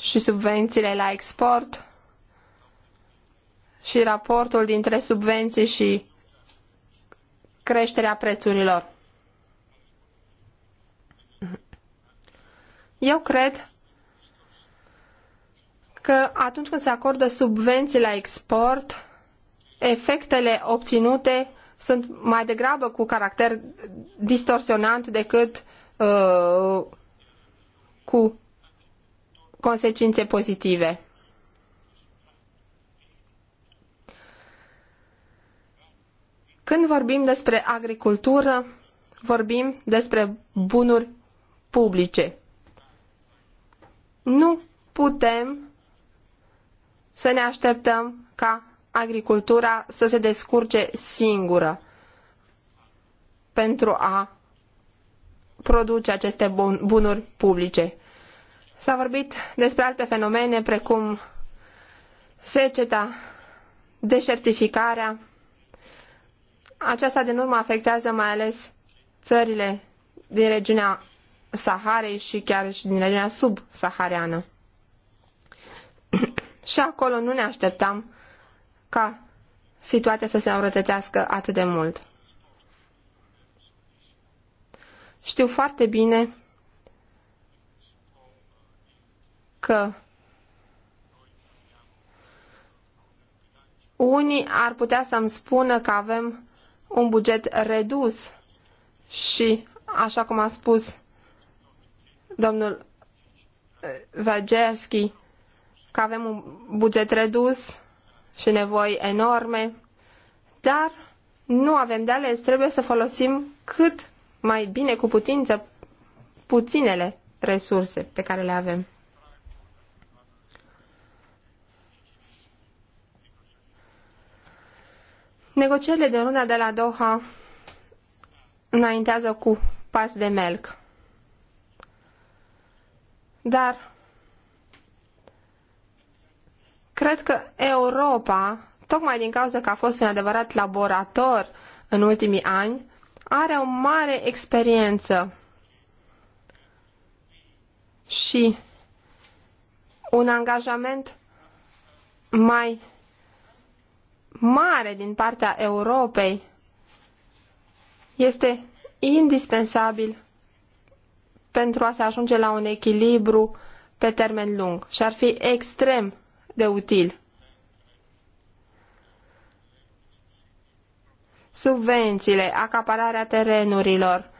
și subvențiile la export și raportul dintre subvenții și creșterea prețurilor. Eu cred că atunci când se acordă subvenții la export, efectele obținute sunt mai degrabă cu caracter distorsionant decât uh, cu consecințe pozitive. Când vorbim despre agricultură, vorbim despre bunuri publice. Nu putem să ne așteptăm ca agricultura să se descurce singură pentru a produce aceste bunuri publice. S-a vorbit despre alte fenomene precum seceta, deșertificarea. Aceasta din urmă afectează mai ales țările din regiunea Saharei și chiar și din regiunea subsahariană. [CLEARS THROAT] și acolo nu ne așteptam ca situația să se înrătățească atât de mult. Știu foarte bine că unii ar putea să-mi spună că avem un buget redus și, așa cum a spus domnul Vajerski, că avem un buget redus și nevoi enorme, dar nu avem de ales, trebuie să folosim cât mai bine cu putință puținele resurse pe care le avem. Negocierile de runda de la Doha înaintează cu pas de melc. Dar Cred că Europa, tocmai din cauza că a fost un adevărat laborator în ultimii ani, are o mare experiență și un angajament mai mare din partea Europei este indispensabil pentru a se ajunge la un echilibru pe termen lung și ar fi extrem de util. Subvențiile, acapararea terenurilor,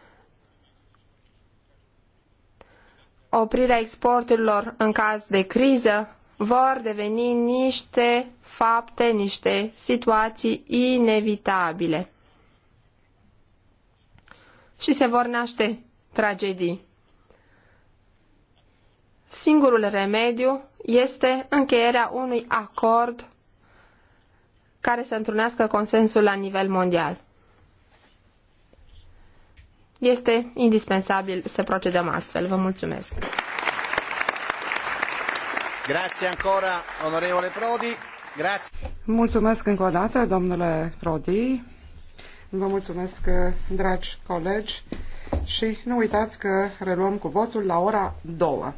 oprirea exporturilor în caz de criză vor deveni niște fapte, niște situații inevitabile. Și se vor naște tragedii singurul remediu este încheierea unui acord care să întrunească consensul la nivel mondial. Este indispensabil să procedăm astfel. Vă mulțumesc. Grazie ancora, onorevole Prodi. Grazie. Mulțumesc încă o dată, domnule Prodi. Vă mulțumesc, dragi colegi, și nu uitați că reluăm cu votul la ora 2.